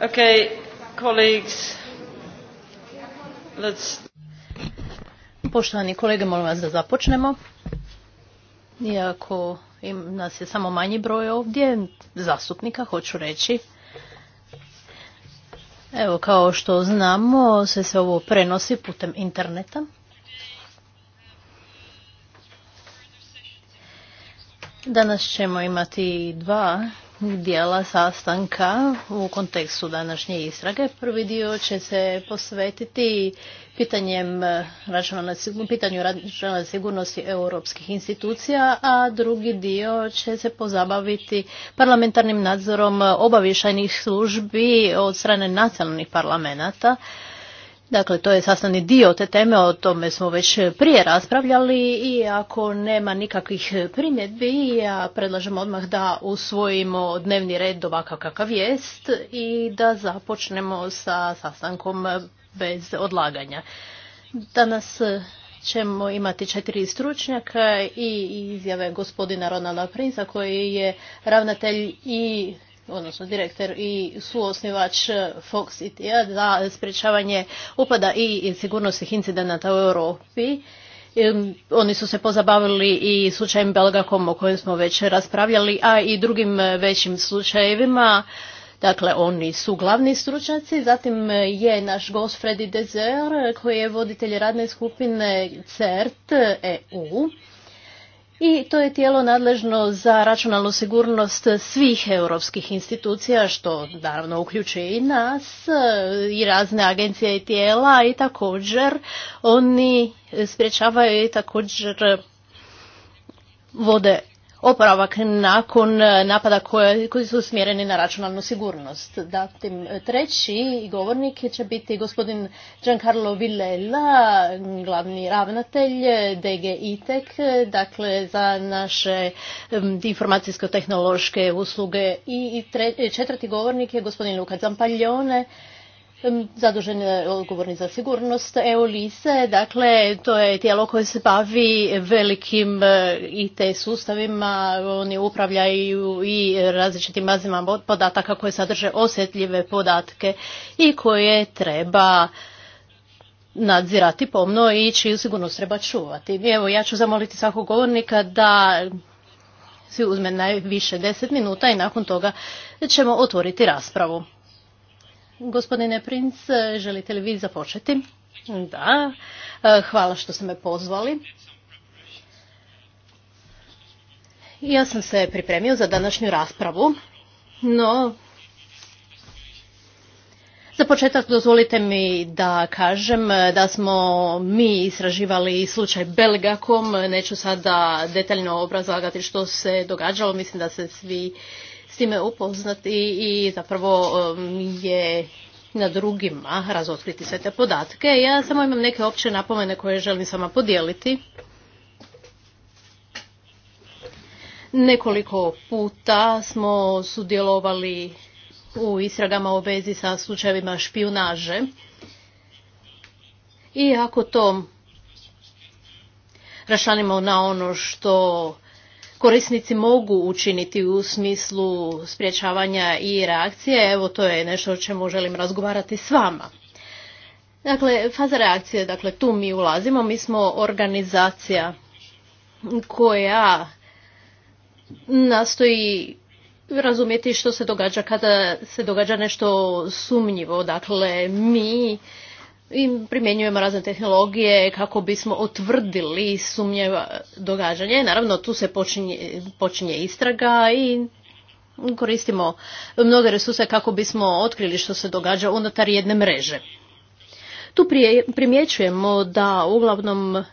Okay, colleagues. Let's... Poštovani kolege, molim vas da započnemo. Iako im, nas je samo manji broj ovdje, zastupnika, hoću reći. Evo, kao što znamo, se se ovo prenosi putem interneta. Danas ćemo imati dva dijela sastanka u kontekstu današnje istrage. Prvi dio će se posvetiti pitanjem eh, računalne, pitanju računalne sigurnosti europskih institucija, a drugi dio će se pozabaviti parlamentarnim nadzorom obavišajnih službi od strane nacionalnih parlamenta Dakle, to je sastavni dio te teme, o tome smo već prije raspravljali i ako nema nikakvih primjedbi, ja predlažem odmah da usvojimo dnevni red ovakav kakav jest i da započnemo sa sastankom bez odlaganja. Danas ćemo imati četiri stručnjaka i izjave gospodina Ronalda Prinza koji je ravnatelj i odnosno direktor i suosnivač Fox IT-a za sprječavanje upada i sigurnosnih incidenata u Europi. Oni su se pozabavili i slučajem Belgakom o kojem smo već raspravljali, a i drugim većim slučajevima. Dakle, oni su glavni stručnjaci, zatim je naš gost Freddy Dezer koji je voditelj radne skupine CERT EU i to je tijelo nadležno za računalnu sigurnost svih europskih institucija, što naravno uključuje i nas, i razne agencije i tijela i također oni sprječavaju i također vode oporavak nakon e, napada koji su usmjereni na računalnu sigurnost. Datim, e, treći govornik će biti gospodin Giancarlo Villela, glavni ravnatelj e, DG ITEC, dakle za naše informacijsko-tehnološke usluge. I, četvrti govornik je gospodin Luka Zampaglione, zadužen je odgovorni za sigurnost EOLISE, dakle to je tijelo koje se bavi velikim e, IT sustavima, oni upravljaju i različitim bazima podataka koje sadrže osjetljive podatke i koje treba nadzirati pomno i čiju sigurnost treba čuvati. Evo, ja ću zamoliti svakog govornika da si uzme najviše deset minuta i nakon toga ćemo otvoriti raspravu. Gospodine Princ, želite li vi započeti? Da, e, hvala što ste me pozvali. Ja sam se pripremio za današnju raspravu, no za početak dozvolite mi da kažem da smo mi istraživali slučaj Belgakom. Neću sada detaljno obrazlagati što se događalo. Mislim da se svi time upoznati i zapravo um, je na drugima razotkriti sve te podatke. Ja samo imam neke opće napomene koje želim sama podijeliti. Nekoliko puta smo sudjelovali u istragama u vezi sa slučajevima špionaže. I ako to rašanimo na ono što korisnici mogu učiniti u smislu sprječavanja i reakcije, evo to je nešto o čemu želim razgovarati s vama. Dakle, faza reakcije, dakle tu mi ulazimo, mi smo organizacija koja nastoji razumjeti što se događa kada se događa nešto sumnjivo. Dakle, mi i primjenjujemo razne tehnologije kako bismo otvrdili sumnje događanja. Naravno, tu se počinje, počinje istraga i koristimo mnoge resurse kako bismo otkrili što se događa unutar jedne mreže. Tu primjećujemo da uglavnom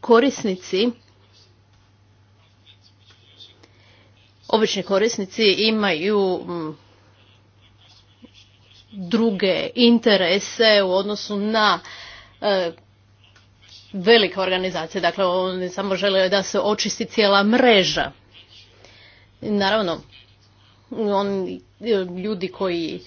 korisnici obični korisnici imaju mm, druge interese u odnosu na e, velike organizacije. Dakle, oni samo žele da se očisti cijela mreža. Naravno, on, e, ljudi koji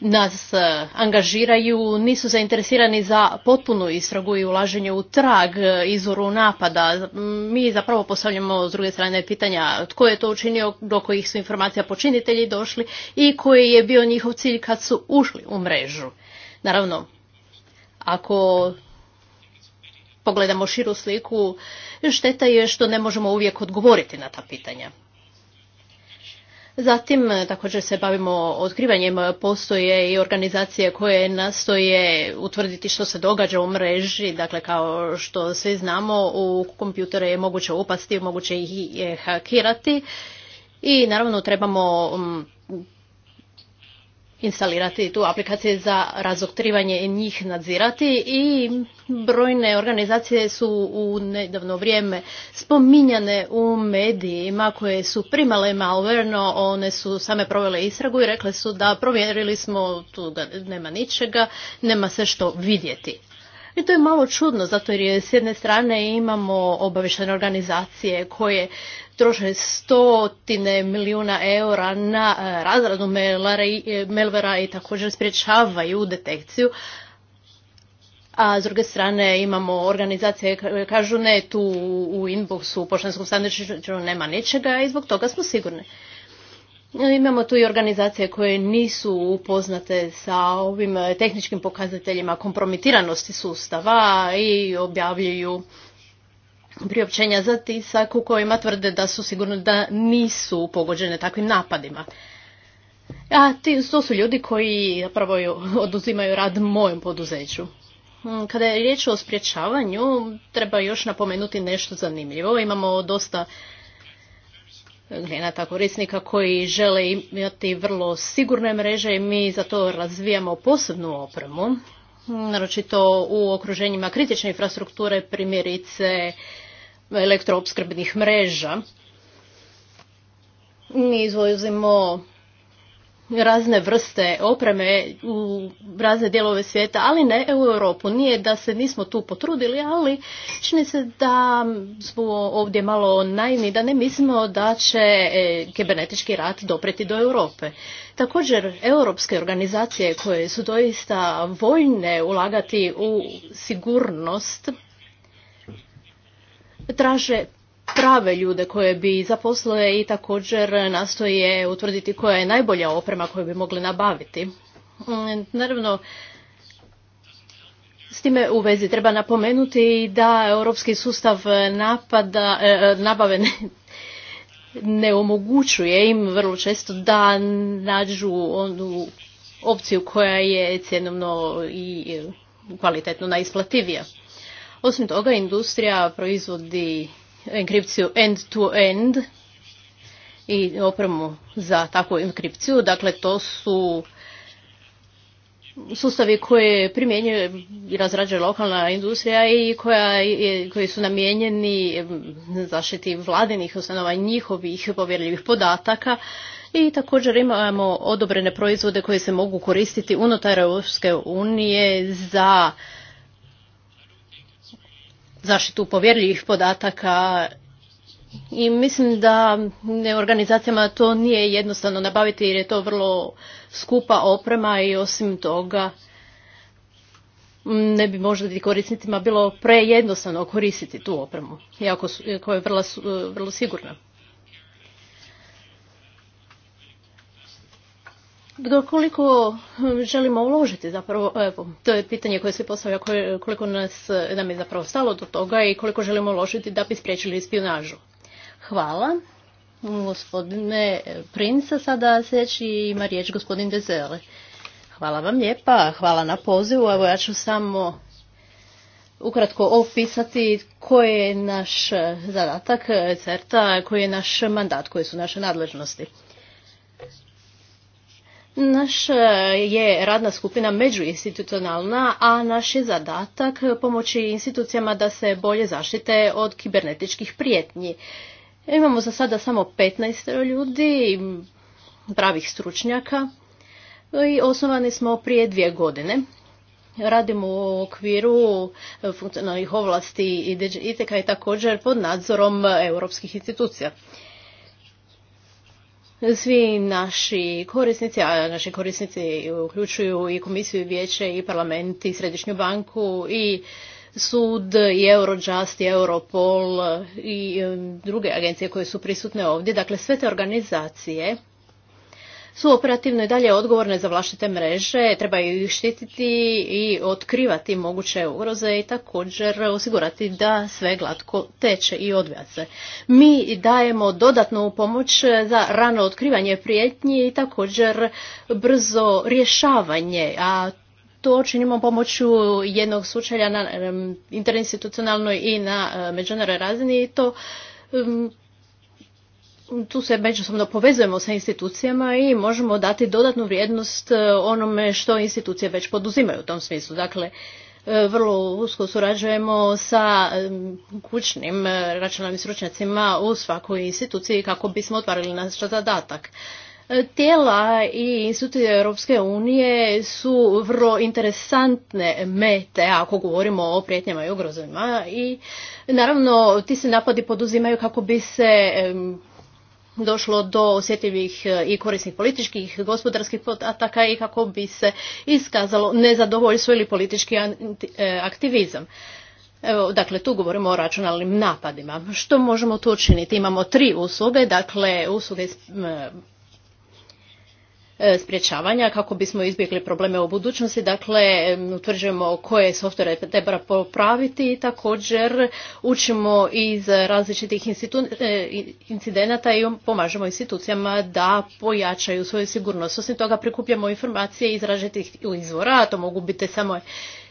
nas eh, angažiraju, nisu zainteresirani za potpunu istragu i ulaženje u trag eh, izvoru napada. Mm, mi zapravo postavljamo s druge strane pitanja tko je to učinio, do kojih su informacija počinitelji došli i koji je bio njihov cilj kad su ušli u mrežu. Naravno, ako pogledamo širu sliku, šteta je što ne možemo uvijek odgovoriti na ta pitanja. Zatim e, također se bavimo otkrivanjem e, postoje i organizacije koje nastoje utvrditi što se događa u mreži, dakle kao što svi znamo u kompjutere je moguće upasti, moguće ih e, hakirati i naravno trebamo instalirati tu aplikacije za razotkrivanje njih nadzirati i brojne organizacije su u nedavno vrijeme spominjane u medijima koje su primale malverno, one su same provele istragu i rekle su da provjerili smo tu nema ničega, nema se što vidjeti. E, to je malo čudno, zato jer s jedne strane imamo obavještajne organizacije koje troše stotine milijuna eura na e, razradu melvera e, i također spriječavaju detekciju, a s druge strane imamo organizacije koje kažu ne tu u inboxu u poštanskom sandučiću nema ničega i zbog toga smo sigurni. Imamo tu i organizacije koje nisu upoznate sa ovim tehničkim pokazateljima kompromitiranosti sustava i objavljuju priopćenja za tisak u kojima tvrde da su sigurno da nisu pogođene takvim napadima. A ti, to su ljudi koji zapravo oduzimaju rad mojem poduzeću. Hmm, kada je riječ o sprječavanju, treba još napomenuti nešto zanimljivo. Imamo dosta klijenata korisnika koji žele imati vrlo sigurne mreže i mi za to razvijamo posebnu opremu, naročito u okruženjima kritične infrastrukture, primjerice elektroopskrbnih mreža. Mi izvozimo razne vrste opreme u razne dijelove svijeta, ali ne u Europu. Nije da se nismo tu potrudili, ali čini se da smo ovdje malo najni da ne mislimo da će e, kibernetički rat dopreti do Europe. Također, europske organizacije koje su doista voljne ulagati u sigurnost, traže prave ljude koje bi zaposlile i također nastoje utvrditi koja je najbolja oprema koju bi mogli nabaviti. Mm, naravno, s time u vezi treba napomenuti da europski sustav napada, e, e, nabave ne, ne omogućuje im vrlo često da nađu onu opciju koja je cjenovno i kvalitetno najisplativija. Osim toga, industrija proizvodi enkripciju end-to-end i opremu za takvu enkripciju. Dakle, to su sustavi koje primjenjuje i razrađuje lokalna industrija i koji su namijenjeni zaštiti vladinih ustanova njihovih povjerljivih podataka i također imamo odobrene proizvode koji se mogu koristiti unutar Europske unije za zaštitu povjerljivih podataka i mislim da organizacijama to nije jednostavno nabaviti jer je to vrlo skupa oprema i osim toga ne bi možda i korisnicima bilo prejednostavno koristiti tu opremu, jako koja je vrlo, vrlo sigurna. koliko hm, želimo uložiti zapravo, evo, to je pitanje koje se postavlja koliko nas, nam je zapravo stalo do toga i koliko želimo uložiti da bi spriječili spionažu. Hvala. Gospodine Princa, sada sljedeći ima riječ gospodin Dezele. Hvala vam lijepa, hvala na pozivu. Evo ja ću samo ukratko opisati koji je naš zadatak CERTA, koji je naš mandat, koje su naše nadležnosti. Naš eh, je radna skupina međuinstitucionalna, a naš je zadatak pomoći institucijama da se bolje zaštite od kibernetičkih prijetnji. Imamo za sada samo 15 ljudi, pravih stručnjaka i osnovani smo prije dvije godine. Radimo u okviru eh, funkcionalnih ovlasti i ITK i također pod nadzorom europskih institucija svi naši korisnici, a naši korisnici uključuju i komisiju, i vijeće, i parlament, i središnju banku, i sud, i Eurojust, i Europol, i um, druge agencije koje su prisutne ovdje. Dakle, sve te organizacije su operativno i dalje odgovorne za vlastite mreže, trebaju ih štititi i otkrivati moguće ugroze i također osigurati da sve glatko teče i odvija se. Mi dajemo dodatnu pomoć za rano otkrivanje prijetnje i također brzo rješavanje, a to činimo pomoću jednog slučaja na interinstitucionalnoj i na e, međunarodnoj razini i to tu se međusobno povezujemo sa institucijama i možemo dati dodatnu vrijednost e, onome što institucije već poduzimaju u tom smislu. Dakle, e, vrlo usko surađujemo sa e, kućnim računalnim stručnjacima u svakoj instituciji kako bismo otvarili naš zadatak. Tijela i institucije Europske unije su vrlo interesantne mete ako govorimo o prijetnjama i ugrozima i naravno ti se napadi poduzimaju kako bi se došlo do osjetljivih e, i korisnih političkih gospodarskih podataka i kako bi se iskazalo nezadovoljstvo ili politički e, aktivizam. Evo, dakle, tu govorimo o računalnim napadima. Što možemo tu učiniti? Imamo tri usluge, dakle, usluge e, E, sprječavanja kako bismo izbjegli probleme u budućnosti. Dakle, utvrđujemo koje softvere treba popraviti i također učimo iz različitih e, incidenata i pomažemo institucijama da pojačaju svoju sigurnost. Osim toga prikupljamo informacije iz različitih izvora, a to mogu biti samo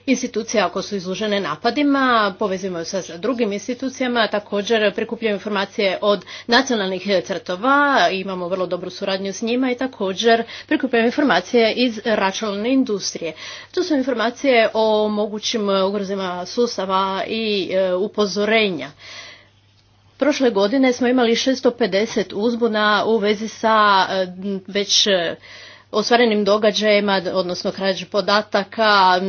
institucija ako su izložene napadima, povezujemo se sa drugim institucijama, također prikupljaju informacije od nacionalnih crtova, imamo vrlo dobru suradnju s njima i također prikupljamo informacije iz računalne industrije. To su informacije o mogućim ugrozima sustava i e, upozorenja. Prošle godine smo imali 650 uzbuna u vezi sa e, već e, ostvarenim događajima, odnosno krađe podataka,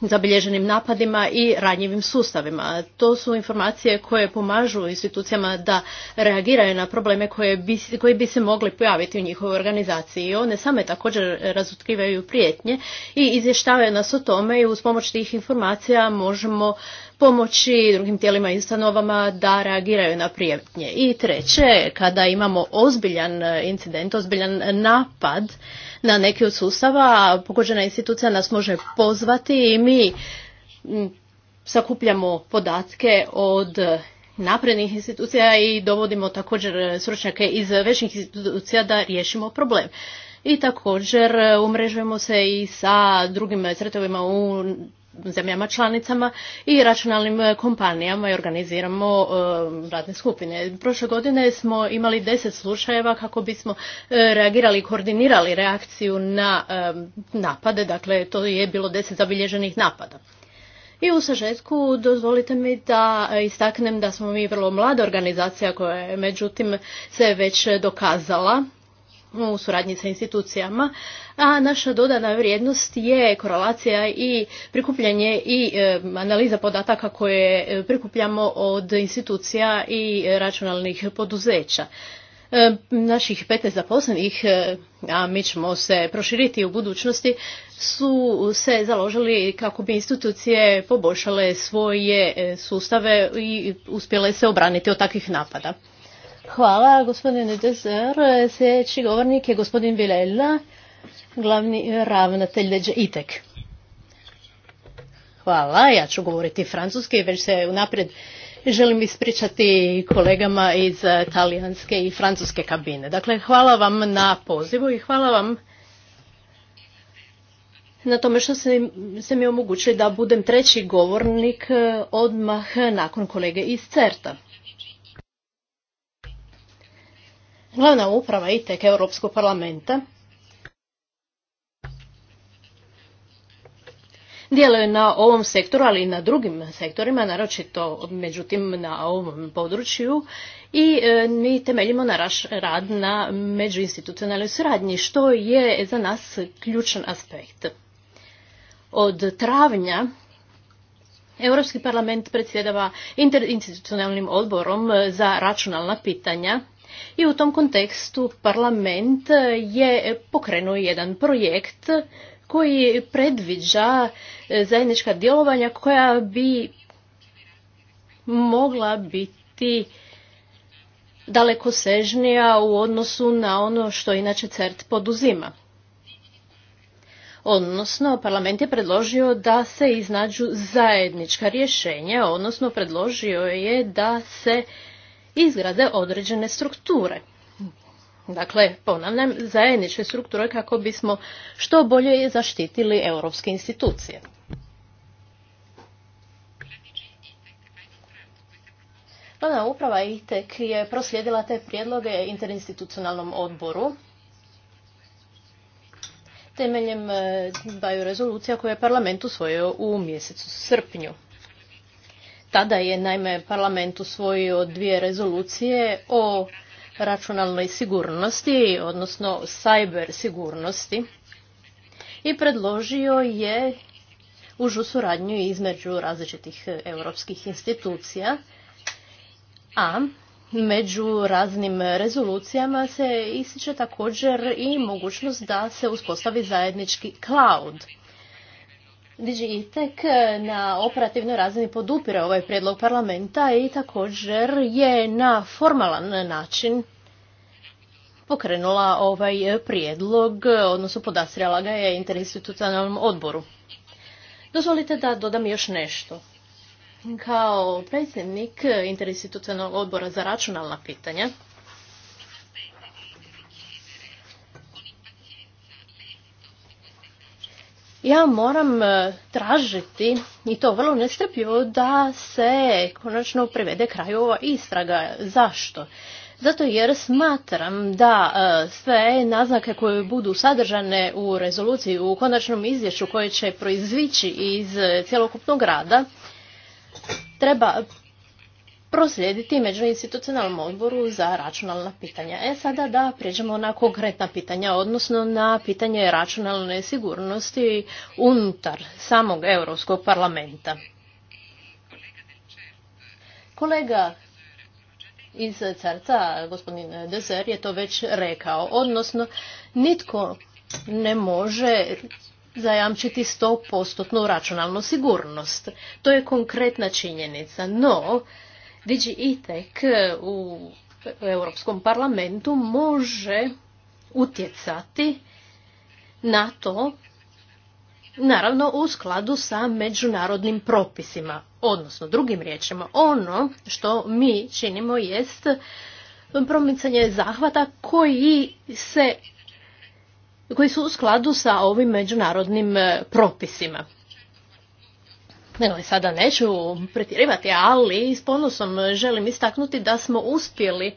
zabilježenim napadima i ranjivim sustavima. To su informacije koje pomažu institucijama da reagiraju na probleme koje bi, koji bi se mogli pojaviti u njihovoj organizaciji. One same također razotkrivaju prijetnje i izvještavaju nas o tome i uz pomoć tih informacija možemo pomoći drugim tijelima i ustanovama da reagiraju na prijetnje. I treće, kada imamo ozbiljan incident, ozbiljan napad, na neki od sustava, pogođena institucija nas može pozvati i mi sakupljamo podatke od naprednih institucija i dovodimo također stručnjake iz većih institucija da riješimo problem. I također umrežujemo se i sa drugim sretovima u zemljama članicama i računalnim e, kompanijama i organiziramo e, radne skupine. Prošle godine smo imali deset slučajeva kako bismo e, reagirali i koordinirali reakciju na napade, dakle to je bilo deset zabilježenih napada. I u sažetku dozvolite mi da istaknem da smo mi vrlo mlada organizacija koja je međutim se već dokazala u suradnji sa institucijama, a naša dodana vrijednost je korelacija i prikupljanje i e, analiza podataka koje e, prikupljamo od institucija i računalnih poduzeća e, naših 15 zaposlenih, a mi ćemo se proširiti u budućnosti, su se založili kako bi institucije poboljšale svoje sustave i uspjele se obraniti od takvih napada. Hvala gospodine Deser. Sljedeći govornik je gospodin Vilela glavni ravnatelj Leđe ITEK. Hvala, ja ću govoriti francuski, već se unaprijed želim ispričati kolegama iz talijanske i francuske kabine. Dakle, hvala vam na pozivu i hvala vam na tome što se ste mi omogućili da budem treći govornik odmah nakon kolege iz CERTA. glavna uprava ITEK Europskog parlamenta djeluje na ovom sektoru, ali i na drugim sektorima, naročito međutim na ovom području i e, mi temeljimo naš rad na međuinstitucionalnoj suradnji, što je za nas ključan aspekt. Od travnja Europski parlament predsjedava interinstitucionalnim odborom za računalna pitanja i u tom kontekstu parlament je pokrenuo jedan projekt koji predviđa e, zajednička djelovanja koja bi mogla biti daleko sežnija u odnosu na ono što inače CERT poduzima. Odnosno, parlament je predložio da se iznađu zajednička rješenja, odnosno predložio je da se izgrade određene strukture. Dakle, ponavljam, zajedničke strukture kako bismo što bolje zaštitili europske institucije. Glavna uprava ITEC je proslijedila te prijedloge interinstitucionalnom odboru temeljem e, dvaju rezolucija koje je parlament usvojio u mjesecu srpnju. Tada je naime parlament usvojio dvije rezolucije o računalnoj sigurnosti, odnosno cyber sigurnosti i predložio je užu suradnju između različitih europskih institucija, a među raznim rezolucijama se ističe također i mogućnost da se uspostavi zajednički cloud tek eh, na operativnoj razini podupire ovaj prijedlog parlamenta i također je na formalan način pokrenula ovaj prijedlog, odnosno podastrijala ga je interinstitucionalnom odboru. Dozvolite da dodam još nešto. Kao predsjednik eh, interinstitucionalnog odbora za računalna pitanja, ja moram e, tražiti, i to vrlo nestrpljivo, da se konačno privede kraju ova istraga. Zašto? Zato jer smatram da e, sve naznake koje budu sadržane u rezoluciji, u konačnom izvješću koje će proizvići iz e, cjelokupnog rada, treba proslijediti međuinstitucionalnom odboru za računalna pitanja. E sada da prijeđemo na konkretna pitanja, odnosno na pitanje računalne sigurnosti unutar samog Europskog parlamenta. Kolega iz Crca, gospodin Dezer, je to već rekao, odnosno nitko ne može zajamčiti 100% računalnu sigurnost. To je konkretna činjenica, no DG ITEC e, u Europskom parlamentu može utjecati na to, naravno u skladu sa međunarodnim propisima. Odnosno, drugim riječima, ono što mi činimo jest promicanje zahvata koji se koji su u skladu sa ovim međunarodnim e, propisima. Evo, sada neću pretjerivati, ali s ponosom želim istaknuti da smo uspjeli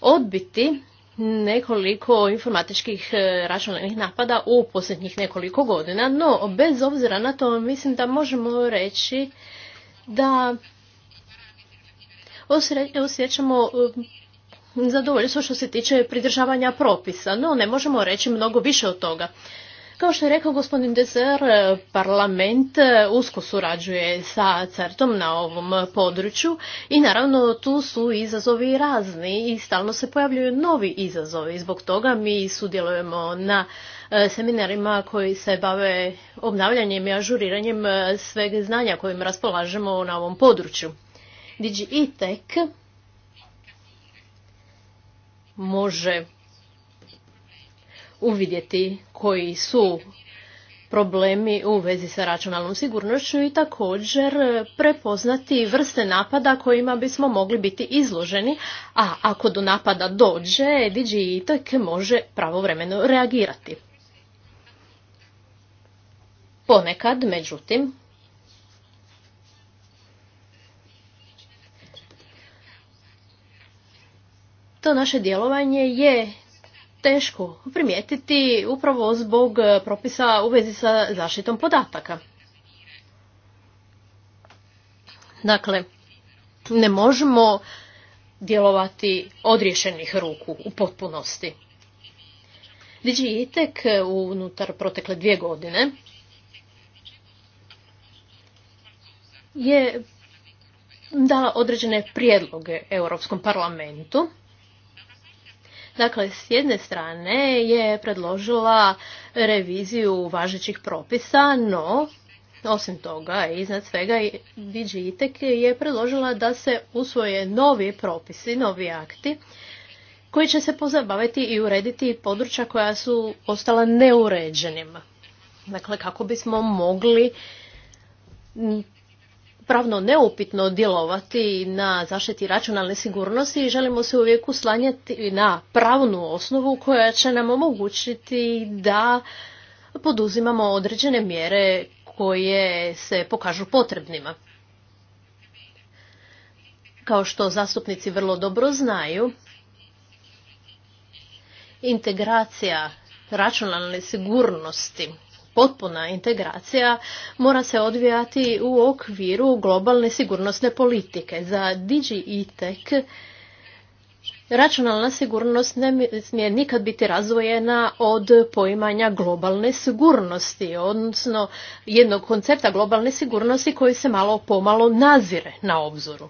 odbiti nekoliko informatičkih e, računalnih napada u posljednjih nekoliko godina, no bez obzira na to mislim da možemo reći da osjećamo e, zadovoljstvo što se tiče pridržavanja propisa, no ne možemo reći mnogo više od toga. Kao što je rekao gospodin Deser, parlament e, usko surađuje sa CERTom na ovom području i naravno tu su izazovi razni i stalno se pojavljuju novi izazovi. Zbog toga mi sudjelujemo na e, seminarima koji se bave obnavljanjem i ažuriranjem e, sveg znanja kojim raspolažemo na ovom području. Digi e može uvidjeti koji su problemi u vezi sa računalnom sigurnošću i također prepoznati vrste napada kojima bismo mogli biti izloženi, a ako do napada dođe, DigiTech može pravovremeno reagirati. Ponekad, međutim, to naše djelovanje je teško primijetiti upravo zbog propisa u vezi sa zaštitom podataka. Dakle, ne možemo djelovati odriješenih ruku u potpunosti. Digitek unutar protekle dvije godine je dala određene prijedloge Europskom parlamentu Dakle, s jedne strane je predložila reviziju važećih propisa, no osim toga, iznad svega, iteke je predložila da se usvoje novi propisi, novi akti, koji će se pozabaviti i urediti područja koja su ostala neuređenima. Dakle, kako bismo mogli pravno neupitno djelovati na zaštiti računalne sigurnosti i želimo se uvijek uslanjati na pravnu osnovu koja će nam omogućiti da poduzimamo određene mjere koje se pokažu potrebnima. Kao što zastupnici vrlo dobro znaju, integracija računalne sigurnosti potpuna integracija mora se odvijati u okviru globalne sigurnosne politike. Za Digi Tech računalna sigurnost ne smije nikad biti razvojena od poimanja globalne sigurnosti, odnosno jednog koncepta globalne sigurnosti koji se malo pomalo nazire na obzoru.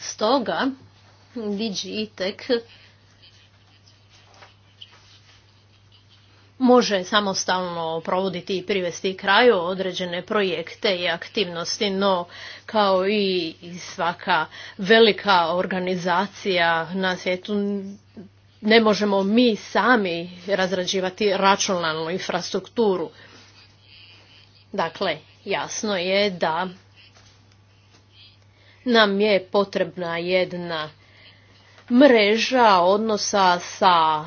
Stoga, Digi Tech... može samostalno provoditi i privesti kraju određene projekte i aktivnosti, no kao i svaka velika organizacija na svijetu ne možemo mi sami razrađivati računalnu infrastrukturu. Dakle, jasno je da nam je potrebna jedna mreža odnosa sa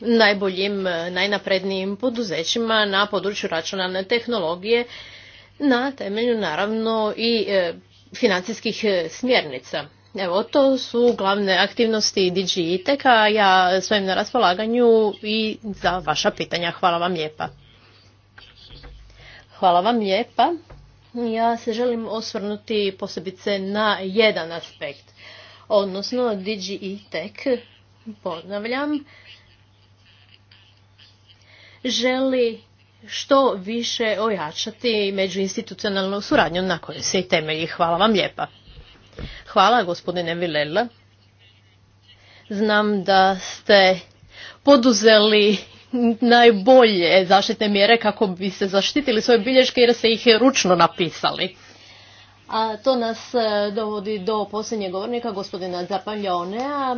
najboljim, e, najnaprednijim poduzećima na području računalne tehnologije na temelju naravno i e, financijskih e, smjernica. Evo, to su glavne aktivnosti ITEK-a. Ja svojim na raspolaganju i za vaša pitanja. Hvala vam lijepa. Hvala vam lijepa. Ja se želim osvrnuti posebice na jedan aspekt. Odnosno, Tech ponavljam, želi što više ojačati međuinstitucionalnu suradnju na kojoj se i temelji. Hvala vam lijepa. Hvala gospodine Vilela. Znam da ste poduzeli najbolje zaštitne mjere kako bi se zaštitili svoje bilješke jer ste ih ručno napisali. A to nas eh, dovodi do posljednjeg govornika, gospodina Zapaljonea.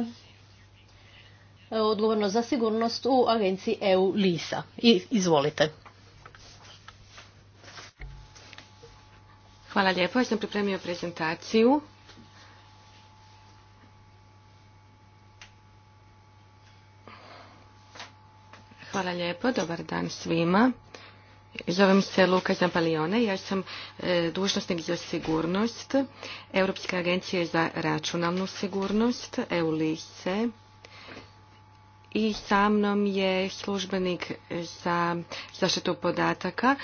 E, odgovorno za sigurnost u agenciji EU LISA. izvolite. Hvala lijepo, ja sam pripremio prezentaciju. Hvala lijepo, dobar dan svima. Zovem se Luka Zampalione, ja sam e, dužnostnik za sigurnost Europske agencije za računalnu sigurnost, eu EULISE i sa mnom je službenik za zaštitu podataka.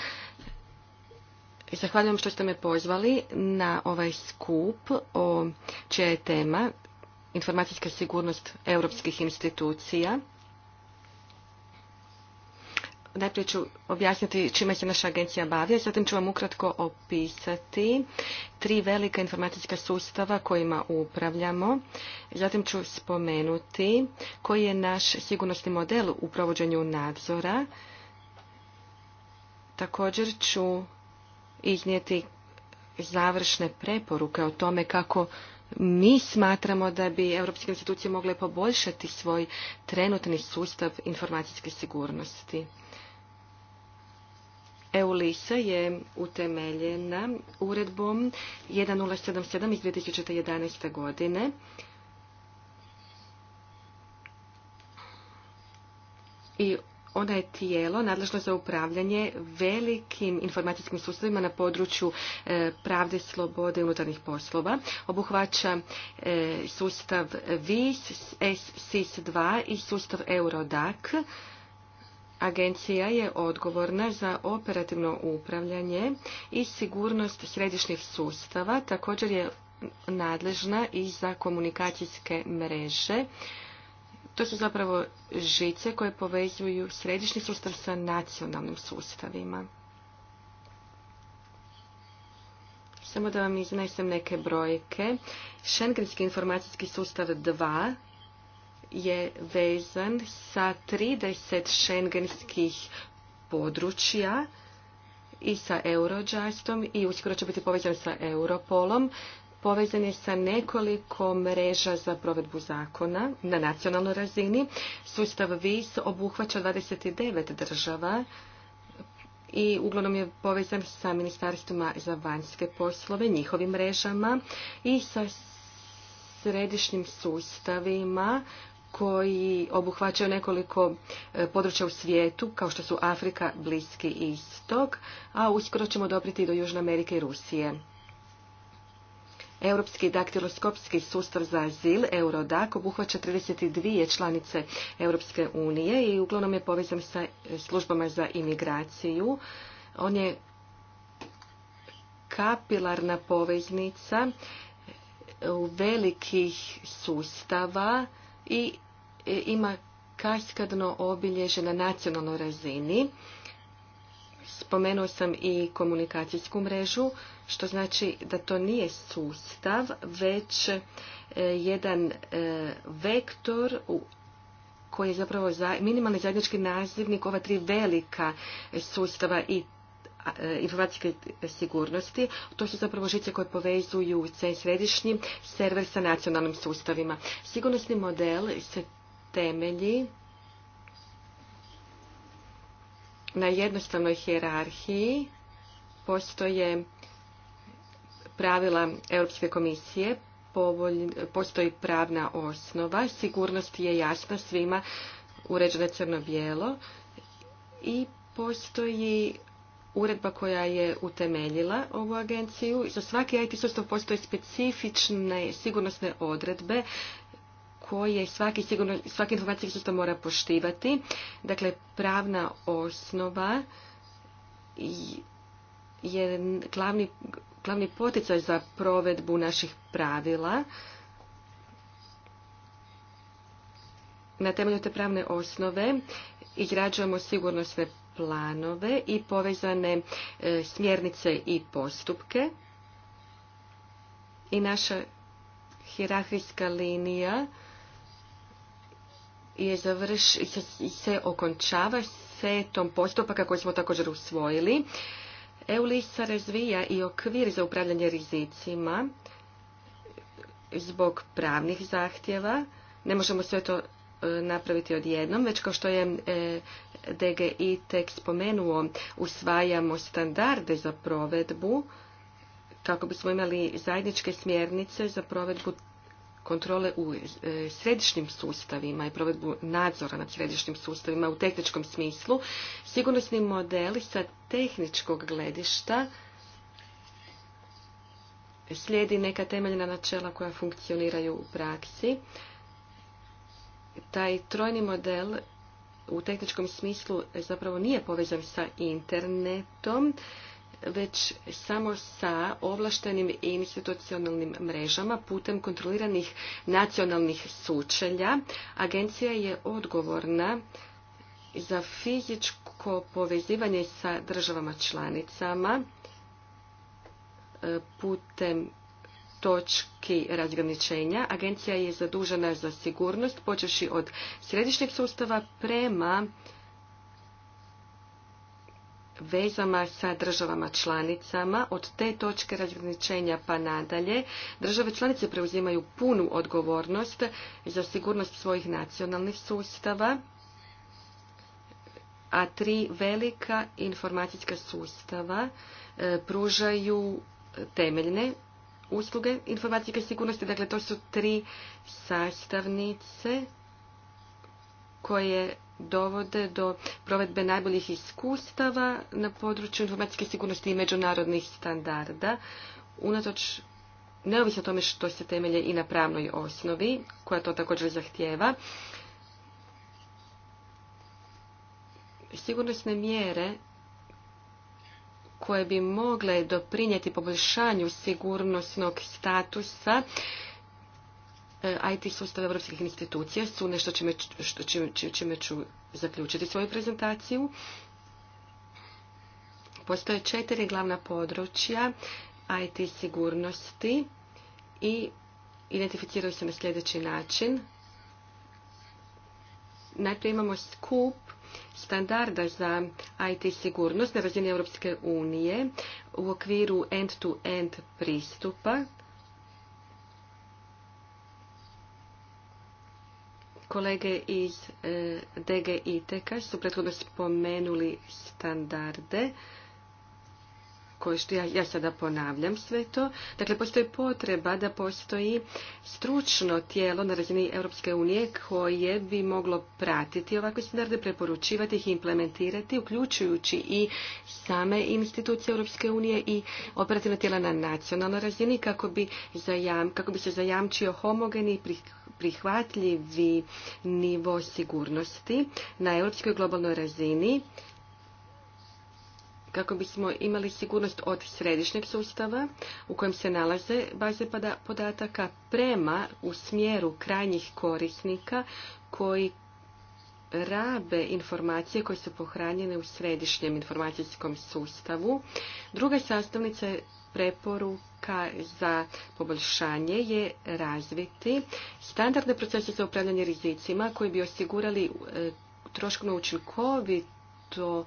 i Zahvaljujem što ste me pozvali na ovaj skup o čija je tema informacijska sigurnost europskih institucija najprije ću objasniti čime se naša agencija bavi, zatim ću vam ukratko opisati tri velika informacijska sustava kojima upravljamo. Zatim ću spomenuti koji je naš sigurnosni model u provođenju nadzora. Također ću iznijeti završne preporuke o tome kako mi smatramo da bi europske institucije mogle poboljšati svoj trenutni sustav informacijske sigurnosti. EULISA je utemeljena uredbom 1077 iz 2011. godine. I ona je tijelo nadležno za upravljanje velikim informacijskim sustavima na području e, pravde, slobode i unutarnjih poslova. Obuhvaća e, sustav VIS, SIS-2 i sustav Eurodac. Agencija je odgovorna za operativno upravljanje i sigurnost središnjih sustava, također je nadležna i za komunikacijske mreže. To su zapravo žice koje povezuju središnji sustav sa nacionalnim sustavima. Samo da vam iznesem neke brojke. schengenski informacijski sustav 2 je vezan sa 30 šengenskih područja i sa Eurojustom i uskoro će biti povezan sa Europolom. Povezan je sa nekoliko mreža za provedbu zakona na nacionalnoj razini. Sustav VIS obuhvaća 29 država i uglavnom je povezan sa ministarstvima za vanjske poslove, njihovim mrežama i sa središnjim sustavima koji obuhvaćaju nekoliko e, područja u svijetu, kao što su Afrika, Bliski i istok, a uskoro ćemo dopriti do Južne Amerike i Rusije. Europski daktiloskopski sustav za azil, Eurodac, obuhvaća 32 članice Europske unije i uglavnom je povezan sa e, službama za imigraciju. On je kapilarna poveznica e, velikih sustava i E, ima kaskadno obilježe na nacionalnoj razini. Spomenuo sam i komunikacijsku mrežu, što znači da to nije sustav, već e, jedan e, vektor koji je zapravo minimalni zajednički nazivnik ova tri velika sustava i informacijske sigurnosti. To su zapravo žice koje povezuju sve središnji server sa nacionalnim sustavima. Sigurnosni model se temelji na jednostavnoj hjerarhiji postoje pravila Europske komisije, postoji pravna osnova, sigurnost je jasna svima uređena crno-bijelo i postoji uredba koja je utemeljila ovu agenciju. Za svaki IT sustav postoje specifične sigurnosne odredbe koje svaki, sigurno, informacijski sustav mora poštivati. Dakle, pravna osnova je glavni, glavni poticaj za provedbu naših pravila. Na temelju te pravne osnove izrađujemo sve planove i povezane e, smjernice i postupke. I naša hierarhijska linija je završ, se, se okončava setom postupaka koji smo također usvojili. EULISA razvija i okvir za upravljanje rizicima zbog pravnih zahtjeva. Ne možemo sve to e, napraviti odjednom, već kao što je e, DGI tek spomenuo, usvajamo standarde za provedbu kako bismo imali zajedničke smjernice za provedbu kontrole u e, središnjim sustavima i provedbu nadzora nad središnjim sustavima u tehničkom smislu, sigurnosni modeli sa tehničkog gledišta slijedi neka temeljna načela koja funkcioniraju u praksi. Taj trojni model u tehničkom smislu zapravo nije povezan sa internetom već samo sa ovlaštenim institucionalnim mrežama putem kontroliranih nacionalnih sučelja. Agencija je odgovorna za fizičko povezivanje sa državama članicama e, putem točki razgraničenja. Agencija je zadužena za sigurnost, počeši od središnjeg sustava prema vezama sa državama članicama. Od te točke razgraničenja pa nadalje države članice preuzimaju punu odgovornost za sigurnost svojih nacionalnih sustava, a tri velika informacijska sustava e, pružaju temeljne usluge informacijske sigurnosti. Dakle, to su tri sastavnice koje dovode do provedbe najboljih iskustava na području informacijske sigurnosti i međunarodnih standarda, unatoč neovisno o tome što se temelje i na pravnoj osnovi, koja to također zahtjeva. sigurnosne mjere koje bi mogle doprinijeti poboljšanju sigurnosnog statusa E, IT sustav evropskih institucija su nešto čime, što, ću zaključiti svoju prezentaciju. Postoje četiri glavna područja IT sigurnosti i identificiraju se na sljedeći način. Najprije imamo skup standarda za IT sigurnost na razini Europske unije u okviru end to -end pristupa Kolege iz eh, DG su prethodno spomenuli standarde koje što ja, ja sada ponavljam sve to. Dakle, postoji potreba da postoji stručno tijelo na razini Europske unije koje bi moglo pratiti ovakve standarde, preporučivati ih i implementirati, uključujući i same institucije Europske unije i operativna tijela na nacionalnoj razini kako bi, kako bi se zajamčio homogeni i prihvatljivi nivo sigurnosti na europskoj globalnoj razini kako bismo imali sigurnost od središnjeg sustava u kojem se nalaze baze podataka prema u smjeru krajnjih korisnika koji rabe informacije koje su pohranjene u središnjem informacijskom sustavu. Druga sastavnica preporuka za poboljšanje je razviti standardne procese za upravljanje rizicima koji bi osigurali e, troškovno učinkovit to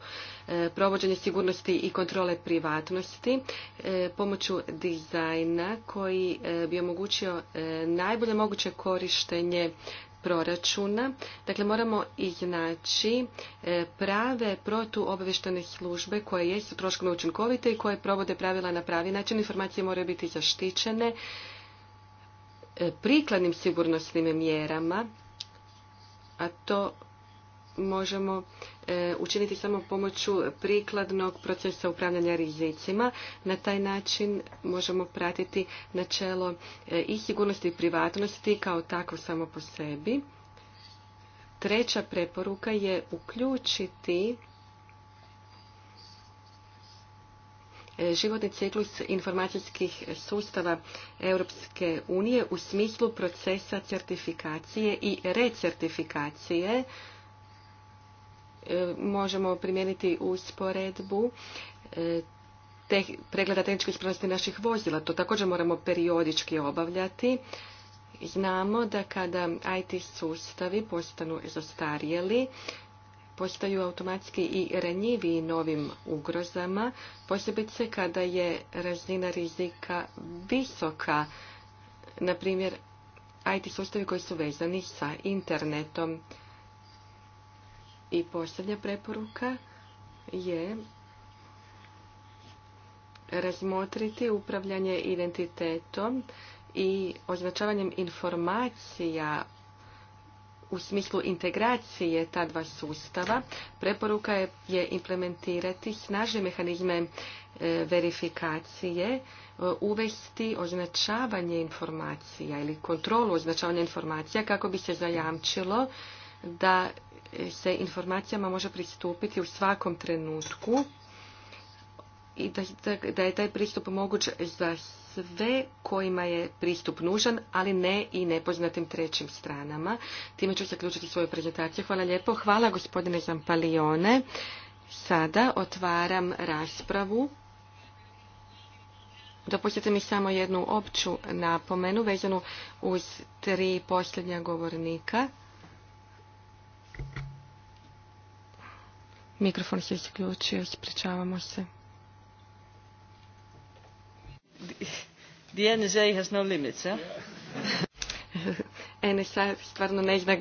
e, provođenje sigurnosti i kontrole privatnosti e, pomoću dizajna koji e, bi omogućio najbolje moguće korištenje proračuna. Dakle, moramo iznaći prave protuobavještene službe koje jesu troškovno učinkovite i koje provode pravila na pravi način. Informacije moraju biti zaštićene prikladnim sigurnosnim mjerama, a to možemo e, učiniti samo pomoću prikladnog procesa upravljanja rizicima. Na taj način možemo pratiti načelo e, i sigurnosti i privatnosti kao takvo samo po sebi. Treća preporuka je uključiti e, životni ciklus informacijskih sustava Europske unije u smislu procesa certifikacije i recertifikacije E, možemo primijeniti usporedbu sporedbu pregleda tehničke ispravnosti naših vozila. To također moramo periodički obavljati. Znamo da kada IT sustavi postanu zastarjeli, postaju automatski i ranjiviji novim ugrozama, posebice kada je razina rizika visoka. Na primjer, IT sustavi koji su vezani sa internetom. I posljednja preporuka je razmotriti upravljanje identitetom i označavanjem informacija u smislu integracije ta dva sustava. Preporuka je implementirati snažne mehanizme e, verifikacije, e, uvesti označavanje informacija ili kontrolu označavanja informacija kako bi se zajamčilo da se informacijama može pristupiti u svakom trenutku i da, je taj pristup moguć za sve kojima je pristup nužan, ali ne i nepoznatim trećim stranama. Time ću zaključiti svoju prezentaciju. Hvala lijepo. Hvala gospodine Zampalione. Sada otvaram raspravu. Dopustite mi samo jednu opću napomenu vezanu uz tri posljednja govornika. Mikrofon se isključio, ispričavamo se. The NSA has no limits, eh? NSA stvarno ne zna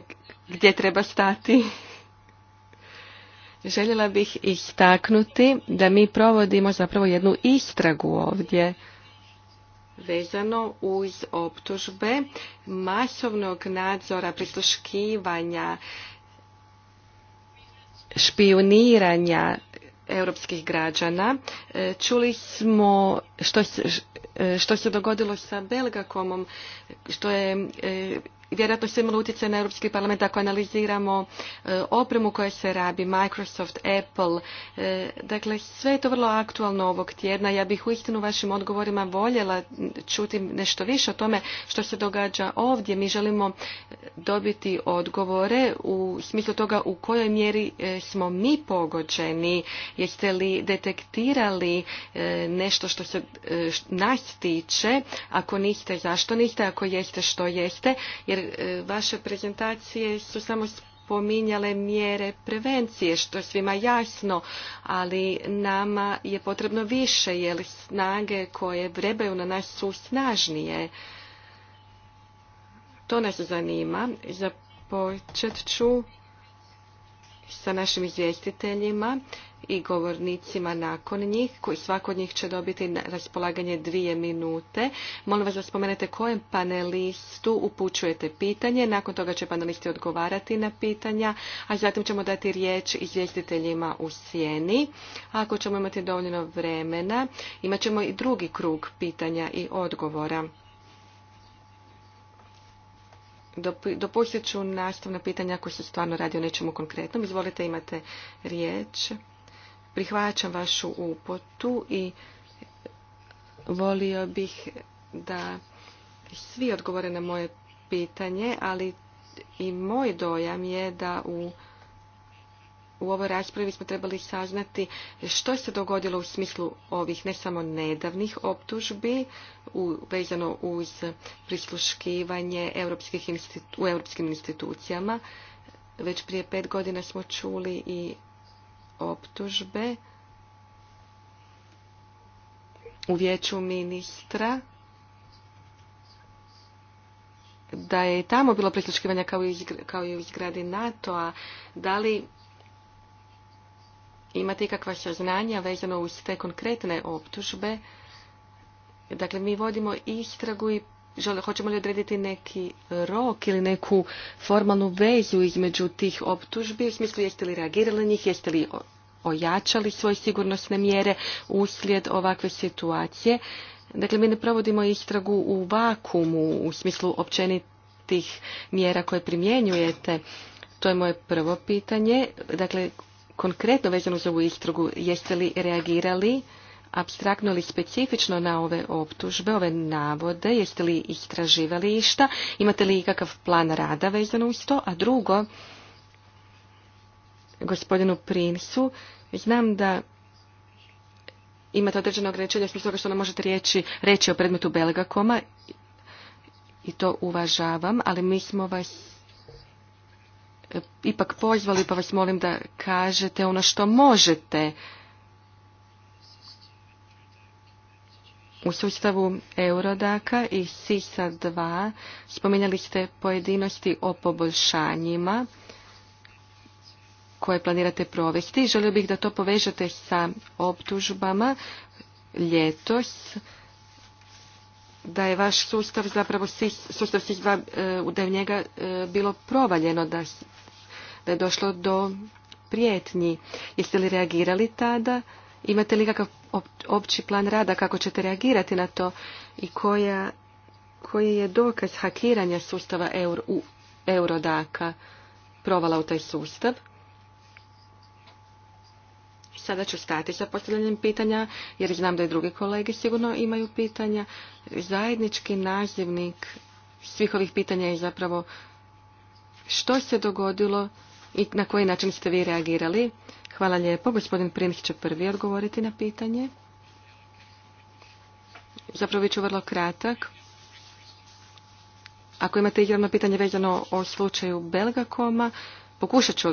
gdje treba stati. Željela bih istaknuti da mi provodimo zapravo jednu istragu ovdje vezano uz optužbe masovnog nadzora, prisluškivanja špioniranja europskih građana. E, čuli smo e, što, se dogodilo sa Belgakomom, što je e, vjerojatno sve imali utjecaj na Europski parlament ako analiziramo e, opremu koja se rabi, Microsoft, Apple. E, dakle, sve je to vrlo aktualno ovog tjedna. Ja bih uistinu vašim odgovorima voljela čuti nešto više o tome što se događa ovdje. Mi želimo e, dobiti odgovore u smislu toga u kojoj mjeri smo mi pogođeni. Jeste li detektirali nešto što se nas tiče? Ako niste, zašto niste? Ako jeste, što jeste? Jer jer e, vaše prezentacije su samo spominjale mjere prevencije, što je svima jasno, ali nama je potrebno više, jer snage koje vrebaju na nas su snažnije. To nas zanima. Započet ću sa našim izvjestiteljima i govornicima nakon njih. Svako od njih će dobiti na raspolaganje dvije minute. Molim vas da spomenete kojem panelistu upućujete pitanje. Nakon toga će panelisti odgovarati na pitanja, a zatim ćemo dati riječ izvjestiteljima u sjeni. ako ćemo imati dovoljno vremena, imat ćemo i drugi krug pitanja i odgovora. Dopustit ću nastavna pitanja ako se stvarno radi o nečemu konkretnom. Izvolite, imate riječ prihvaćam vašu uputu i volio bih da svi odgovore na moje pitanje, ali i moj dojam je da u u ovoj raspravi smo trebali saznati što se dogodilo u smislu ovih ne samo nedavnih optužbi u, vezano uz prisluškivanje europskih u europskim institucijama. Već prije pet godina smo čuli i optužbe u vijeću ministra da je tamo bilo prisluškivanja kao i u zgradi NATO-a. Da li imate ikakva saznanja vezano uz te konkretne optužbe? Dakle, mi vodimo istragu i žele, hoćemo li odrediti neki rok ili neku formalnu vezu između tih optužbi, u smislu jeste li reagirali na njih, jeste li ojačali svoje sigurnosne mjere uslijed ovakve situacije. Dakle, mi ne provodimo istragu u vakumu u smislu općenitih mjera koje primjenjujete. To je moje prvo pitanje. Dakle, konkretno vezano za ovu istragu, jeste li reagirali abstraktno ili specifično na ove optužbe, ove navode, jeste li istraživali išta, imate li ikakav plan rada vezano uz to, a drugo, gospodinu Prinsu, znam da imate određenog ograničenje smislu toga što nam možete reći, reći o predmetu Belgakoma i to uvažavam, ali mi smo vas ipak pozvali pa vas molim da kažete ono što možete u sustavu Eurodaka i SISA 2 spominjali ste pojedinosti o poboljšanjima koje planirate provesti. Želio bih da to povežete sa optužbama ljetos da je vaš sustav zapravo SIS, sustav SIS-2 e, da je njega e, bilo provaljeno da, da je došlo do prijetnji. Jeste li reagirali tada? Imate li kakav opći plan rada, kako ćete reagirati na to i koja, koji je dokaz hakiranja sustava Euro, u Eurodaka provala u taj sustav? Sada ću stati sa postavljanjem pitanja, jer znam da i drugi kolege sigurno imaju pitanja. Zajednički nazivnik svih ovih pitanja je zapravo što se dogodilo i na koji način ste vi reagirali. Hvala lijepo. Gospodin Prinh će prvi odgovoriti na pitanje. Zapravo bit ću vrlo kratak. Ako imate jedno pitanje vezano o slučaju Belgakoma, pokušat ću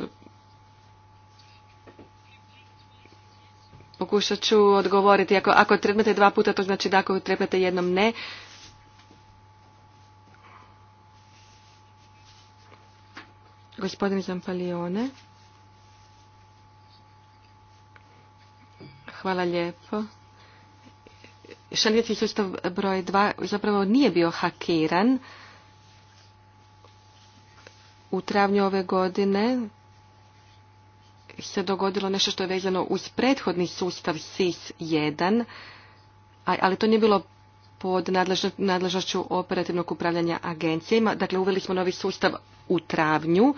pokušat ću odgovoriti. Ako, ako trebate dva puta, to znači da ako trebate jednom ne. Gospodin Zampalione. Hvala lijepo. Šengenski sustav broj 2 zapravo nije bio hakiran. U travnju ove godine se dogodilo nešto što je vezano uz prethodni sustav SIS-1, ali to nije bilo pod nadležnošću operativnog upravljanja agencijama. Dakle, uveli smo novi sustav u travnju.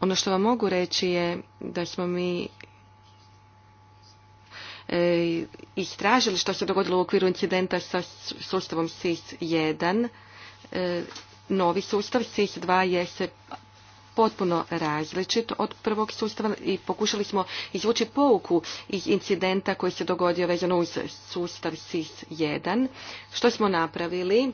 Ono što vam mogu reći je da smo mi E, istražili što se dogodilo u okviru incidenta sa sustavom SIS-1. E, novi sustav SIS-2 je se potpuno različit od prvog sustava i pokušali smo izvući pouku iz incidenta koji se dogodio vezano uz sustav SIS-1. Što smo napravili?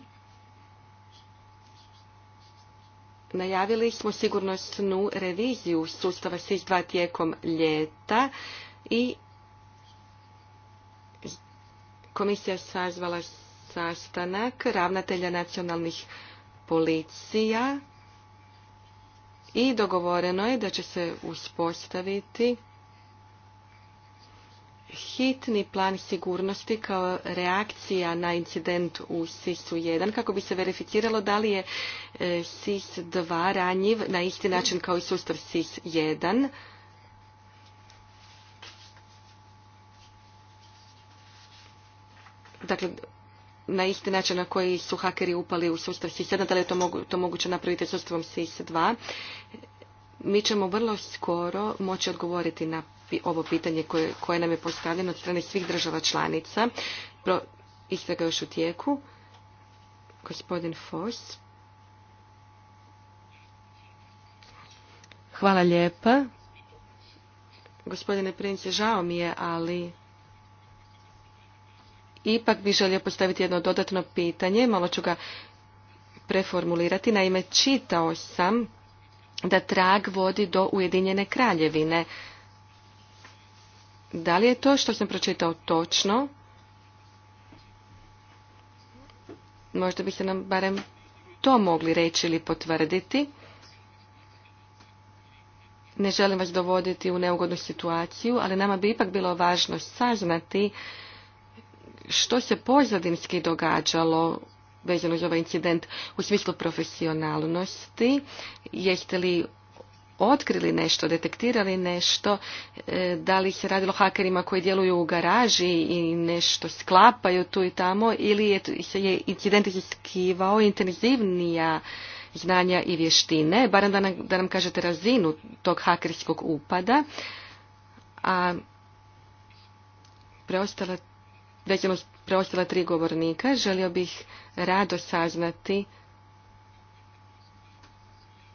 Najavili smo sigurnosnu reviziju sustava SIS-2 tijekom ljeta i komisija sazvala sastanak ravnatelja nacionalnih policija i dogovoreno je da će se uspostaviti hitni plan sigurnosti kao reakcija na incident u SIS-u 1 kako bi se verificiralo da li je SIS e, 2 ranjiv na isti način kao i sustav SIS 1 dakle, na isti način na koji su hakeri upali u sustav SIS-1, da je to, mogu, to moguće napraviti sustavom SIS-2, mi ćemo vrlo skoro moći odgovoriti na ovo pitanje koje, koje nam je postavljeno od strane svih država članica. Pro, istraga još u tijeku. Gospodin Fos. Hvala lijepa. Gospodine Prince, žao mi je, ali ipak bi želio postaviti jedno dodatno pitanje, malo ću ga preformulirati. Naime, čitao sam da trag vodi do Ujedinjene kraljevine. Da li je to što sam pročitao točno? Možda biste nam barem to mogli reći ili potvrditi. Ne želim vas dovoditi u neugodnu situaciju, ali nama bi ipak bilo važno saznati što se pozadinski događalo vezano za ovaj incident u smislu profesionalnosti? Jeste li otkrili nešto, detektirali nešto, e, da li se radilo hakerima koji djeluju u garaži i nešto sklapaju tu i tamo ili je, se je incident iziskivao intenzivnija znanja i vještine, barem da nam, da nam kažete razinu tog hakerskog upada. A preostala Recimo, preostala tri govornika, želio bih rado saznati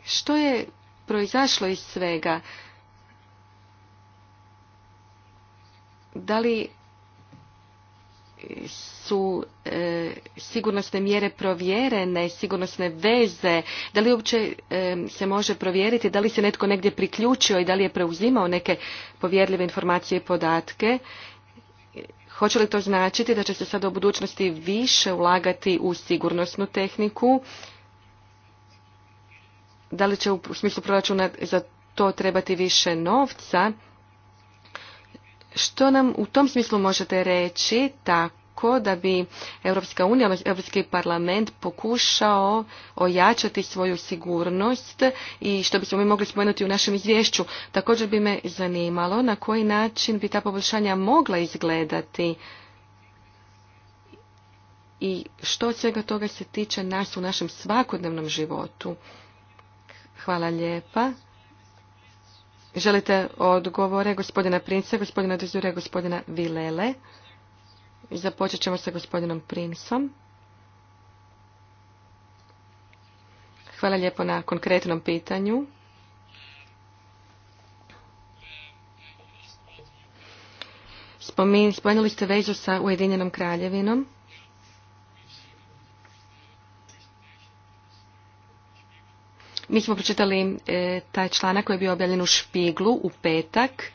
što je proizašlo iz svega. Da li su e, sigurnosne mjere provjerene, sigurnosne veze, da li uopće e, se može provjeriti, da li se netko negdje priključio i da li je preuzimao neke povjerljive informacije i podatke Hoće li to značiti da će se sada u budućnosti više ulagati u sigurnosnu tehniku? Da li će u smislu proračuna za to trebati više novca? Što nam u tom smislu možete reći tako tako da bi Europska unija, Europski parlament pokušao ojačati svoju sigurnost i što bismo mi mogli spomenuti u našem izvješću. Također bi me zanimalo na koji način bi ta poboljšanja mogla izgledati i što svega toga se tiče nas u našem svakodnevnom životu. Hvala lijepa. Želite odgovore gospodina Princa, gospodina Dezure, gospodina Vilele? Započet ćemo sa gospodinom Prinsom. Hvala lijepo na konkretnom pitanju. Spomenuli ste vezu sa Ujedinjenom kraljevinom. Mi smo pročitali e, taj članak koji je bio objavljen u Špiglu u petak.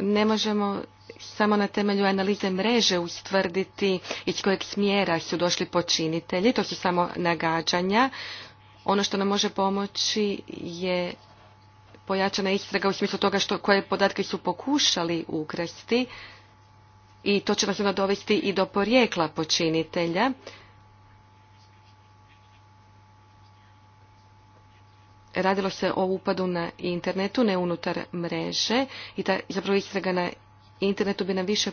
ne možemo samo na temelju analize mreže ustvrditi iz kojeg smjera su došli počinitelji, to su samo nagađanja. Ono što nam može pomoći je pojačana istraga u smislu toga što, koje podatke su pokušali ukrasti i to će nas onda dovesti i do porijekla počinitelja. radilo se o upadu na internetu, ne unutar mreže i ta, zapravo istraga na internetu bi nam više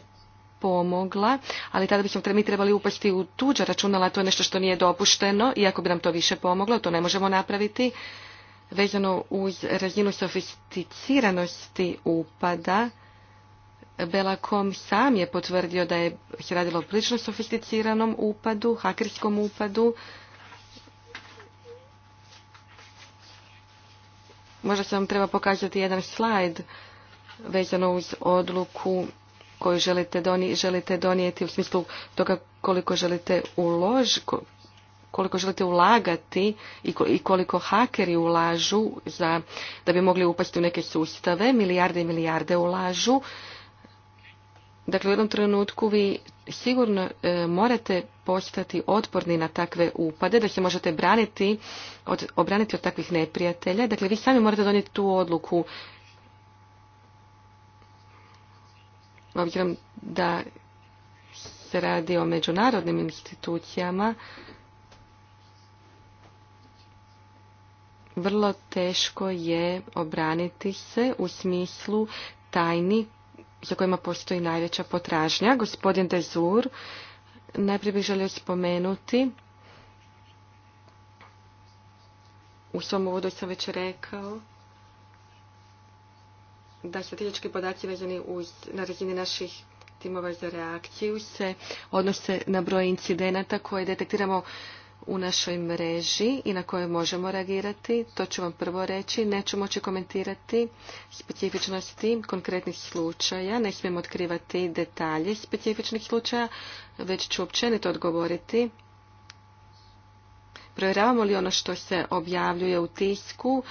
pomogla, ali tada bismo mi trebali upasti u tuđa računala, to je nešto što nije dopušteno, iako bi nam to više pomoglo, to ne možemo napraviti. Vezano uz razinu sofisticiranosti upada, Belakom sam je potvrdio da je se radilo o prilično sofisticiranom upadu, hakerskom upadu, Možda sam vam treba pokazati jedan slajd vezano uz odluku koju želite, donijeti u smislu toga koliko želite ulož, koliko želite ulagati i koliko hakeri ulažu za, da bi mogli upasti u neke sustave, milijarde i milijarde ulažu Dakle, u jednom trenutku vi sigurno e, morate postati otporni na takve upade, da se možete braniti od, obraniti od takvih neprijatelja. Dakle, vi sami morate donijeti tu odluku. Obzirom da se radi o međunarodnim institucijama, vrlo teško je obraniti se u smislu tajni za kojima postoji najveća potražnja. Gospodin Dezur najprije bih želio spomenuti u svom uvodu sam već rekao da statistički podaci vezani uz, na razini naših timova za reakciju se odnose na broj incidenata koje detektiramo u našoj mreži i na koje možemo reagirati. To ću vam prvo reći. Neću moći komentirati specifičnosti konkretnih slučaja. Ne smijem otkrivati detalje specifičnih slučaja, već ću općenito odgovoriti provjeravamo li ono što se objavljuje u tisku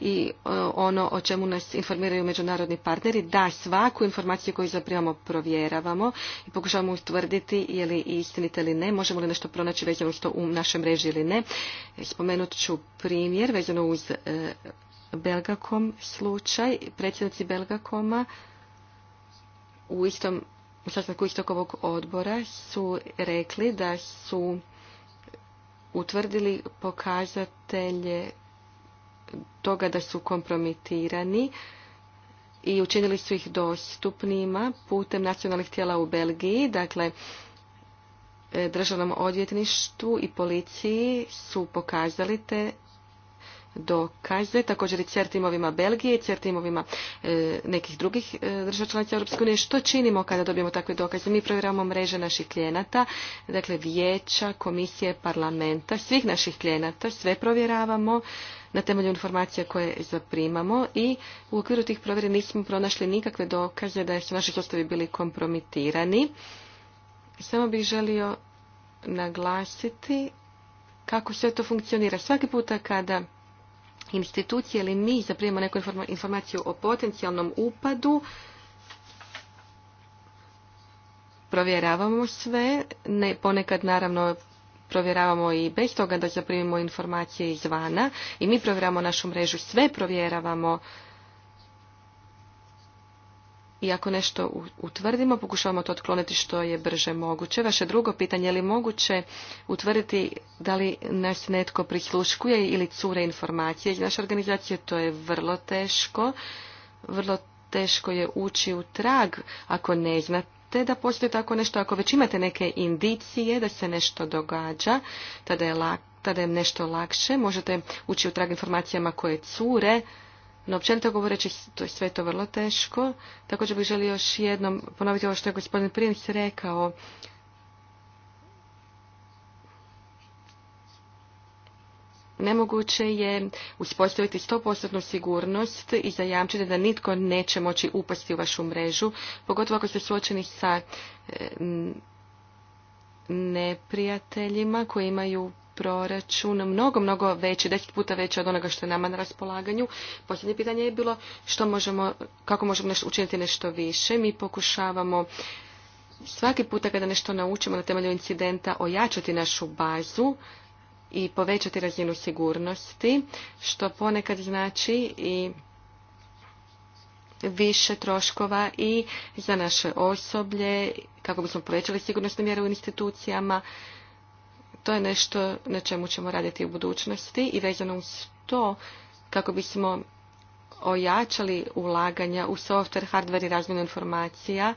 i e, ono o čemu nas informiraju međunarodni partneri, da svaku informaciju koju zaprimamo provjeravamo i pokušavamo utvrditi je li istinite ili ne, možemo li nešto pronaći vezano što u našoj mreži ili ne. E, spomenut ću primjer vezano uz e, Belgakom slučaj, predsjednici Belgakoma u istom u sastanku istog ovog odbora su rekli da su utvrdili pokazatelje toga da su kompromitirani i učinili su ih dostupnima putem nacionalnih tijela u Belgiji, dakle e, državnom odvjetništvu i policiji su pokazali te dokaze, također i certimovima Belgije i certimovima e, nekih drugih e, država članica Europske unije. Što činimo kada dobijemo takve dokaze? Mi provjeravamo mreže naših klijenata, dakle vijeća, komisije, parlamenta, svih naših klijenata, sve provjeravamo na temelju informacija koje zaprimamo i u okviru tih provjera nismo pronašli nikakve dokaze da su naši sustavi bili kompromitirani. Samo bih želio naglasiti kako sve to funkcionira. Svaki puta kada institucije ili mi zaprimimo neku informaciju o potencijalnom upadu, provjeravamo sve, ponekad naravno provjeravamo i bez toga da zaprimimo informacije izvana i mi provjeravamo našu mrežu, sve provjeravamo i ako nešto utvrdimo, pokušavamo to otkloniti što je brže moguće. Vaše drugo pitanje, je li moguće utvrditi da li nas netko prisluškuje ili cure informacije iz naše organizacije? To je vrlo teško. Vrlo teško je ući u trag ako ne znate da postoji tako nešto. Ako već imate neke indicije da se nešto događa, tada je, tada je nešto lakše. Možete ući u trag informacijama koje cure, no općenito govoreći to je sve to vrlo teško. Također bih želio još jednom ponoviti ovo što je gospodin Prince rekao. Nemoguće je uspostaviti 100% sigurnost i zajamčiti da nitko neće moći upasti u vašu mrežu, pogotovo ako ste suočeni sa eh, neprijateljima koji imaju proračun mnogo, mnogo veći, deset puta veći od onoga što je nama na raspolaganju. Posljednje pitanje je bilo što možemo, kako možemo nešto, učiniti nešto više. Mi pokušavamo svaki puta kada nešto naučimo na temelju incidenta ojačati našu bazu i povećati razinu sigurnosti, što ponekad znači i više troškova i za naše osoblje, kako bismo povećali sigurnosne mjere u institucijama, to je nešto na čemu ćemo raditi u budućnosti i vezano uz to kako bismo ojačali ulaganja u software, hardware i razmjenu informacija.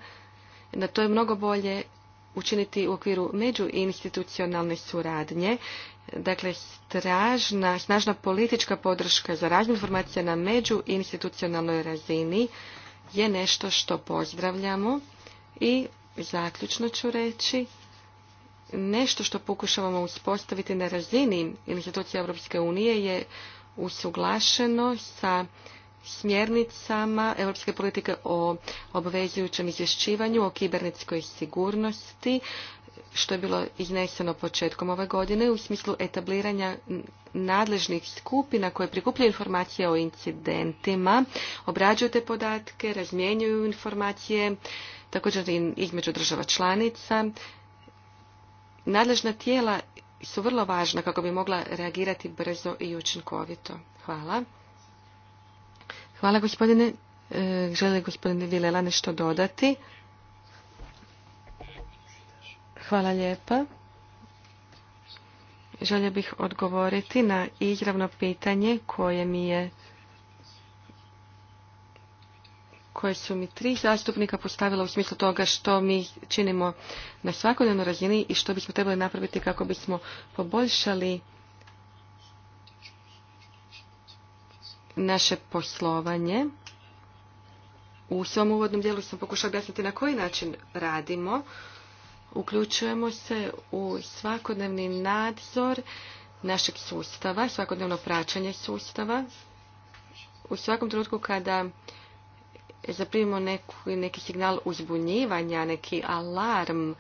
Na to je mnogo bolje učiniti u okviru međuinstitucionalne suradnje. Dakle, stražna, snažna politička podrška za razmjenu informacija na međuinstitucionalnoj razini je nešto što pozdravljamo i zaključno ću reći nešto što pokušavamo uspostaviti na razini institucija Europske unije je usuglašeno sa smjernicama europske politike o obvezujućem izvješćivanju o kibernetskoj sigurnosti što je bilo izneseno početkom ove godine u smislu etabliranja nadležnih skupina koje prikupljaju informacije o incidentima, obrađuju te podatke, razmjenjuju informacije također između država članica, Nadležna tijela su vrlo važna kako bi mogla reagirati brzo i učinkovito. Hvala. Hvala gospodine. E, želi gospodine Vilela nešto dodati? Hvala lijepa. Želio bih odgovoriti na izravno pitanje koje mi je koje su mi tri zastupnika postavila u smislu toga što mi činimo na svakodnevnoj razini i što bismo trebali napraviti kako bismo poboljšali naše poslovanje. U svom uvodnom dijelu sam pokušala objasniti na koji način radimo. Uključujemo se u svakodnevni nadzor našeg sustava, svakodnevno praćanje sustava. U svakom trenutku kada E, zaprimimo neki, neki signal uzbunjivanja, neki alarm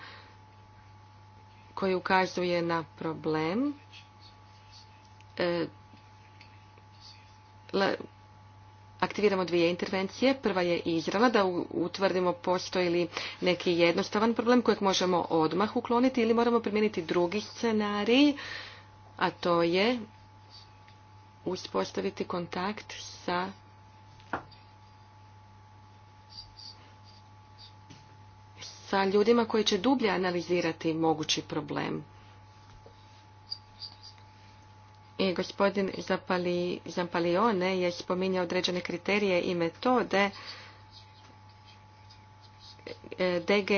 koji ukazuje na problem, e, aktiviramo dvije intervencije. Prva je izrava da utvrdimo postoji li neki jednostavan problem kojeg možemo odmah ukloniti ili moramo primijeniti drugi scenarij, a to je uspostaviti kontakt sa sa ljudima koji će dublje analizirati mogući problem. I gospodin Zampalione je spominjao određene kriterije i metode. E, DG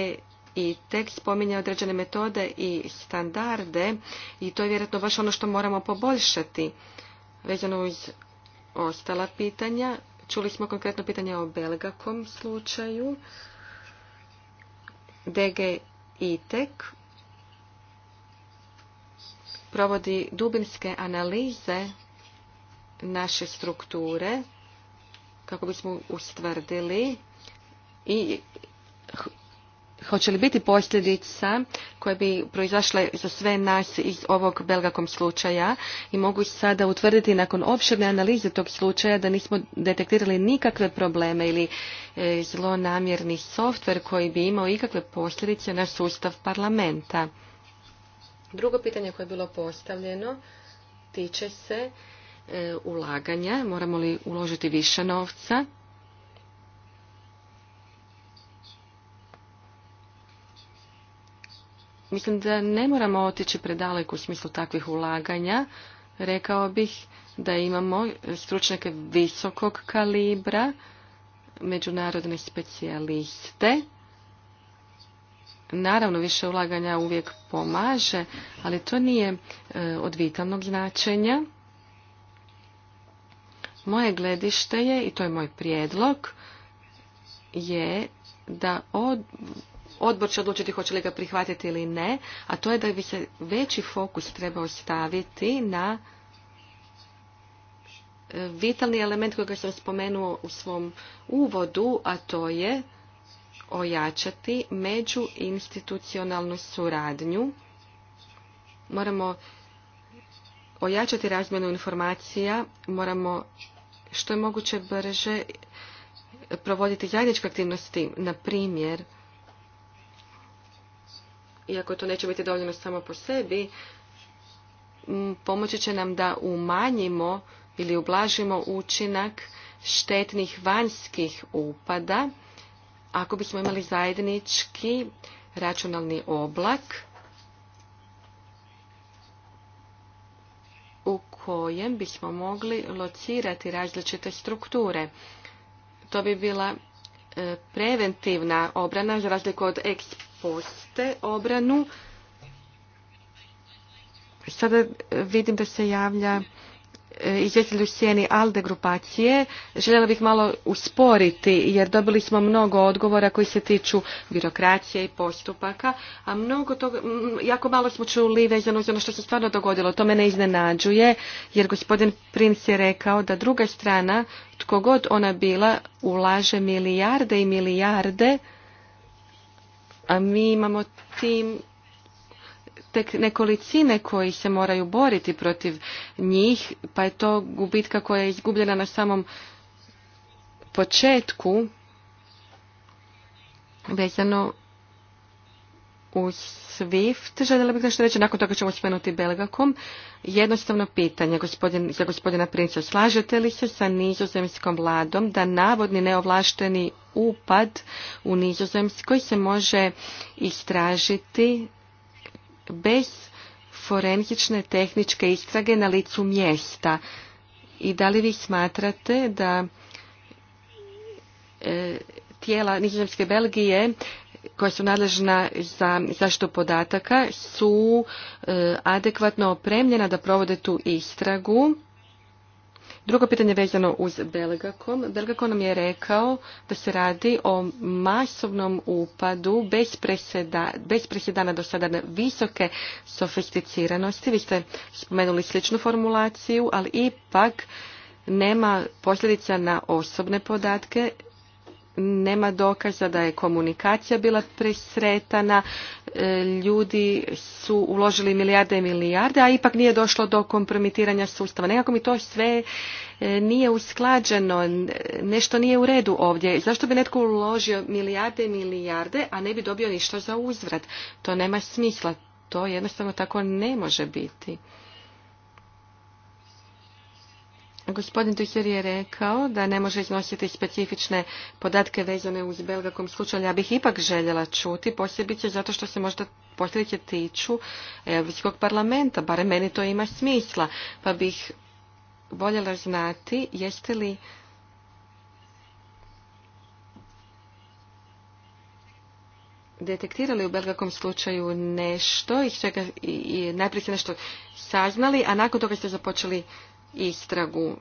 i tek spominja određene metode i standarde i to je vjerojatno baš ono što moramo poboljšati. Vezano uz ostala pitanja, čuli smo konkretno pitanje o Belgakom slučaju. DG ITEK provodi dubinske analize naše strukture kako bismo ustvrdili i hoće li biti posljedica koje bi proizašle za sve nas iz ovog belgakom slučaja i mogu sada utvrditi nakon opširne analize tog slučaja da nismo detektirali nikakve probleme ili e, zlonamjerni softver koji bi imao ikakve posljedice na sustav parlamenta. Drugo pitanje koje je bilo postavljeno tiče se e, ulaganja. Moramo li uložiti više novca? Mislim da ne moramo otići predaleko u smislu takvih ulaganja. Rekao bih da imamo stručnjake visokog kalibra, međunarodne specijaliste. Naravno, više ulaganja uvijek pomaže, ali to nije e, od vitalnog značenja. Moje gledište je, i to je moj prijedlog, je da od odbor će odlučiti hoće li ga prihvatiti ili ne, a to je da bi se veći fokus trebao staviti na e, vitalni element kojeg sam spomenuo u svom uvodu, a to je ojačati međuinstitucionalnu suradnju. Moramo ojačati razmjenu informacija, moramo što je moguće brže provoditi zajedničke aktivnosti, na primjer iako to neće biti dovoljno samo po sebi, pomoći će nam da umanjimo ili ublažimo učinak štetnih vanjskih upada ako bismo imali zajednički računalni oblak u kojem bismo mogli locirati različite strukture. To bi bila e, preventivna obrana za razliku od eks poste obranu. Sada vidim da se javlja e, izvjestitelj u sjeni ALDE grupacije. Željela bih malo usporiti jer dobili smo mnogo odgovora koji se tiču birokracije i postupaka, a mnogo toga, jako malo smo čuli vezano za ono što se stvarno dogodilo. To me ne iznenađuje jer gospodin Prince je rekao da druga strana, tko god ona bila, ulaže milijarde i milijarde a mi imamo tim tek nekolicine koji se moraju boriti protiv njih, pa je to gubitka koja je izgubljena na samom početku vezano u SWIFT. Željela bih nešto reći, nakon toga ćemo spomenuti Belgakom. Jednostavno pitanje gospodin, za gospodina Princa. Slažete li se sa nizozemskom vladom da navodni neovlašteni upad u nizozemskoj se može istražiti bez forenzične tehničke istrage na licu mjesta? I da li vi smatrate da e, tijela nizozemske Belgije koja su nadležna za zaštitu podataka su e, adekvatno opremljena da provode tu istragu. Drugo pitanje vezano uz Belgakom. Belgakom nam je rekao da se radi o masovnom upadu bez, preseda, presedana do sada na visoke sofisticiranosti. Vi ste spomenuli sličnu formulaciju, ali ipak nema posljedica na osobne podatke nema dokaza da je komunikacija bila presretana, e, ljudi su uložili milijarde i milijarde, a ipak nije došlo do kompromitiranja sustava. Nekako mi to sve e, nije usklađeno, nešto nije u redu ovdje. Zašto bi netko uložio milijarde i milijarde, a ne bi dobio ništa za uzvrat? To nema smisla, to jednostavno tako ne može biti. Gospodin Tuhir je rekao da ne može iznositi specifične podatke vezane uz belgakom ali ja bih ipak željela čuti, posebice zato što se možda posljedice tiču Europskog parlamenta, barem meni to ima smisla, pa bih voljela znati jeste li detektirali u belgakom slučaju nešto i, i najprije nešto saznali, a nakon toga ste započeli istragu.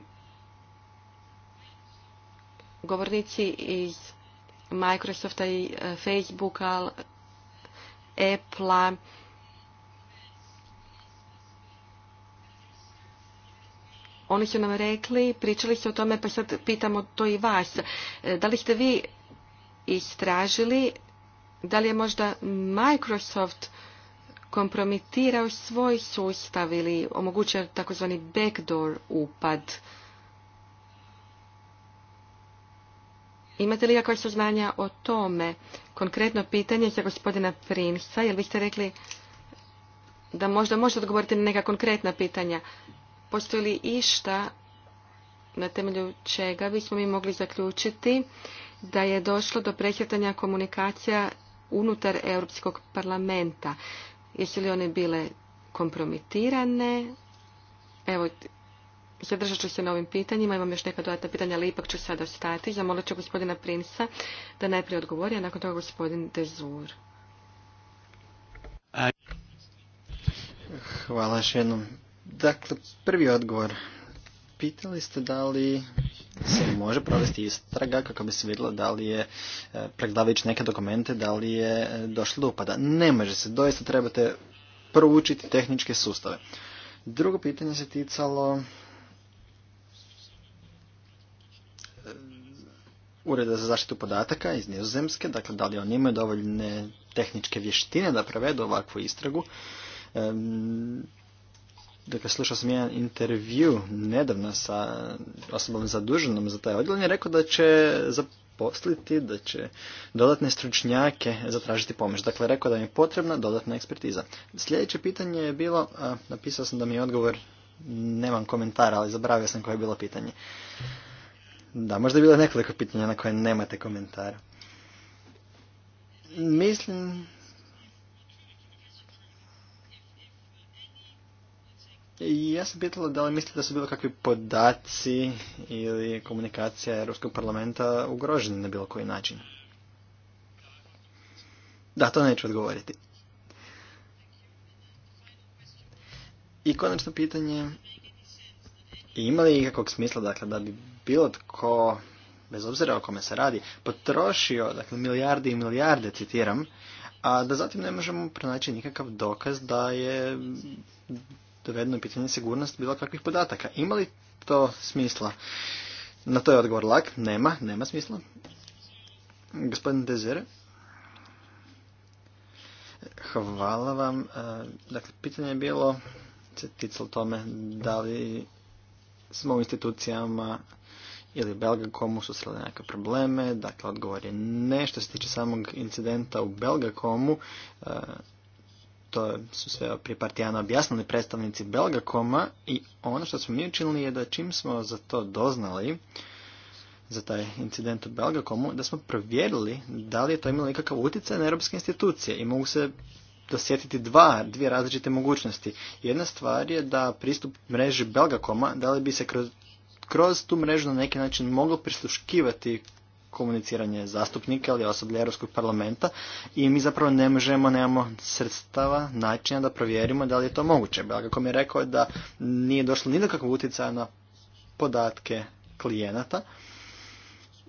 Govornici iz Microsofta i e, Facebooka, Apple-a, Oni su nam rekli, pričali su o tome, pa sad pitamo to i vas. E, da li ste vi istražili, da li je možda Microsoft kompromitirao svoj sustav ili omogućuje takozvani backdoor upad. Imate li kakva saznanja o tome? Konkretno pitanje za gospodina Prinsa, jer biste ste rekli da možda možete odgovoriti na neka konkretna pitanja. Postoji li išta na temelju čega bismo mi mogli zaključiti da je došlo do prehjetanja komunikacija unutar Europskog parlamenta. Jesu li one bile kompromitirane? Evo, zadržat ću se na ovim pitanjima. Imam još neka dodatna pitanja, ali ipak ću sada ostati. Zamolit ću gospodina Prinsa da najprije odgovori, a nakon toga gospodin Dezur. Hvala jednom. Dakle, prvi odgovor. Pitali ste da li se može provesti istraga kako bi se vidjelo da li je e, pregledavajući neke dokumente, da li je e, došlo do upada. Ne može se, doista trebate proučiti tehničke sustave. Drugo pitanje se ticalo e, Ureda za zaštitu podataka iz Nizozemske, dakle da li oni imaju dovoljne tehničke vještine da prevedu ovakvu istragu. Dakle, slušao sam jedan intervju nedavno sa osobom zaduženom za taj odjel je rekao da će zaposliti, da će dodatne stručnjake zatražiti pomoć. Dakle, rekao da mi je potrebna dodatna ekspertiza. Sljedeće pitanje je bilo, a, napisao sam da mi je odgovor, nemam komentara, ali zaboravio sam koje je bilo pitanje. Da, možda je bilo nekoliko pitanja na koje nemate komentara. Mislim ja sam pitala da li mislite da su bilo kakvi podaci ili komunikacija Europskog parlamenta ugroženi na bilo koji način? Da, to neću odgovoriti. I konačno pitanje, ima li ikakvog smisla dakle, da bi bilo tko, bez obzira o kome se radi, potrošio dakle, milijarde i milijarde, citiram, a da zatim ne možemo pronaći nikakav dokaz da je dovedeno pitanje sigurnost bilo kakvih podataka. Ima li to smisla? Na to je odgovor lak. Nema, nema smisla. Gospodin Dezere. Hvala vam. E, dakle, pitanje je bilo se ticalo tome da li smo u institucijama ili Belgakomu susreli neke probleme. Dakle, odgovor je ne. Što se tiče samog incidenta u Belgakomu, e, to su sve prije par tjedana objasnili predstavnici Belgakoma i ono što smo mi učinili je da čim smo za to doznali, za taj incident u Belgakomu, da smo provjerili da li je to imalo ikakav utjecaj na europske institucije i mogu se dosjetiti dva, dvije različite mogućnosti. Jedna stvar je da pristup mreži Belgakoma, da li bi se kroz, kroz tu mrežu na neki način moglo prisluškivati komuniciranje zastupnika ili osoblja Europskog parlamenta i mi zapravo ne možemo, nemamo sredstava, načina da provjerimo da li je to moguće. Belgako mi je rekao da nije došlo ni do utjecaja na podatke klijenata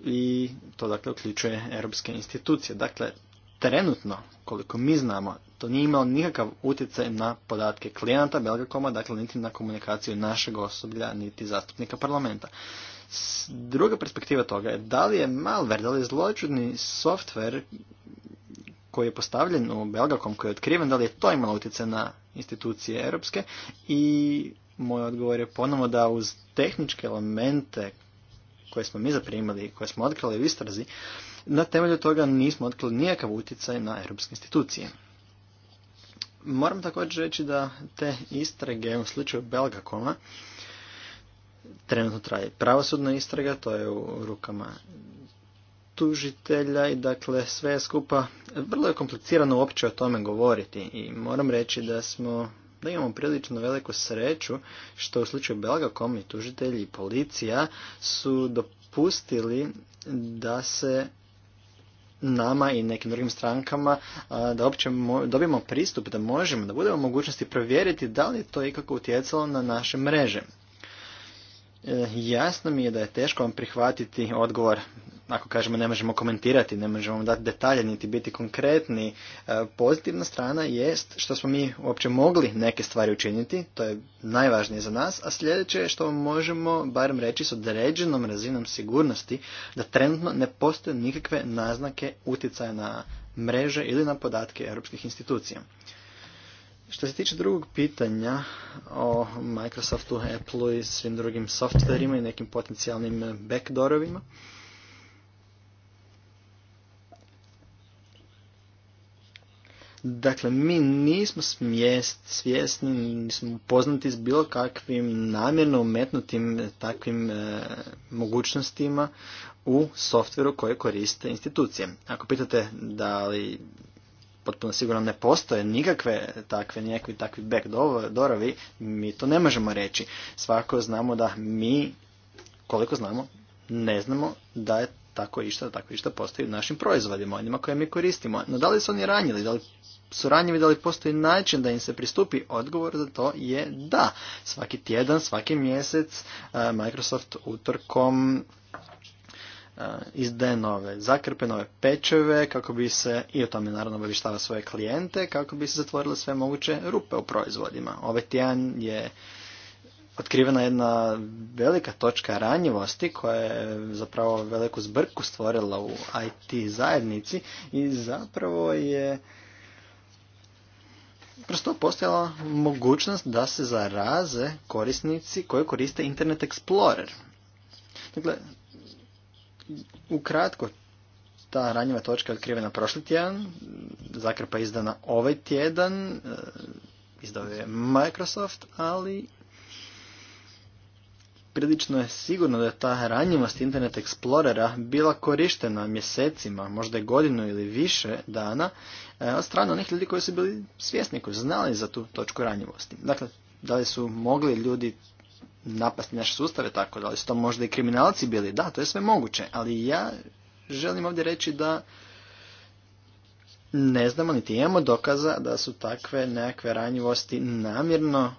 i to dakle uključuje europske institucije. Dakle, trenutno, koliko mi znamo, to nije imalo nikakav utjecaj na podatke klijenata Belgakoma, dakle niti na komunikaciju našeg osoblja, niti zastupnika parlamenta. Druga perspektiva toga je da li je malware, da li je zločudni software koji je postavljen u Belgakom, koji je otkriven, da li je to imalo utjecaj na institucije europske i moj odgovor je ponovo da uz tehničke elemente koje smo mi zaprimili i koje smo otkrili u istrazi, na temelju toga nismo otkrili nijakav utjecaj na europske institucije. Moram također reći da te istrage u slučaju Belgakoma Trenutno traje pravosudna istraga, to je u rukama tužitelja i dakle sve skupa vrlo je komplicirano uopće o tome govoriti i moram reći da smo da imamo prilično veliku sreću što u slučaju Belga i tužitelji i policija su dopustili da se nama i nekim drugim strankama da uopće dobijemo pristup, da možemo, da budemo mogućnosti provjeriti da li je to ikako utjecalo na naše mreže. Jasno mi je da je teško vam prihvatiti odgovor, ako kažemo ne možemo komentirati, ne možemo dati detalje niti biti konkretni. E, pozitivna strana jest što smo mi uopće mogli neke stvari učiniti, to je najvažnije za nas, a sljedeće je što možemo barem reći s određenom razinom sigurnosti da trenutno ne postoje nikakve naznake utjecaja na mreže ili na podatke europskih institucija. Što se tiče drugog pitanja o Microsoftu, Appleu i svim drugim softverima i nekim potencijalnim backdoorovima, Dakle, mi nismo svjesni, nismo poznati s bilo kakvim namjerno umetnutim takvim e, mogućnostima u softveru koje koriste institucije. Ako pitate da li potpuno sigurno ne postoje nikakve takve, nekakvi takvi backdoorovi, mi to ne možemo reći. Svako znamo da mi, koliko znamo, ne znamo da je tako išta, tako išta postoji u našim proizvodima, onima koje mi koristimo. No da li su oni ranjili, da li su ranjivi, da li postoji način da im se pristupi? Odgovor za to je da. Svaki tjedan, svaki mjesec Microsoft utorkom E, izde nove zakrpe, nove pečeve, kako bi se, i o tome naravno obavištava svoje klijente, kako bi se zatvorile sve moguće rupe u proizvodima. Ove ovaj tjedan je otkrivena jedna velika točka ranjivosti koja je zapravo veliku zbrku stvorila u IT zajednici i zapravo je prosto postojala mogućnost da se zaraze korisnici koji koriste Internet Explorer. Dakle, Ukratko, ta ranjiva točka je otkrivena prošli tjedan, zakrpa je izdana ovaj tjedan, e, izdao je Microsoft, ali prilično je sigurno da je ta ranjivost Internet Explorera bila korištena mjesecima, možda godinu ili više dana, e, od strane onih ljudi koji su bili svjesni, koji su znali za tu točku ranjivosti. Dakle, da li su mogli ljudi napasti naše sustave tako da li su to možda i kriminalci bili da to je sve moguće ali ja želim ovdje reći da ne znamo niti imamo dokaza da su takve nekakve ranjivosti namjerno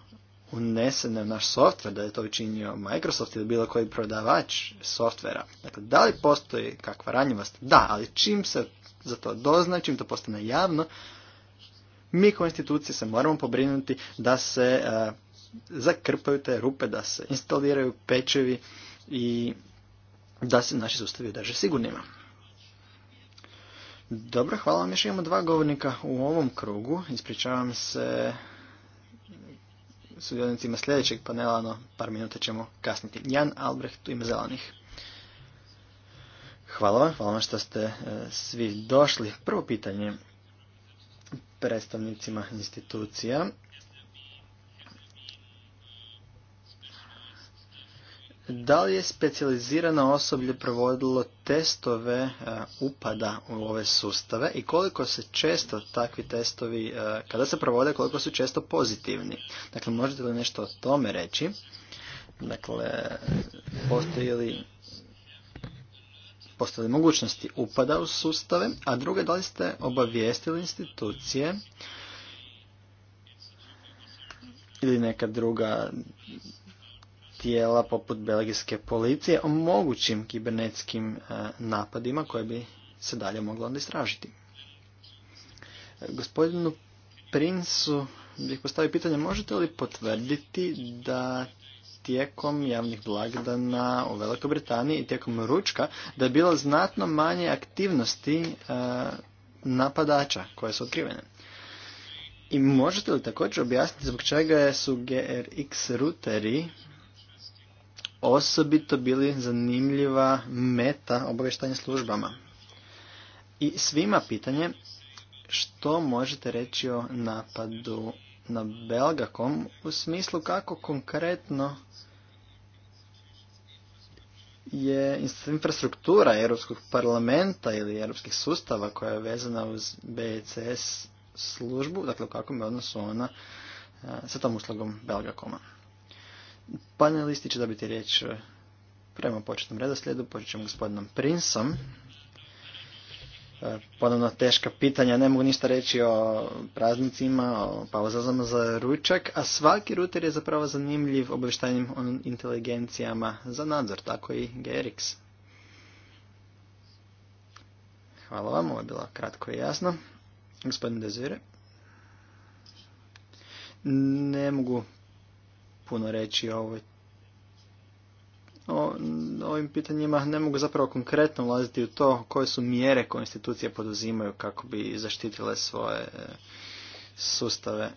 unesene u naš softver, da je to učinio Microsoft ili bilo koji prodavač softvera. Dakle, da li postoji kakva ranjivost? Da, ali čim se za to dozna, čim to postane javno, mi kao institucije se moramo pobrinuti da se e, zakrpaju te rupe, da se instaliraju pečevi i da se naši sustavi održe sigurnima. Dobro, hvala vam. Još imamo dva govornika u ovom krugu. Ispričavam se sudionicima sljedećeg panela, no par minuta ćemo kasniti. Jan Albrecht tu ima zelanih. Hvala vam, hvala vam što ste e, svi došli. Prvo pitanje predstavnicima institucija. Da li je specijalizirano osoblje provodilo testove e, upada u ove sustave i koliko se često takvi testovi, e, kada se provode, koliko su često pozitivni? Dakle, možete li nešto o tome reći? Dakle, postoji li postoje mogućnosti upada u sustave, a druge, da li ste obavijestili institucije ili neka druga tijela poput belgijske policije o mogućim kibernetskim e, napadima koje bi se dalje moglo onda istražiti. Gospodinu Princu bih postavio pitanje, možete li potvrditi da tijekom javnih blagdana u Velikoj Britaniji i tijekom ručka da je bilo znatno manje aktivnosti e, napadača koje su otkrivene. I možete li također objasniti zbog čega su GRX ruteri osobito bili zanimljiva meta obavještajnim službama. I svima pitanje što možete reći o napadu na Belgakom u smislu kako konkretno je infrastruktura Europskog parlamenta ili europskih sustava koja je vezana uz BCS službu, dakle u kakvom je odnosu ona eh, sa tom uslugom Belgakoma. Panelisti će dobiti riječ e, prema početnom redoslijedu. Počet ćemo gospodinom Prinsom. E, ponovno teška pitanja, ne mogu ništa reći o praznicima, o pauzazama za ručak, a svaki ruter je zapravo zanimljiv obještajnim inteligencijama za nadzor, tako i GRX. Hvala vam, ovo je bilo kratko i jasno. Gospodin Dezire. Ne mogu puno reći o ovoj ovim pitanjima ne mogu zapravo konkretno ulaziti u to koje su mjere koje institucije poduzimaju kako bi zaštitile svoje e, sustave.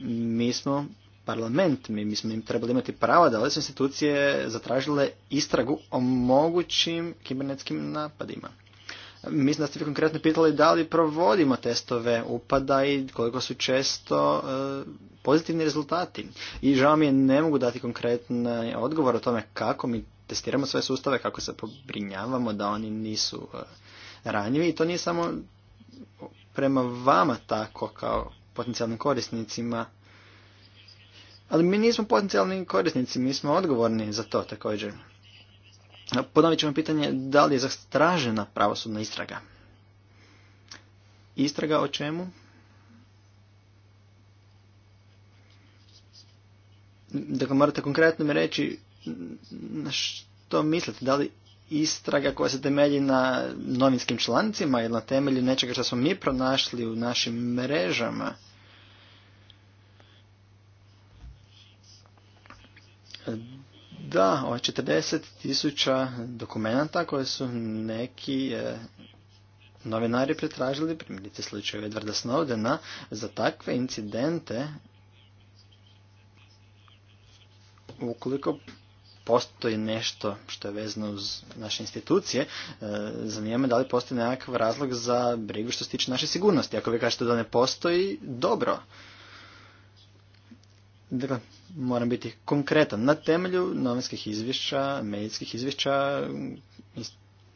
Mi smo parlament, mi, mi smo im trebali imati prava da li su institucije zatražile istragu o mogućim kibernetskim napadima. Mislim da ste vi konkretno pitali da li provodimo testove upada i koliko su često e, pozitivni rezultati. I žao mi je ne mogu dati konkretan odgovor o tome kako mi testiramo sve sustave, kako se pobrinjavamo da oni nisu e, ranjivi. I to nije samo prema vama tako kao potencijalnim korisnicima. Ali mi nismo potencijalni korisnici, mi smo odgovorni za to također. Ponovit ćemo pitanje da li je zastražena pravosudna istraga. Istraga o čemu? Dakle, morate konkretno mi reći na što mislite. Da li istraga koja se temelji na novinskim člancima ili na temelju nečega što smo mi pronašli u našim mrežama? Da, o 40 tisuća dokumenta koje su neki e, novinari pretražili, primjerice slučaju Edvarda Snowdena, za takve incidente ukoliko postoji nešto što je vezano uz naše institucije, e, zanima me da li postoji nekakav razlog za brigu što se tiče naše sigurnosti. Ako vi kažete da ne postoji, dobro. Dakle, moram biti konkretan. Na temelju novinskih izvješća, medijskih izvješća,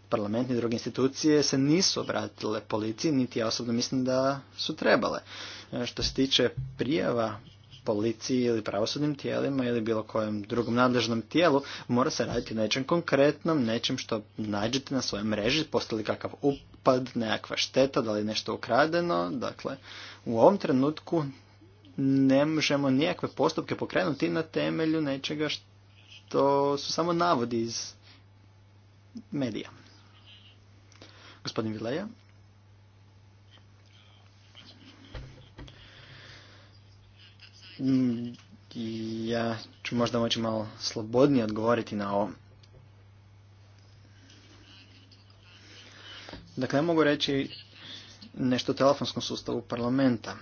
parlament i druge institucije se nisu obratile policiji, niti ja osobno mislim da su trebale. E, što se tiče prijava policiji ili pravosudnim tijelima ili bilo kojem drugom nadležnom tijelu, mora se raditi nečem konkretnom, nečem što nađete na svojoj mreži, postali kakav upad, nekakva šteta, da li je nešto ukradeno. Dakle, u ovom trenutku ne možemo nijakve postupke pokrenuti na temelju nečega što su samo navodi iz medija. Gospodin Vileja. Mm, ja ću možda moći malo slobodnije odgovoriti na ovo. Dakle, ja mogu reći nešto o telefonskom sustavu parlamenta.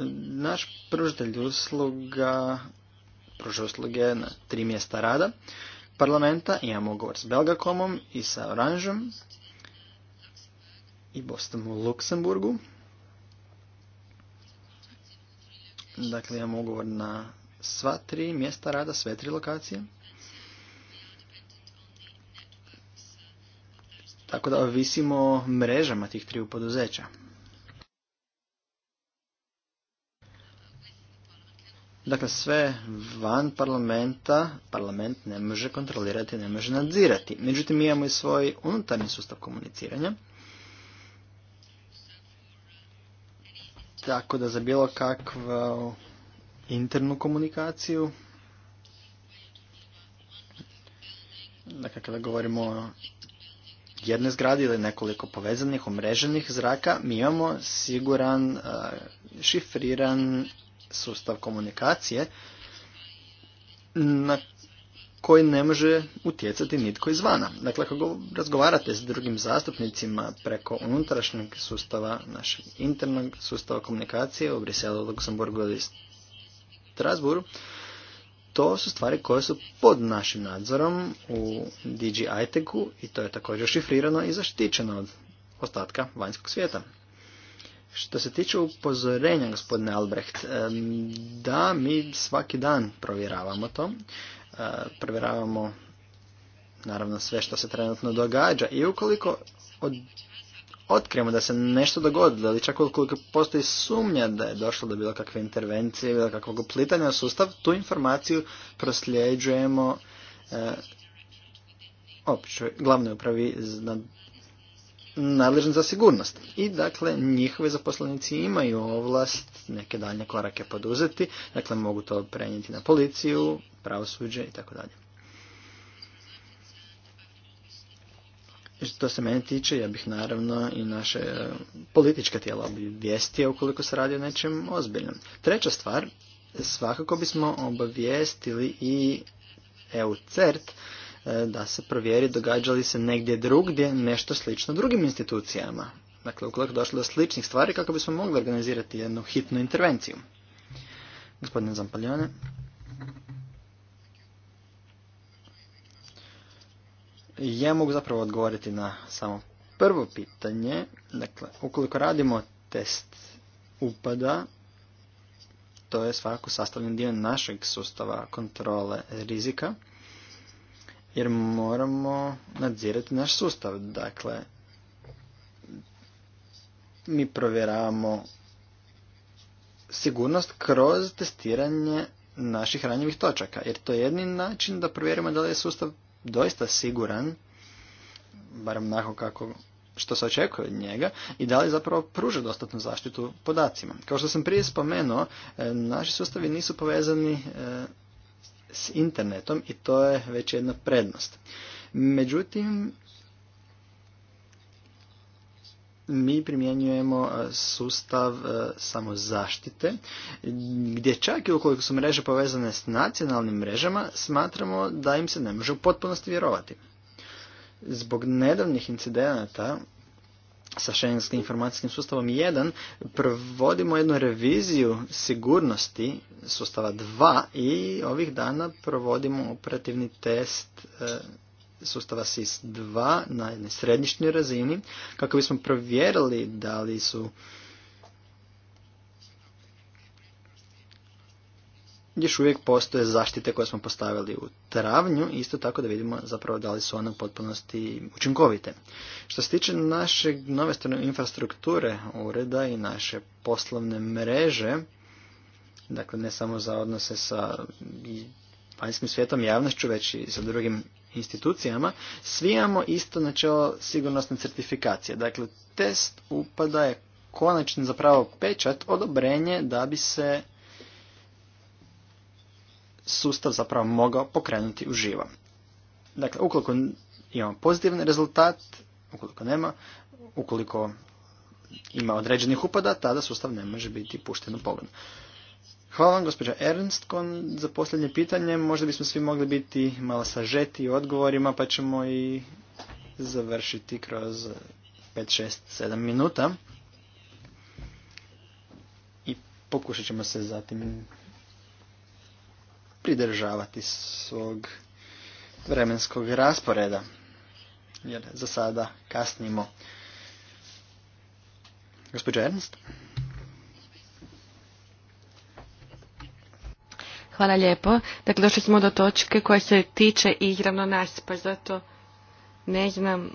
Naš pružitelj usluga pruža usluge na tri mjesta rada parlamenta. Imamo ugovor s Belgakomom i sa Oranžom i Bostom u Luksemburgu. Dakle, imamo ugovor na sva tri mjesta rada, sve tri lokacije. Tako da ovisimo mrežama tih triju poduzeća. Dakle, sve van parlamenta, parlament ne može kontrolirati, ne može nadzirati. Međutim, mi imamo i svoj unutarnji sustav komuniciranja. Tako da za bilo kakvu internu komunikaciju, dakle, kada govorimo o jedne zgrade ili nekoliko povezanih, omreženih zraka, mi imamo siguran, e, šifriran sustav komunikacije na koji ne može utjecati nitko izvana. Dakle, ako razgovarate s drugim zastupnicima preko unutrašnjeg sustava, našeg internog sustava komunikacije u Briselu, Luksemburgu ili Strasburu, to su stvari koje su pod našim nadzorom u DG i to je također šifrirano i zaštićeno od ostatka vanjskog svijeta. Što se tiče upozorenja, gospodine Albrecht, da, mi svaki dan provjeravamo to. E, provjeravamo naravno sve što se trenutno događa i ukoliko otkrijemo da se nešto dogodilo ili čak ukoliko postoji sumnja da je došlo do bilo kakve intervencije, bilo kakvog uplitanja u sustav, tu informaciju prosljeđujemo e, glavnoj upravi na nadležan za sigurnost. I dakle, njihovi zaposlenici imaju ovlast neke daljnje korake poduzeti, dakle mogu to prenijeti na policiju, pravosuđe i tako dalje. Što se mene tiče, ja bih naravno i naše e, politička tijela obavijestio ukoliko se radi o nečem ozbiljnom. Treća stvar, svakako bismo obavijestili i EU CERT E, da se provjeri događa li se negdje drugdje nešto slično drugim institucijama. Dakle, ukoliko došlo do sličnih stvari kako bismo mogli organizirati jednu hitnu intervenciju. Gospodine Zampaljone. Ja mogu zapravo odgovoriti na samo prvo pitanje. Dakle, ukoliko radimo test upada, to je svakako sastavni dio našeg sustava kontrole rizika jer moramo nadzirati naš sustav. Dakle, mi provjeravamo sigurnost kroz testiranje naših ranjivih točaka, jer to je jedni način da provjerimo da li je sustav doista siguran, barem onako kako što se očekuje od njega i da li zapravo pruža dostatnu zaštitu podacima. Kao što sam prije spomenuo, e, naši sustavi nisu povezani e, s internetom i to je već jedna prednost. Međutim, mi primjenjujemo e, sustav e, samozaštite, gdje čak i ukoliko su mreže povezane s nacionalnim mrežama, smatramo da im se ne može u potpunosti vjerovati. Zbog nedavnih incidenata sa šengenskim informacijskim sustavom 1 provodimo jednu reviziju sigurnosti sustava 2 i ovih dana provodimo operativni test e, sustava SIS 2 na jednoj središnjoj razini kako bismo provjerili da li su još uvijek postoje zaštite koje smo postavili u travnju, isto tako da vidimo zapravo da li su one u potpunosti učinkovite. Što se tiče naše nove strane infrastrukture ureda i naše poslovne mreže, dakle ne samo za odnose sa vanjskim svijetom javnošću, već i sa drugim institucijama, svi imamo isto načelo sigurnosne certifikacije. Dakle, test upada je konačni zapravo pečat, odobrenje da bi se sustav zapravo mogao pokrenuti živo. Dakle, ukoliko imamo pozitivan rezultat, ukoliko nema, ukoliko ima određenih upada, tada sustav ne može biti pušten u pogon. Hvala vam, gospođa Ernst, za posljednje pitanje. Možda bismo svi mogli biti malo sažeti u odgovorima, pa ćemo i završiti kroz 5, 6, 7 minuta. I pokušat ćemo se zatim pridržavati svog vremenskog rasporeda. Jer za sada kasnimo. Gospođa Ernst? Hvala lijepo. Dakle, došli smo do točke koja se tiče izravno nas, pa zato ne znam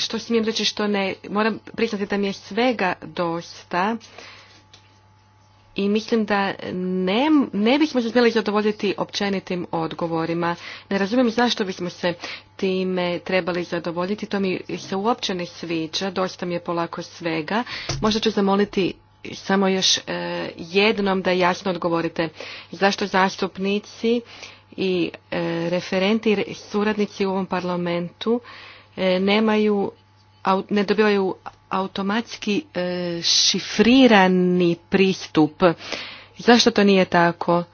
što smijem reći što ne. Moram priznati da mi je svega dosta i mislim da ne, ne bismo se smjeli zadovoljiti općenitim odgovorima. Ne razumijem zašto bismo se time trebali zadovoljiti, to mi se uopće ne sviđa, dosta mi je polako svega. Možda ću zamoliti samo još e, jednom da jasno odgovorite zašto zastupnici i e, referenti i suradnici u ovom parlamentu e, nemaju ne dobivaju automatski e, šifrirani pristup. Zašto to nije tako?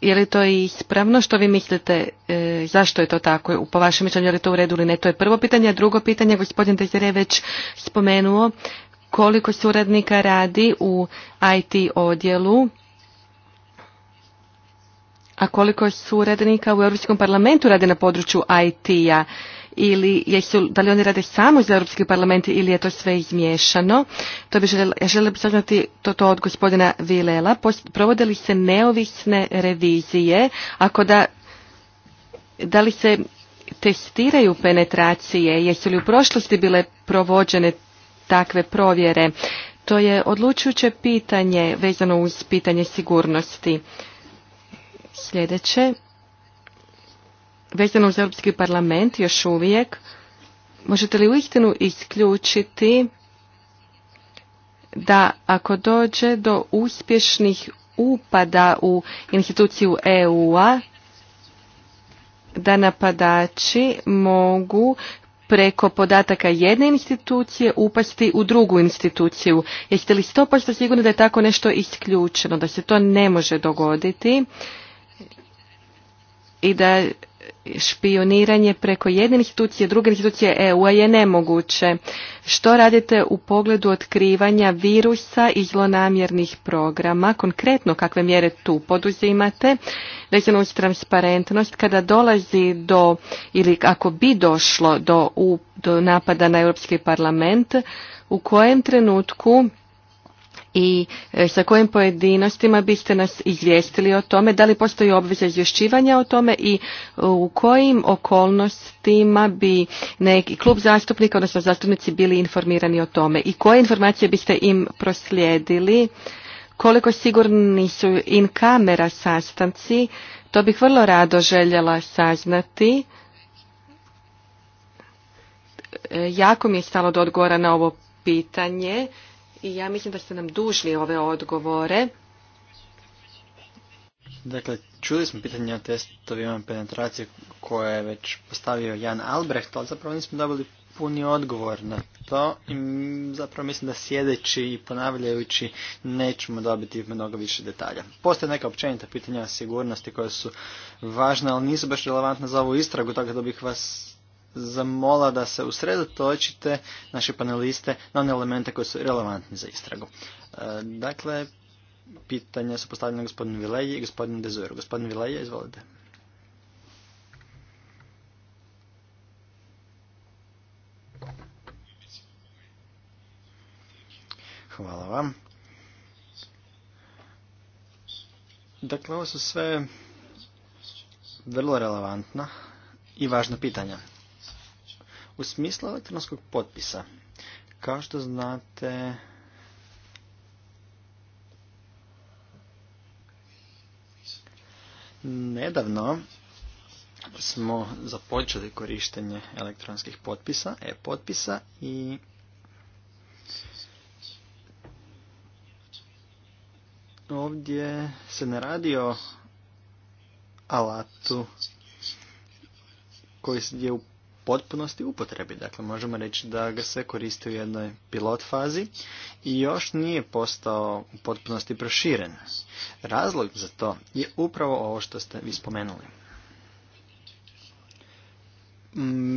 Je li to ispravno što vi mislite e, zašto je to tako? Po vašem mišljenju je li to u redu ili ne? To je prvo pitanje. A drugo pitanje, gospodin je već spomenuo koliko suradnika radi u IT odjelu, a koliko suradnika u Europskom parlamentu radi na području IT-a ili jesu, da li oni rade samo za Europski parlament ili je to sve izmiješano. To bi željela, ja saznati to, to od gospodina Vilela. Provode li se neovisne revizije? Ako da, da li se testiraju penetracije? Jesu li u prošlosti bile provođene takve provjere? To je odlučujuće pitanje vezano uz pitanje sigurnosti. Sljedeće vezano uz Europski parlament još uvijek, možete li uistinu isključiti da ako dođe do uspješnih upada u instituciju EU-a, da napadači mogu preko podataka jedne institucije upasti u drugu instituciju. Jeste li 100% sigurni da je tako nešto isključeno, da se to ne može dogoditi i da špioniranje preko jedne institucije, druge institucije EU-a je nemoguće. Što radite u pogledu otkrivanja virusa i zlonamjernih programa? Konkretno kakve mjere tu poduzimate? Vezano uz transparentnost, kada dolazi do, ili ako bi došlo do, do napada na Europski parlament, u kojem trenutku i e, sa kojim pojedinostima biste nas izvijestili o tome, da li postoji obveza izvješćivanja o tome i u kojim okolnostima bi neki klub zastupnika, odnosno zastupnici bili informirani o tome i koje informacije biste im proslijedili, koliko sigurni su in kamera sastanci, to bih vrlo rado željela saznati. E, jako mi je stalo do odgovora na ovo pitanje i ja mislim da ste nam dužni ove odgovore. Dakle, čuli smo pitanje o testovima penetracije koje je već postavio Jan Albrecht, ali zapravo nismo dobili puni odgovor na to i zapravo mislim da sjedeći i ponavljajući nećemo dobiti mnogo više detalja. Postoje neka općenita pitanja o sigurnosti koja su važna, ali nisu baš relevantna za ovu istragu, tako da bih vas zamola da se usredotočite naše paneliste na one elemente koji su relevantni za istragu. E, dakle, pitanja su postavljena gospodinu Vileji i gospodinu Dezuru. Gospodin Vileji, izvolite. Hvala vam. Dakle, ovo su sve vrlo relevantna i važna pitanja. U smislu elektronskog potpisa, kao što znate, nedavno smo započeli korištenje elektronskih potpisa, e-potpisa i ovdje se ne radi o alatu koji je u potpunosti upotrebi. Dakle, možemo reći da ga se koristi u jednoj pilot fazi i još nije postao u potpunosti proširen. Razlog za to je upravo ovo što ste vi spomenuli.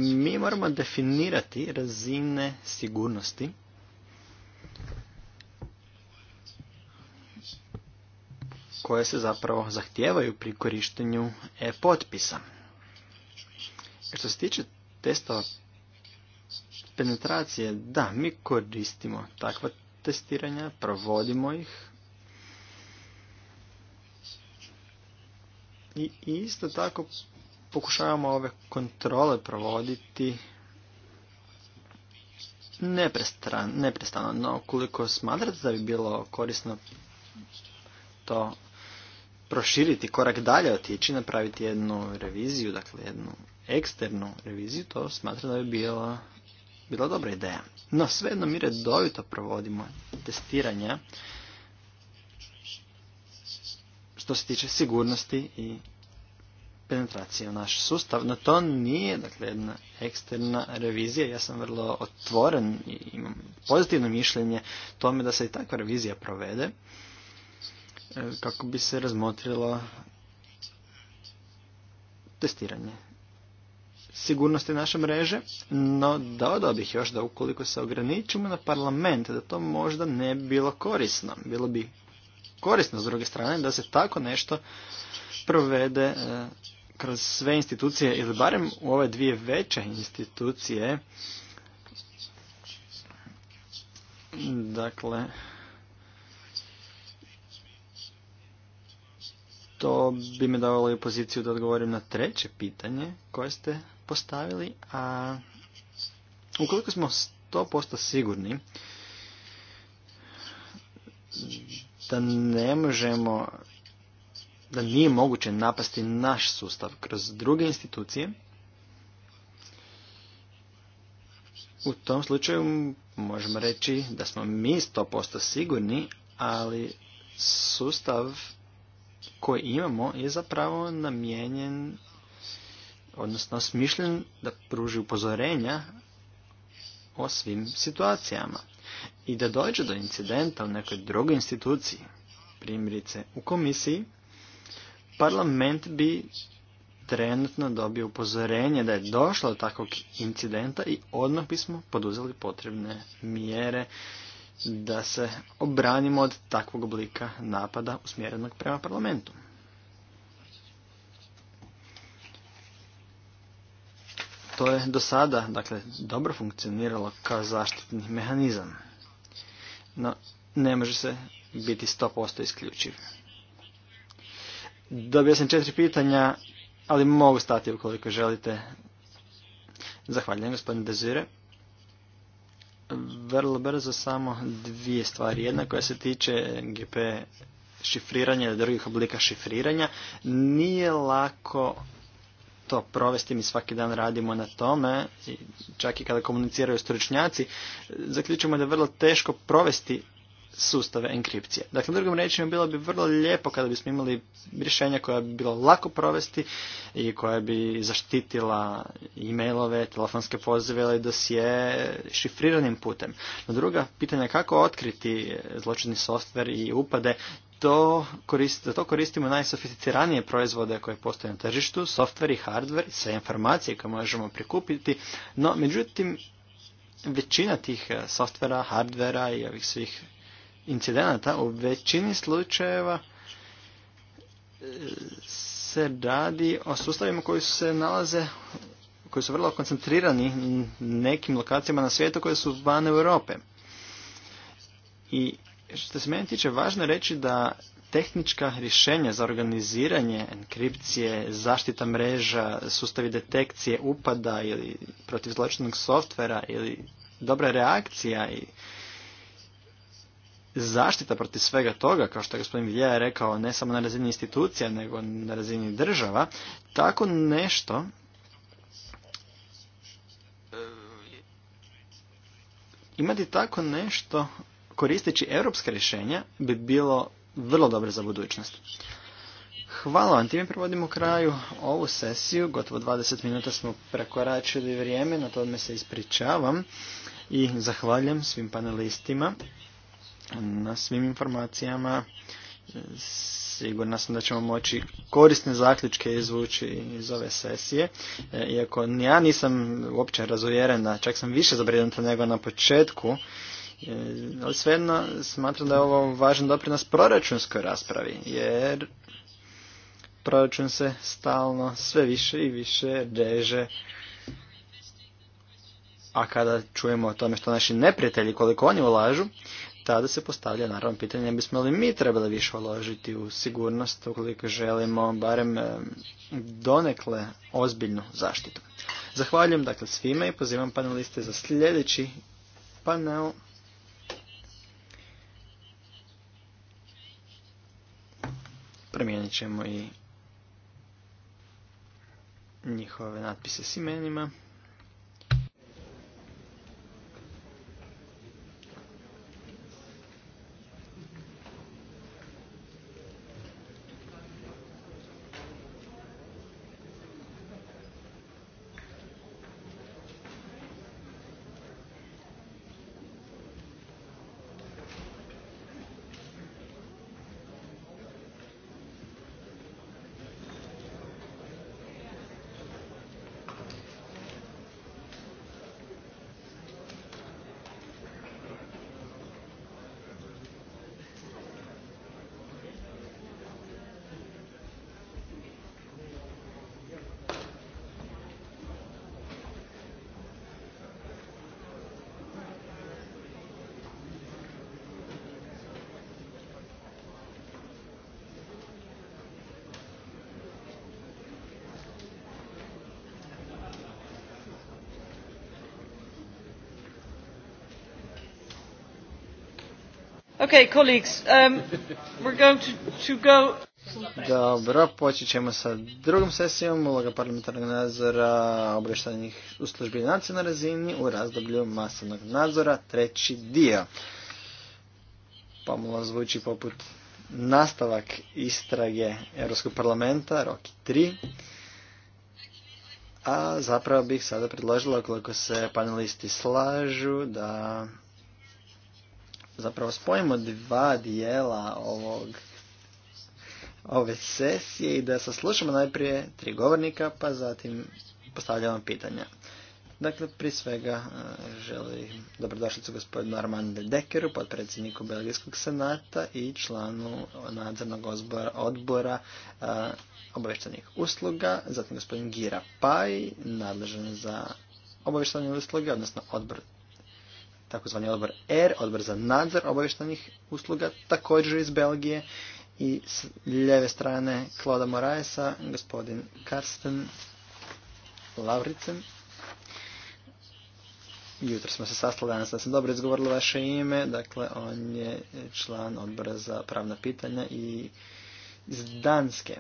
Mi moramo definirati razine sigurnosti koje se zapravo zahtijevaju pri korištenju e-potpisa. Što se tiče testova penetracije, da, mi koristimo takva testiranja, provodimo ih. I isto tako pokušavamo ove kontrole provoditi neprestano. No, koliko smatrate da bi bilo korisno to proširiti, korak dalje otići, napraviti jednu reviziju, dakle jednu eksternu reviziju, to smatram da bi bila, bila dobra ideja. No svejedno mi redovito provodimo testiranja što se tiče sigurnosti i penetracije u naš sustav. No to nije dakle, jedna eksterna revizija. Ja sam vrlo otvoren i imam pozitivno mišljenje tome da se i takva revizija provede e, kako bi se razmotrilo testiranje sigurnosti naše mreže, no dodao bih još da ukoliko se ograničimo na parlament, da to možda ne bilo korisno. Bilo bi korisno s druge strane da se tako nešto provede e, kroz sve institucije ili barem u ove dvije veće institucije. Dakle, to bi me davalo i poziciju da odgovorim na treće pitanje koje ste postavili, a ukoliko smo 100% sigurni da ne možemo, da nije moguće napasti naš sustav kroz druge institucije, u tom slučaju možemo reći da smo mi 100% sigurni, ali sustav koji imamo je zapravo namijenjen odnosno smišljen da pruži upozorenja o svim situacijama i da dođe do incidenta u nekoj drugoj instituciji, primjerice u komisiji, parlament bi trenutno dobio upozorenje da je došlo do takvog incidenta i odmah bismo poduzeli potrebne mjere da se obranimo od takvog oblika napada usmjerenog prema parlamentu. To je do sada, dakle, dobro funkcioniralo kao zaštitni mehanizam. No, ne može se biti 100% isključiv. Dobio sam četiri pitanja, ali mogu stati ukoliko želite. Zahvaljujem, gospodin Dezire. Vrlo brzo samo dvije stvari. Jedna koja se tiče GP šifriranja i drugih oblika šifriranja. Nije lako to provesti, mi svaki dan radimo na tome, i čak i kada komuniciraju stručnjaci, zaključujemo da je vrlo teško provesti sustave enkripcije. Dakle, drugim rečima, bilo bi vrlo lijepo kada bismo imali rješenja koja bi bilo lako provesti i koja bi zaštitila e-mailove, telefonske pozive ili dosije šifriranim putem. No druga pitanja kako otkriti zločini softver i upade, to korist, to koristimo najsofisticiranije proizvode koje postoje na tržištu, softver i hardware, sve informacije koje možemo prikupiti, no međutim većina tih e, softvera, hardvera i ovih svih incidenata u većini slučajeva e, se radi o sustavima koji se nalaze koji su vrlo koncentrirani nekim lokacijama na svijetu koje su van Europe. I što se meni tiče, važno je reći da tehnička rješenja za organiziranje enkripcije, zaštita mreža, sustavi detekcije upada ili protiv zločinog softvera ili dobra reakcija i zaštita protiv svega toga, kao što je gospodin Vilja rekao, ne samo na razini institucija, nego na razini država, tako nešto e, imati tako nešto koristeći europska rješenja bi bilo vrlo dobro za budućnost. Hvala vam, time provodimo kraju ovu sesiju, gotovo 20 minuta smo prekoračili vrijeme, na tome se ispričavam i zahvaljam svim panelistima na svim informacijama. Sigurna sam da ćemo moći korisne zaključke izvući iz ove sesije, e, iako ja nisam uopće razuvjerena, čak sam više zabrinuta nego na početku E, ali svejedno smatram da je ovo važan doprinos proračunskoj raspravi, jer proračun se stalno sve više i više reže. A kada čujemo o tome što naši neprijatelji, koliko oni ulažu, tada se postavlja naravno pitanje bismo li mi trebali više uložiti u sigurnost ukoliko želimo barem e, donekle ozbiljnu zaštitu. Zahvaljujem dakle svima i pozivam paneliste za sljedeći panel. promijenit ćemo i njihove natpise s imenima. Okay, colleagues, um, we're going to, to go... Dobro, počet ćemo sa drugom sesijom uloga parlamentarnog nadzora u službi nacije na razini u razdoblju masovnog nadzora, treći dio. Pomalo zvuči poput nastavak istrage Europskog parlamenta, roki tri. A zapravo bih sada predložila, ukoliko se panelisti slažu, da zapravo spojimo dva dijela ovog ove sesije i da saslušamo najprije tri govornika, pa zatim postavljamo pitanja. Dakle, prije svega e, želim dobrodošlicu gospodinu Armande Dekeru, potpredsjedniku Belgijskog senata i članu nadzornog odbora, odbora e, obavještajnih usluga, zatim gospodin Gira Paj, nadležan za obavještajne usluge, odnosno odbor takozvani odbor R, odbor za nadzor obavještajnih usluga, također iz Belgije i s ljeve strane Kloda Moraesa, gospodin Karsten Lavricen. Jutro smo se sastali danas da sam dobro izgovorila vaše ime, dakle on je član odbora za pravna pitanja i iz Danske.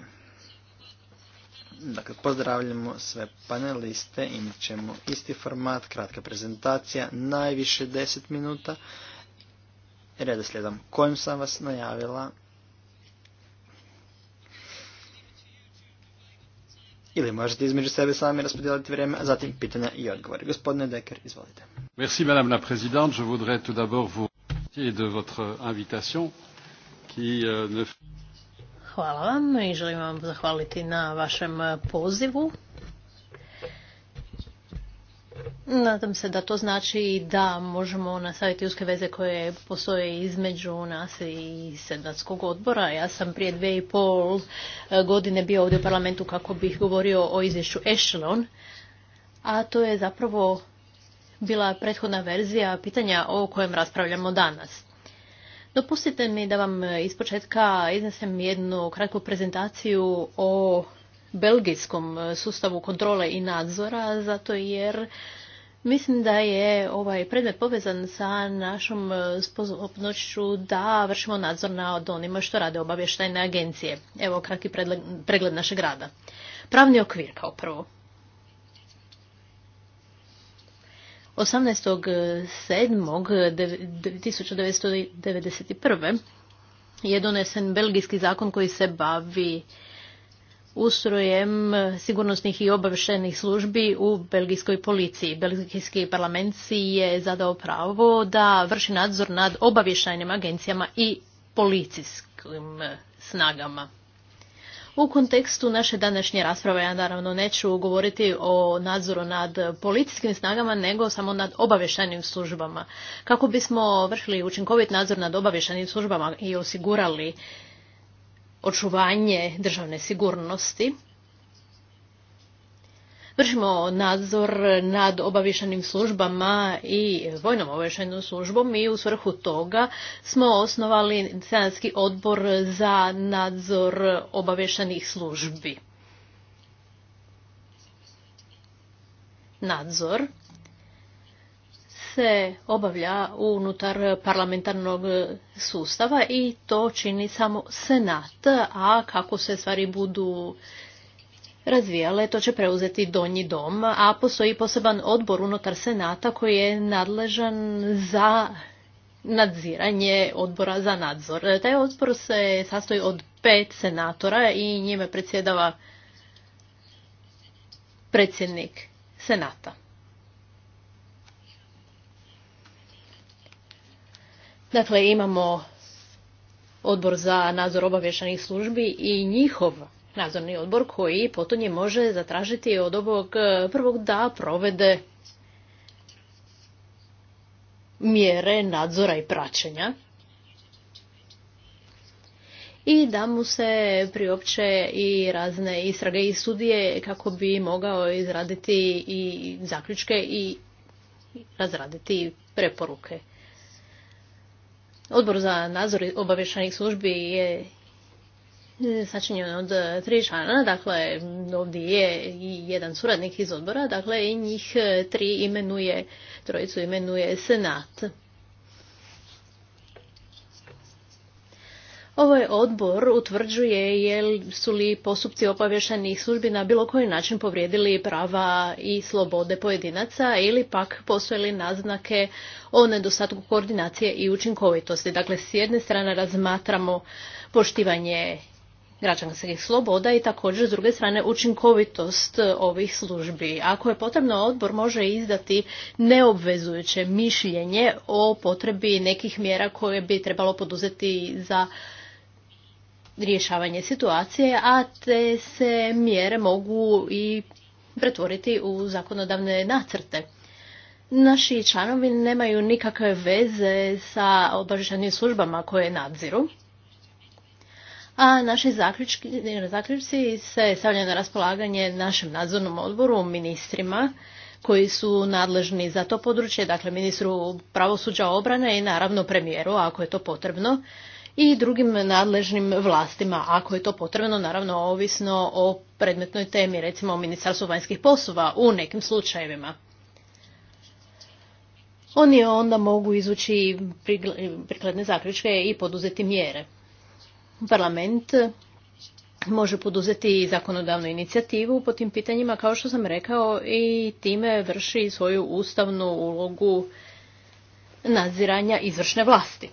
Dakle, pozdravljamo sve paneliste, imat ćemo isti format, kratka prezentacija, najviše 10 minuta. Redoslijedom kojim sam vas najavila. Ili možete između sebe sami raspodijeliti vrijeme, a zatim pitanja i odgovori. Gospodine Dekar, izvolite. Merci, madame la présidente. Je voudrais tout d'abord vous de votre invitation euh, ne... Hvala vam i želim vam zahvaliti na vašem e, pozivu. Nadam se da to znači da možemo nastaviti uske veze koje postoje između nas i sedatskog odbora. Ja sam prije dve i pol e, godine bio ovdje u parlamentu kako bih govorio o izvješću Echelon, a to je zapravo bila prethodna verzija pitanja o kojem raspravljamo danas. Dopustite mi da vam e, početka iznesem jednu kratku prezentaciju o belgijskom e, sustavu kontrole i nadzora, zato jer Mislim da je ovaj predmet povezan sa našom e, sposobnošću da vršimo nadzor nad onima što rade obavještajne agencije. Evo kratki pregled našeg rada. Pravni okvir kao prvo. 18.7.1991. Eh, eh, je donesen belgijski zakon koji se bavi ustrojem eh, sigurnosnih i obavještajnih službi u belgijskoj policiji. Belgijski parlament si je zadao pravo da vrši nadzor nad obavještajnim agencijama i policijskim snagama. U kontekstu naše današnje rasprave ja naravno neću govoriti o nadzoru nad policijskim snagama, nego samo nad obavještajnim službama. Kako bismo vršili učinkovit nadzor nad obavještajnim službama i osigurali očuvanje državne sigurnosti, vršimo nadzor nad obavještajnim službama i vojnom obavještajnom službom i u svrhu toga smo osnovali senatski odbor za nadzor obavještenih službi. Nadzor se obavlja unutar parlamentarnog sustava i to čini samo senat, a kako se stvari budu razvijale, to će preuzeti donji dom, a postoji poseban odbor unutar Senata koji je nadležan za nadziranje odbora za nadzor. Taj odbor se sastoji od pet senatora i njime predsjedava predsjednik Senata. Dakle, imamo odbor za nadzor obavještajnih službi i njihov nadzorni odbor koji potonje može zatražiti od ovog e, prvog da provede mjere nadzora i praćenja i da mu se priopće i razne istrage i sudije kako bi mogao izraditi i zaključke i razraditi preporuke. Odbor za nadzor obavještajnih službi je sačinjeno od e, tri člana, dakle ovdje je i jedan suradnik iz odbora, dakle i njih e, tri imenuje, trojicu imenuje senat. Ovaj odbor utvrđuje jel su li postupci obavještajnih službi na bilo koji način povrijedili prava i slobode pojedinaca ili pak postoje naznake o nedostatku koordinacije i učinkovitosti. Dakle, s jedne strane razmatramo poštivanje građanskih sloboda i također s druge strane učinkovitost e, ovih službi. Ako je potrebno, odbor može izdati neobvezujuće mišljenje o potrebi nekih mjera koje bi trebalo poduzeti za rješavanje situacije, a te se mjere mogu i pretvoriti u zakonodavne nacrte. Naši članovi nemaju nikakve veze sa obavještajnim službama koje nadziru a naši zaključci se stavljaju na raspolaganje našem nadzornom odboru, ministrima koji su nadležni za to područje, dakle ministru pravosuđa obrane i naravno premijeru ako je to potrebno i drugim nadležnim vlastima ako je to potrebno, naravno ovisno o predmetnoj temi, recimo o ministarstvu vanjskih poslova u nekim slučajevima. Oni onda mogu izući prikladne zaključke i poduzeti mjere parlament može poduzeti zakonodavnu inicijativu po tim pitanjima, kao što sam rekao, i time vrši svoju ustavnu ulogu nadziranja izvršne vlasti.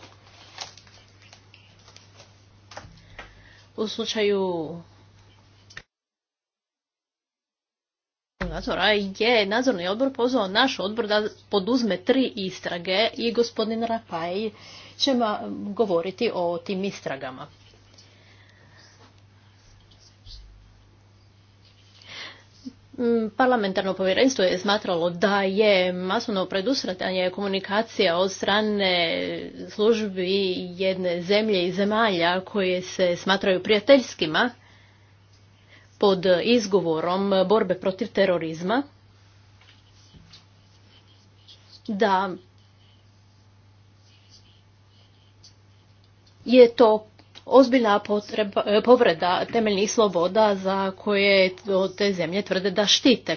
U slučaju nadzora je nadzorni odbor pozvao naš odbor da poduzme tri istrage i gospodin Rapaj će govoriti o tim istragama. Mm, parlamentarno povjerenstvo je smatralo da je masovno predusretanje komunikacija od strane službi jedne zemlje i zemalja koje se smatraju prijateljskima pod izgovorom borbe protiv terorizma da je to ozbiljna potreba, e, povreda temeljnih sloboda za koje te zemlje tvrde da štite.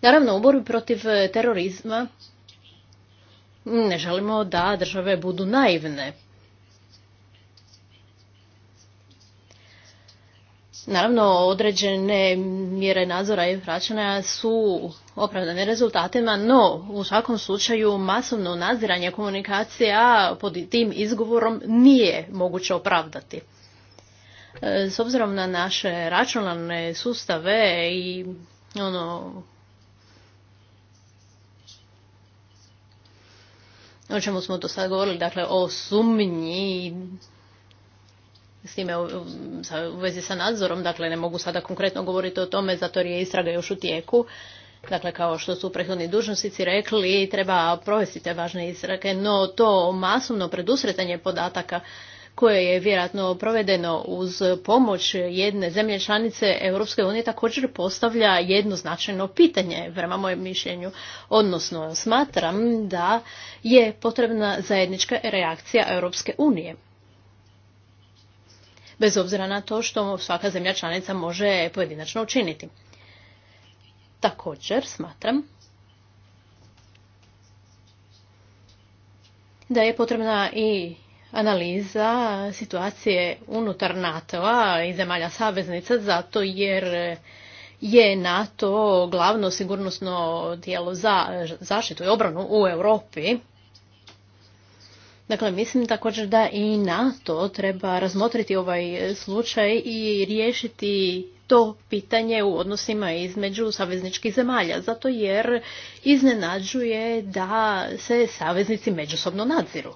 Naravno, u borbi protiv terorizma ne želimo da države budu naivne. Naravno, određene mjere nadzora i praćenja su opravdane rezultatima, no u svakom slučaju masovno nadziranje komunikacija pod tim izgovorom nije moguće opravdati. E, s obzirom na naše računalne sustave i ono o čemu smo to sad govorili, dakle o sumnji s time u vezi sa nadzorom, dakle ne mogu sada konkretno govoriti o tome, zato jer je istraga još u tijeku. Dakle, kao što su prethodni dužnosnici rekli, treba provesti te važne istrage, no to masovno predusretanje podataka koje je vjerojatno provedeno uz pomoć jedne zemlje članice Europske unije također postavlja značajno pitanje prema mojem mišljenju. Odnosno, smatram da je potrebna zajednička reakcija Europske unije bez obzira na to što svaka zemlja članica može pojedinačno učiniti. Također smatram da je potrebna i analiza situacije unutar NATO-a i zemalja saveznica zato jer je NATO glavno sigurnosno tijelo za zaštitu i obranu u Europi Dakle, mislim također da i NATO treba razmotriti ovaj slučaj i riješiti to pitanje u odnosima između savezničkih zemalja, zato jer iznenađuje da se saveznici međusobno nadziru.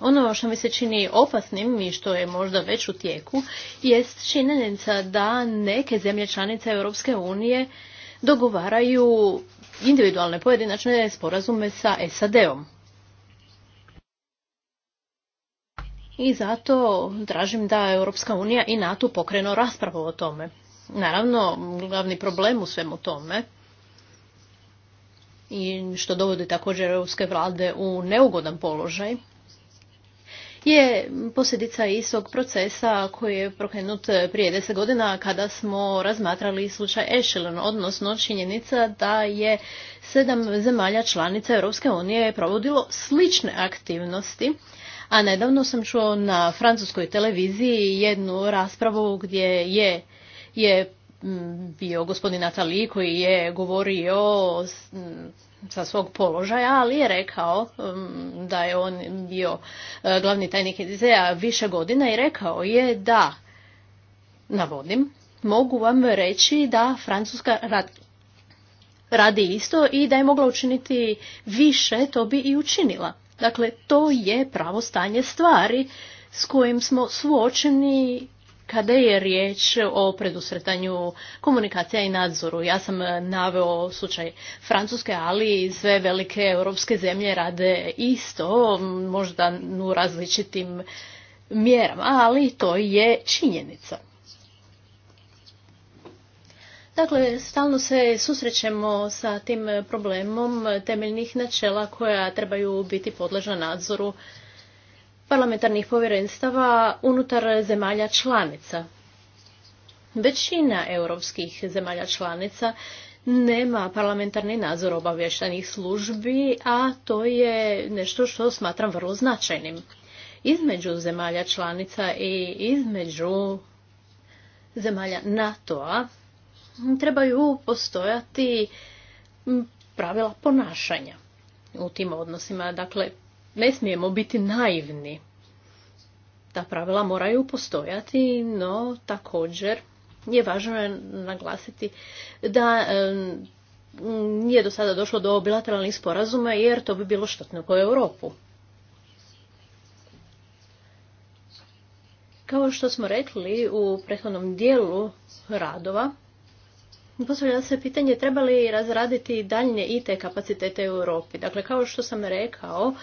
Ono što mi se čini opasnim i što je možda već u tijeku jest činjenica da neke zemlje članice Europske unije dogovaraju individualne pojedinačne sporazume sa SAD-om. I zato tražim da Europska unija i NATO pokrenu raspravu o tome. Naravno, glavni problem u svemu tome i što dovodi također europske vlade u neugodan položaj je posljedica istog procesa koji je prokrenut prije deset godina kada smo razmatrali slučaj Echelon, odnosno činjenica da je sedam zemalja članica Europske unije provodilo slične aktivnosti. A nedavno sam čuo na francuskoj televiziji jednu raspravu gdje je, je bio gospodin Natali koji je govorio o sa svog položaja, ali je rekao um, da je on bio e, glavni tajnik edz više godina i rekao je da, navodim, mogu vam reći da Francuska radi, radi isto i da je mogla učiniti više, to bi i učinila. Dakle, to je pravo stanje stvari s kojim smo suočeni kada je riječ o predusretanju komunikacija i nadzoru. Ja sam eh, naveo slučaj Francuske, ali i sve velike europske zemlje rade isto, možda u različitim mjerama, ali to je činjenica. Dakle, stalno se susrećemo sa tim problemom temeljnih načela koja trebaju biti podležna nadzoru parlamentarnih povjerenstava unutar zemalja članica. Većina europskih zemalja članica nema parlamentarni nadzor obavještajnih službi, a to je nešto što smatram vrlo značajnim. Između zemalja članica i između zemalja NATO-a trebaju postojati pravila ponašanja u tim odnosima. Dakle, ne smijemo biti naivni. Ta pravila moraju postojati, no također je važno naglasiti da nije do sada došlo do bilateralnih sporazuma jer to bi bilo štetno po Europu. Kao što smo rekli u prethodnom dijelu radova, postavlja se pitanje treba li razraditi daljnje IT kapacitete u Europi. Dakle, kao što sam rekao,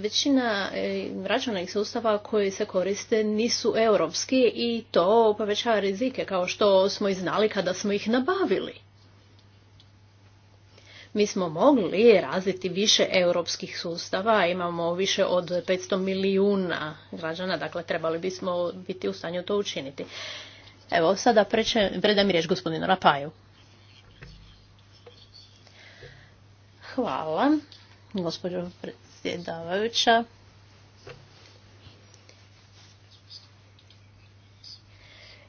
Većina e, računalnih sustava koji se koriste nisu europski i to povećava rizike kao što smo i znali kada smo ih nabavili. Mi smo mogli razviti više europskih sustava, imamo više od 500 milijuna građana, dakle trebali bismo biti u stanju to učiniti. Evo, sada predam riječ gospodinu Rapaju. Hvala, gospođo predsjedavajuća.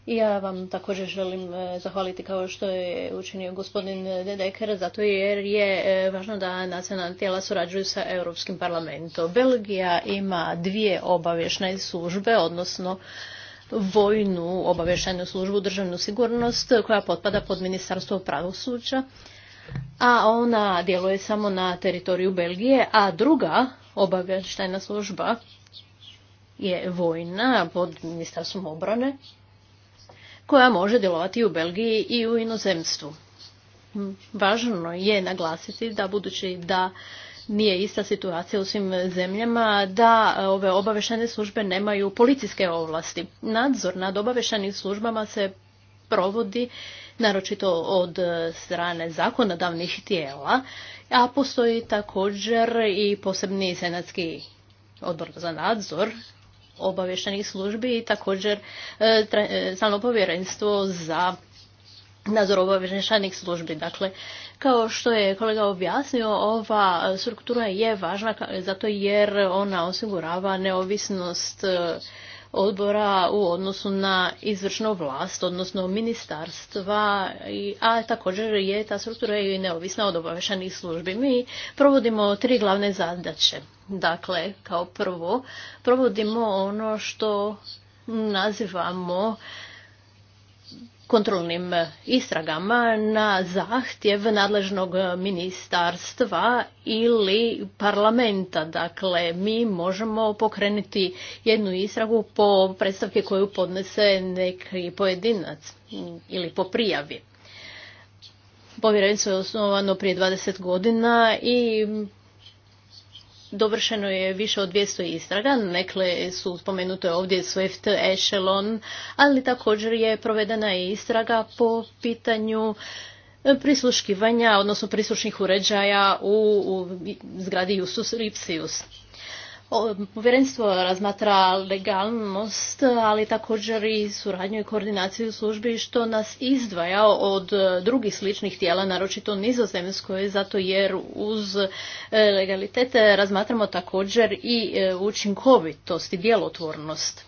Ja vam također želim e, zahvaliti kao što je učinio gospodin Dedeker, zato jer je e, važno da nacionalna tijela surađuju sa Europskim parlamentom. Belgija ima dvije obavješne službe, odnosno vojnu obavještajnu službu, državnu sigurnost, koja potpada pod ministarstvo pravosuđa a ona djeluje samo na teritoriju Belgije, a druga obavještajna služba je vojna pod ministarstvom obrane koja može djelovati u Belgiji i u inozemstvu. Hm, važno je naglasiti da budući da nije ista situacija u svim zemljama, da ove obavještajne službe nemaju policijske ovlasti. Nadzor nad obavještajnim službama se provodi naročito od strane zakonodavnih tijela, a postoji također i posebni senatski odbor za nadzor obavještenih službi i također e, e, samo povjerenstvo za nadzor obavještajnih službi. Dakle, kao što je kolega objasnio, ova struktura je važna zato jer ona osigurava neovisnost e, odbora u odnosu na izvršnu vlast, odnosno ministarstva, a također je ta struktura i neovisna od obavešanih službi. Mi provodimo tri glavne zadaće. Dakle, kao prvo, provodimo ono što nazivamo kontrolnim eh, istragama na zahtjev nadležnog eh, ministarstva ili parlamenta. Dakle, mi možemo pokrenuti jednu istragu po predstavke koju podnese neki pojedinac mm, ili po prijavi. Povjerenstvo je osnovano prije 20 godina i dovršeno je više od 200 istraga, nekle su spomenute ovdje Swift, Echelon, ali također je provedena i istraga po pitanju e, prisluškivanja, odnosno prislušnih uređaja u, u zgradi Justus Ripsius. Povjerenstvo razmatra legalnost, ali također i suradnju i koordinaciju službi što nas izdvaja od drugih sličnih tijela, naročito nizozemskoj, zato jer uz e, legalitete razmatramo također i e, učinkovitost i djelotvornost.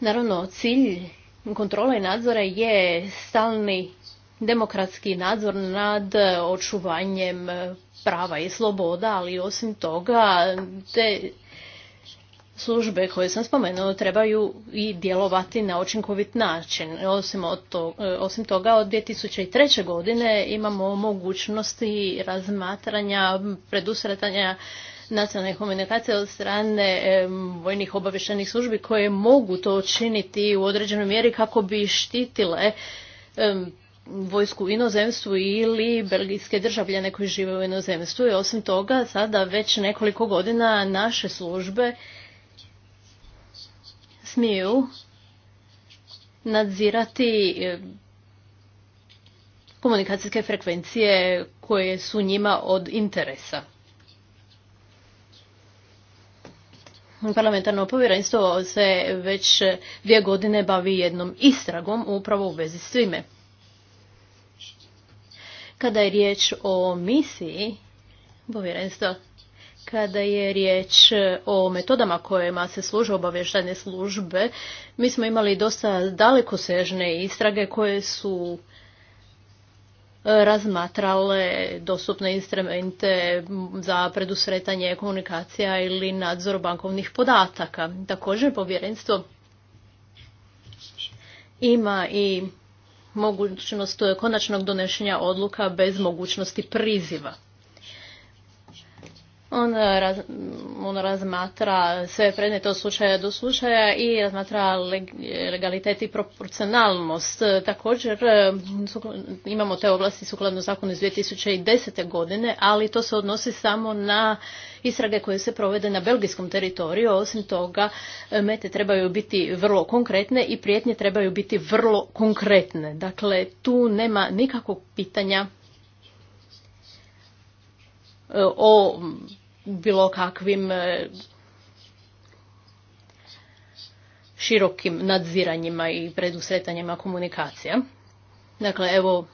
Naravno, cilj kontrole i nadzora je stalni demokratski nadzor nad e, očuvanjem e, prava i sloboda, ali osim toga te službe koje sam spomenuo trebaju i djelovati na učinkovit način. Osim, od e, osim toga, od 2003. godine imamo mogućnosti razmatranja, predusretanja nacionalne komunikacije od strane vojnih obavještenih službi koje mogu to činiti u određenoj mjeri kako bi štitile vojsku u inozemstvu ili belgijske državljane koji žive u inozemstvu i osim toga sada već nekoliko godina naše službe smiju nadzirati e, komunikacijske frekvencije koje su njima od interesa. Parlamentarno povjerenstvo se već dvije godine bavi jednom istragom upravo u vezi s time. Kada je riječ o misiji povjerenstva, kada je riječ o metodama kojima se služe obavještajne službe, mi smo imali dosta dalekosežne istrage koje su e, razmatrale dostupne instrumente za predusretanje komunikacija ili nadzor bankovnih podataka. Također povjerenstvo ima i mogućnost konačnog donošenja odluka bez mogućnosti priziva. On, eh, raz, on razmatra sve predmete od slučaja do slučaja i razmatra legalitet i proporcionalnost. Također eh, imamo te oblasti sukladno zakonu iz 2010. godine, ali to se odnosi samo na istrage koje se provede na belgijskom teritoriju. Osim toga, eh, mete trebaju biti vrlo konkretne i prijetnje trebaju biti vrlo konkretne. Dakle, tu nema nikakvog pitanja E, o bilo kakvim e, širokim nadziranjima i predusretanjima komunikacija. Dakle, evo,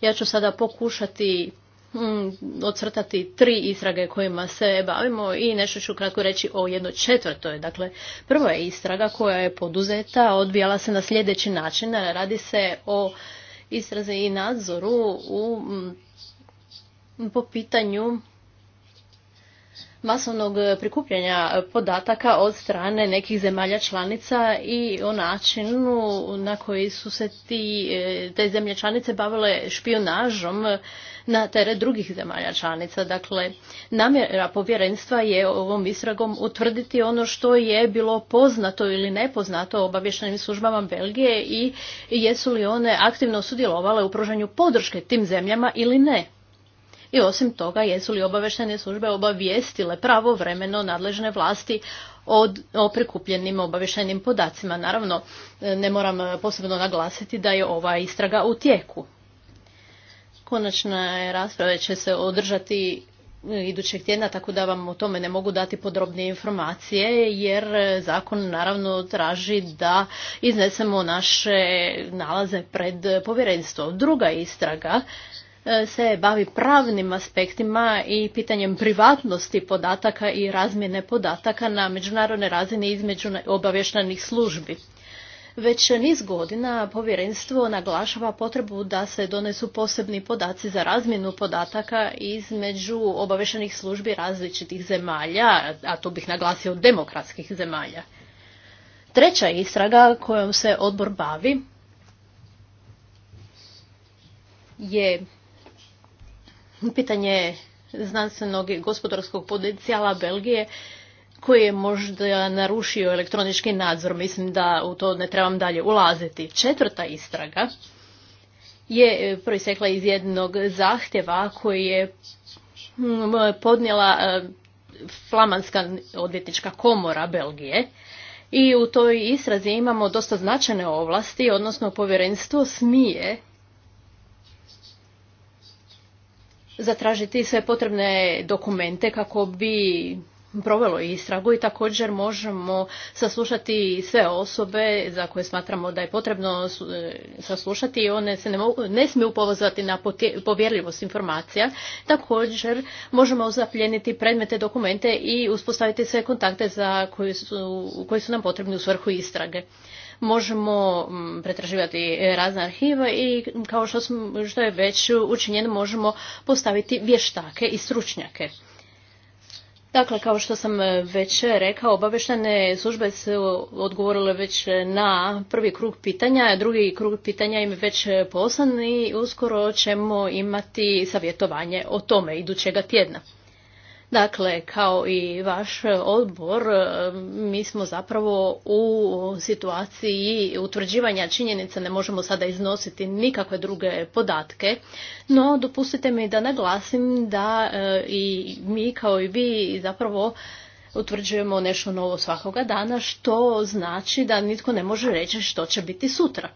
ja ću sada pokušati mm, ocrtati tri istrage kojima se bavimo i nešto ću kratko reći o jednoj četvrtoj. Dakle, prva je istraga koja je poduzeta, odvijala se na sljedeći način. Radi se o istraze i nadzoru u mm, po pitanju masovnog prikupljanja podataka od strane nekih zemalja članica i o načinu na koji su se ti, eh, te zemlje članice bavile špionažom na teret drugih zemalja članica. Dakle, namjera povjerenstva je ovom istragom utvrditi ono što je bilo poznato ili nepoznato obavještenim službama Belgije i jesu li one aktivno sudjelovale u pružanju podrške tim zemljama ili ne. I osim toga, jesu li obaveštene službe obavijestile pravovremeno nadležne vlasti o prikupljenim obaveštenim podacima? Naravno, e, ne moram e, posebno naglasiti da je ova istraga u tijeku. Konačna rasprava će se održati e, idućeg tjedna, tako da vam o tome ne mogu dati podrobnije informacije, jer zakon naravno traži da iznesemo naše nalaze pred povjerenstvo. Druga istraga E, se bavi pravnim aspektima i pitanjem privatnosti podataka i razmjene podataka na međunarodnoj razini između obavještajnih službi. Već niz godina povjerenstvo naglašava potrebu da se donesu posebni podaci za razmjenu podataka između obavještajnih službi različitih zemalja, a to bih naglasio demokratskih zemalja. Treća istraga kojom se odbor bavi je pitanje znanstvenog i gospodarskog potencijala Belgije koji je možda narušio elektronički nadzor. Mislim da u to ne trebam dalje ulaziti. Četvrta istraga je proisekla iz jednog zahtjeva koji je mm, podnijela e, Flamanska odvjetnička komora Belgije. I u toj istrazi imamo dosta značajne ovlasti, odnosno povjerenstvo smije zatražiti sve potrebne dokumente kako bi provelo istragu i također možemo saslušati sve osobe za koje smatramo da je potrebno e, saslušati i one se ne, mogu, ne smiju povozati na povjerljivost informacija. Također možemo zapljeniti predmete, dokumente i uspostaviti sve kontakte za koji su, koji su nam potrebni u svrhu istrage možemo mm, pretraživati razne arhive i kao što, smo, što je već učinjeno možemo postaviti vještake i stručnjake. Dakle, kao što sam e, već rekao, obaveštene službe su odgovorile već na prvi krug pitanja, drugi krug pitanja im već poslan i uskoro ćemo imati savjetovanje o tome idućega tjedna. Dakle, kao i vaš odbor, e, mi smo zapravo u situaciji utvrđivanja činjenica, ne možemo sada iznositi nikakve druge podatke, no dopustite mi da naglasim da e, i mi kao i vi zapravo utvrđujemo nešto novo svakoga dana, što znači da nitko ne može reći što će biti sutra.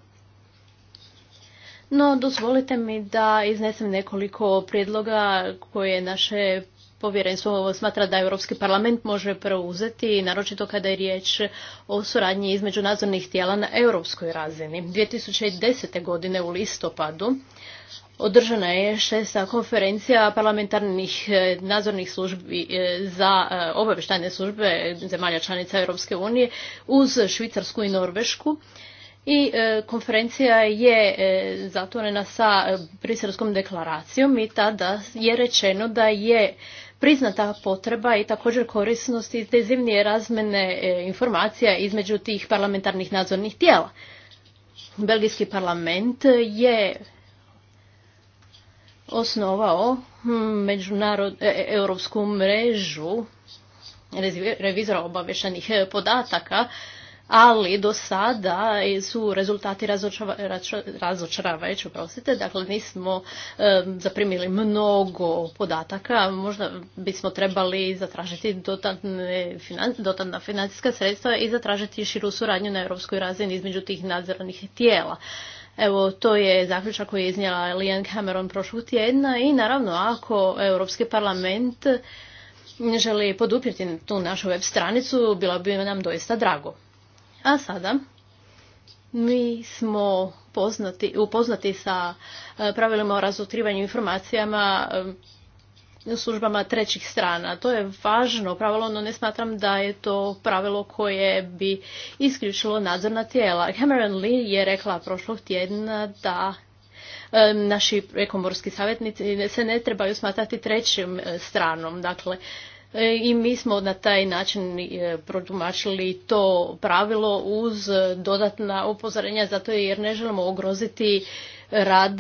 No, dozvolite mi da iznesem nekoliko prijedloga koje naše povjerenstvo smatra da Europski parlament može preuzeti, naročito kada je riječ o suradnji između nadzornih tijela na europskoj razini. 2010. godine u listopadu održana je šesta konferencija parlamentarnih eh, nadzornih službi eh, za eh, obavještajne službe zemalja članica Europske unije uz Švicarsku i Norvešku. I konferencija je zatvorena sa prisredskom deklaracijom i tada je rečeno da je priznata potreba i također korisnost intenzivnije razmene e, informacija između tih parlamentarnih nadzornih tijela. Belgijski parlament je osnovao hm, međunarod, e, e, europsku mrežu revizora obavještenih podataka ali do sada su rezultati razočaravajući, oprostite, dakle nismo zaprimili mnogo podataka, možda bismo trebali zatražiti dodatne, financijska sredstva i zatražiti širu suradnju na europskoj razini između tih nadzornih tijela. Evo, to je zaključak koji je iznijela Lian Cameron prošlog tjedna i naravno ako Europski parlament želi poduprijeti tu našu web stranicu, bilo bi nam doista drago. A sada mi smo poznati, upoznati sa e, pravilima o razotkrivanju informacijama e, službama trećih strana. To je važno pravilo, no ne smatram da je to pravilo koje bi isključilo nadzorna tijela. Cameron Lee je rekla prošlog tjedna da e, naši ekomorski savjetnici se ne trebaju smatrati trećim stranom. Dakle, E, i mi smo na taj način e, protumačili to pravilo uz dodatna upozorenja zato jer ne želimo ugroziti rad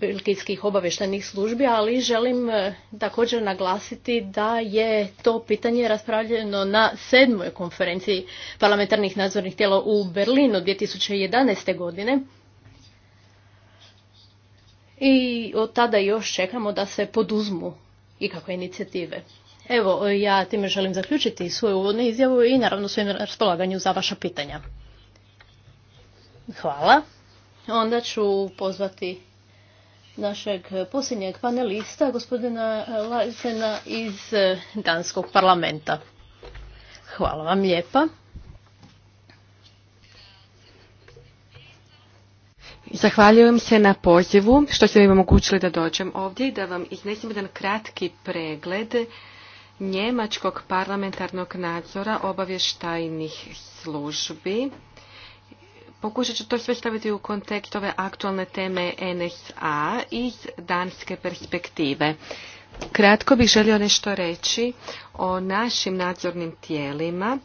belgijskih obavještajnih službi, ali želim e, također naglasiti da je to pitanje raspravljeno na sedmoj konferenciji parlamentarnih nadzornih tijela u Berlinu 2011. godine. I od tada još čekamo da se poduzmu ikakve inicijative. Evo, ja time želim zaključiti svoju uvodnu izjavu i naravno svojim raspolaganju za vaša pitanja. Hvala. Onda ću pozvati našeg posljednjeg panelista, gospodina Lajsena iz Danskog parlamenta. Hvala vam lijepa. Zahvaljujem se na pozivu što ste mi omogućili da dođem ovdje i da vam iznesem jedan kratki pregled njemačkog parlamentarnog nadzora obavještajnih službi. Pokušat ću to sve staviti u kontekst ove aktualne teme NSA iz danske perspektive. Kratko bih želio nešto reći o našim nadzornim tijelima,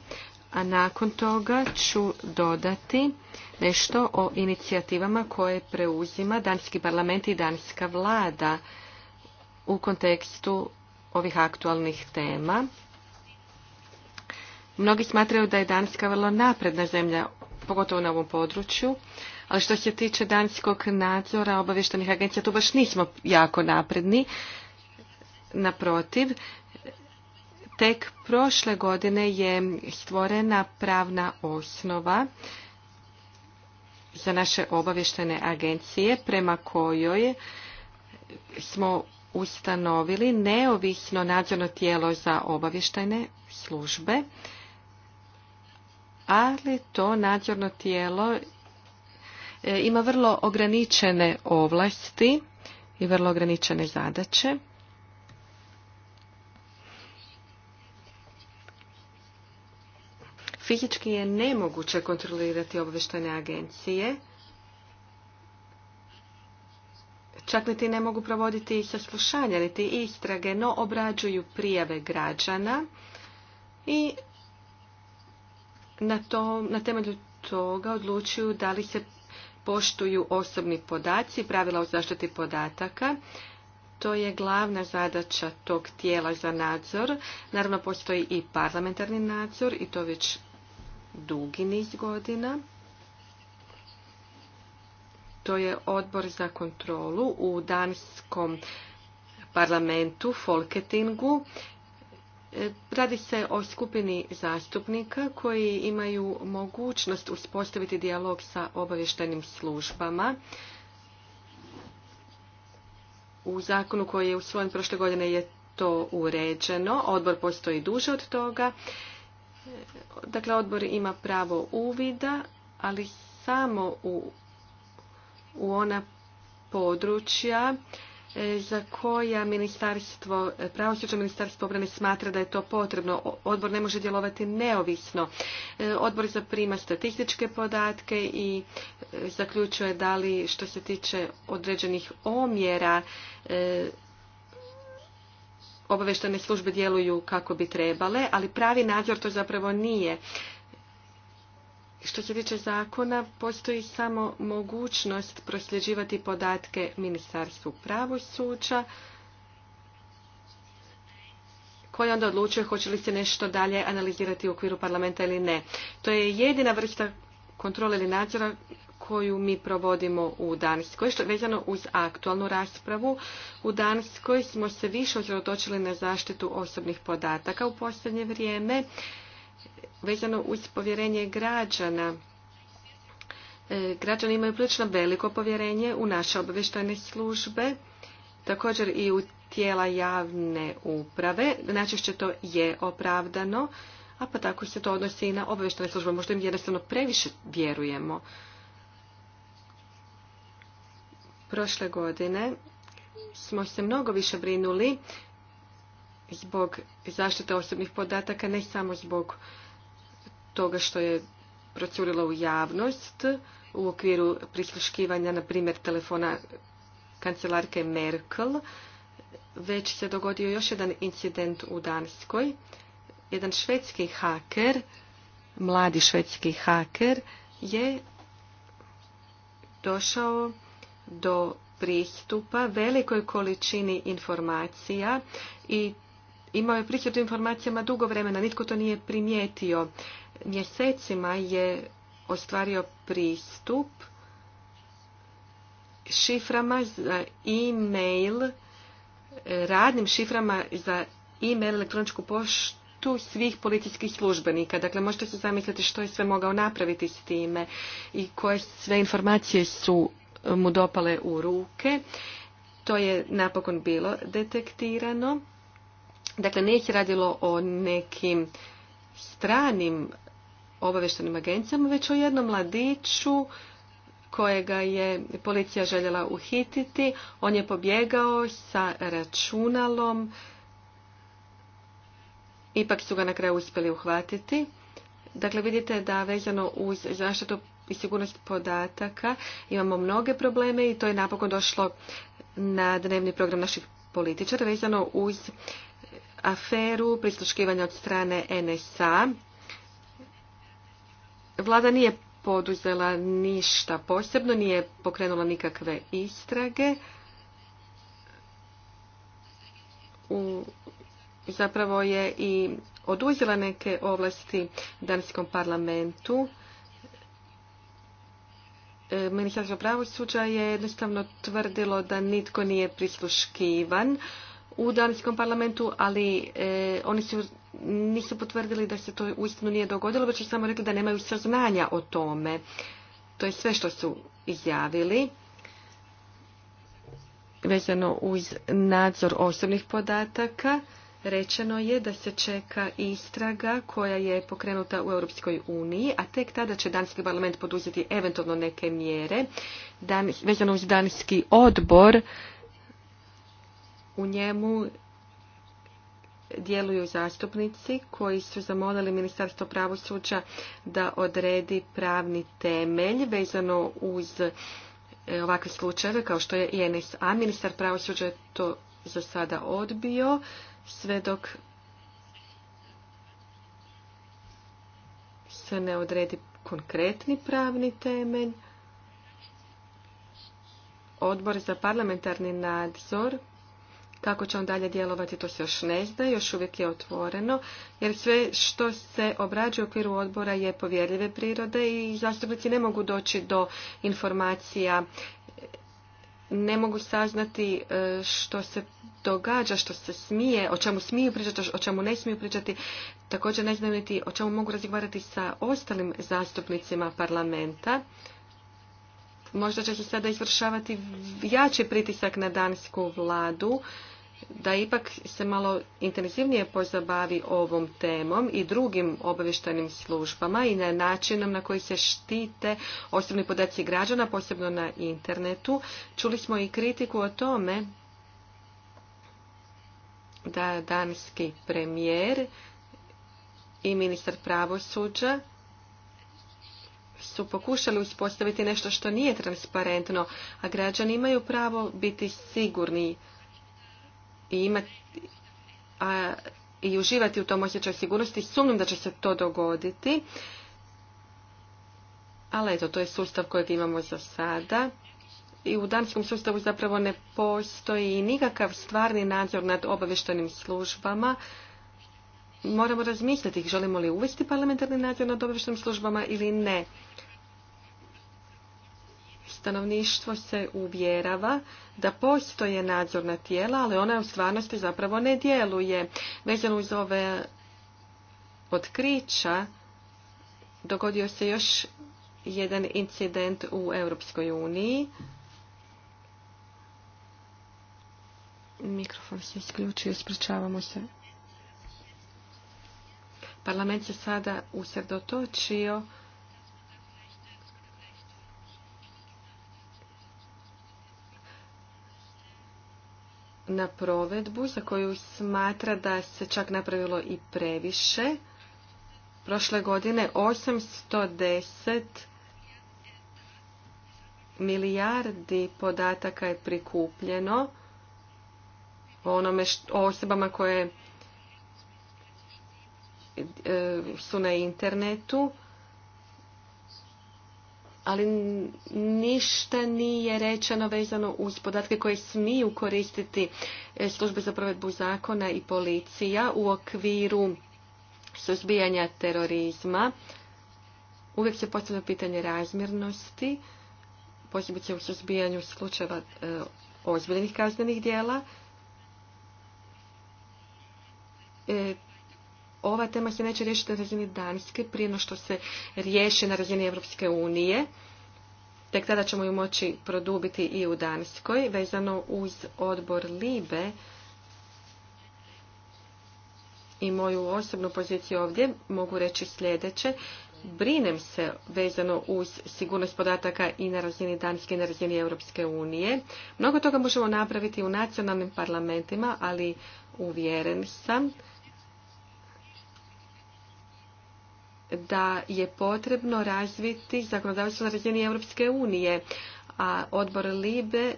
a nakon toga ću dodati nešto o inicijativama koje preuzima danski parlament i danska vlada u kontekstu ovih aktualnih tema. Mnogi smatraju da je Danska vrlo napredna zemlja, pogotovo na ovom području, ali što se tiče danskog nadzora obavještenih agencija, tu baš nismo jako napredni. Naprotiv, tek prošle godine je stvorena pravna osnova za naše obavještene agencije prema kojoj smo ustanovili neovisno nadzorno tijelo za obavještajne službe, ali to nadzorno tijelo e, ima vrlo ograničene ovlasti i vrlo ograničene zadaće. Fizički je nemoguće kontrolirati obavještajne agencije čak niti ne mogu provoditi saslušanja, niti istrage, no obrađuju prijave građana i na, to, na temelju toga odlučuju da li se poštuju osobni podaci, pravila o zaštiti podataka. To je glavna zadaća tog tijela za nadzor. Naravno, postoji i parlamentarni nadzor i to već dugi niz godina to je odbor za kontrolu u danskom parlamentu Folketingu. E, radi se o skupini zastupnika koji imaju mogućnost uspostaviti dijalog sa obavještajnim službama. U zakonu koji je usvojen prošle godine je to uređeno. Odbor postoji duže od toga. E, dakle, odbor ima pravo uvida, ali samo u u ona područja e, za koja ministarstvo, ministarstvo obrane smatra da je to potrebno. Odbor ne može djelovati neovisno. E, odbor zaprima statističke podatke i e, zaključuje da li što se tiče određenih omjera obaveštene službe djeluju kako bi trebale, ali pravi nadzor to zapravo nije što se tiče zakona, postoji samo mogućnost prosljeđivati podatke Ministarstvu pravosuđa, koji onda odlučuje hoće li se nešto dalje analizirati u okviru parlamenta ili ne. To je jedina vrsta kontrole ili nadzora koju mi provodimo u Danskoj, što je vezano uz aktualnu raspravu. U Danskoj smo se više osredotočili na zaštitu osobnih podataka u posljednje vrijeme vezano uz povjerenje građana. E, građani imaju prilično veliko povjerenje u naše obavještajne službe, također i u tijela javne uprave. Najčešće to je opravdano, a pa tako se to odnosi i na obavještajne službe. Možda im jednostavno previše vjerujemo. Prošle godine smo se mnogo više brinuli zbog zaštite osobnih podataka, ne samo zbog toga što je procurilo u javnost u okviru prisluškivanja, na primjer, telefona kancelarke Merkel, već se dogodio još jedan incident u Danskoj. Jedan švedski haker, mladi švedski haker, je došao do pristupa velikoj količini informacija i imao je pristup informacijama dugo vremena, nitko to nije primijetio. Mjesecima je ostvario pristup šiframa za e-mail, radnim šiframa za e-mail elektroničku poštu svih policijskih službenika. Dakle, možete se zamisliti što je sve mogao napraviti s time i koje sve informacije su e, mu dopale u ruke. To je napokon bilo detektirano. Dakle, nije se radilo o nekim stranim obavještenim agencijama, već o jednom mladiću kojega je policija željela uhititi. On je pobjegao sa računalom. Ipak su ga na kraju uspjeli uhvatiti. Dakle, vidite da vezano uz zaštitu i sigurnost podataka imamo mnoge probleme i to je napokon došlo na dnevni program naših političara vezano uz aferu prisluškivanja od strane NSA. Vlada nije poduzela ništa posebno, nije pokrenula nikakve istrage. U, zapravo je i oduzela neke ovlasti Danskom parlamentu. E, Ministarstvo pravosuđa je jednostavno tvrdilo da nitko nije prisluškivan u Danskom parlamentu, ali e, oni su nisu potvrdili da se to uistinu nije dogodilo, već su samo rekli da nemaju saznanja o tome. To je sve što su izjavili vezano uz nadzor osobnih podataka. Rečeno je da se čeka istraga koja je pokrenuta u Europskoj uniji, a tek tada će Danski parlament poduzeti eventualno neke mjere. vezano uz Danski odbor u njemu djeluju zastupnici koji su zamolili Ministarstvo pravosuđa da odredi pravni temelj vezano uz e, ovakve slučajeve kao što je i a Ministar pravosuđa je to za sada odbio sve dok se ne odredi konkretni pravni temelj. Odbor za parlamentarni nadzor kako će on dalje djelovati, to se još ne zna, još uvijek je otvoreno, jer sve što se obrađuje u okviru odbora je povjerljive prirode i zastupnici ne mogu doći do informacija, ne mogu saznati e, što se događa, što se smije, o čemu smiju pričati, o čemu ne smiju pričati. Također ne znam niti o čemu mogu razgovarati sa ostalim zastupnicima parlamenta. Možda će se sada izvršavati jači pritisak na dansku vladu da ipak se malo intenzivnije pozabavi ovom temom i drugim obavještajnim službama i na načinom na koji se štite osobni podaci građana, posebno na internetu. Čuli smo i kritiku o tome da danski premijer i ministar pravosuđa su pokušali uspostaviti nešto što nije transparentno, a građani imaju pravo biti sigurni i imati i uživati u tom osjećaju sigurnosti. Sumnjam da će se to dogoditi. Ali eto, to je sustav kojeg imamo za sada. I u danskom sustavu zapravo ne postoji nikakav stvarni nadzor nad obavještajnim službama. Moramo razmisliti želimo li uvesti parlamentarni nadzor nad obavještajnim službama ili ne stanovništvo se uvjerava da postoje nadzorna tijela, ali ona u stvarnosti zapravo ne djeluje. Vezano uz ove otkrića dogodio se još jedan incident u Europskoj uniji. Mikrofon se isključio, ispričavamo se. Parlament se sada usredotočio na provedbu za koju smatra da se čak napravilo i previše. Prošle godine 810 milijardi podataka je prikupljeno o onome osobama koje e, su na internetu ali ništa nije rečeno vezano uz podatke koje smiju koristiti e, službe za provedbu zakona i policija u okviru suzbijanja terorizma. Uvijek se postavlja pitanje razmjernosti, posebice u suzbijanju slučajeva e, ozbiljnih kaznenih dijela. E, ova tema se neće riješiti na razini Danske prije no što se riješi na razini Europske unije. Tek tada ćemo ju moći produbiti i u Danskoj, vezano uz odbor Libe i moju osobnu poziciju ovdje mogu reći sljedeće. Brinem se vezano uz sigurnost podataka i na razini Danske i na razini Europske unije. Mnogo toga možemo napraviti u nacionalnim parlamentima, ali uvjeren sam da je potrebno razviti zakonodavstvo na razini Europske unije, a odbor Libe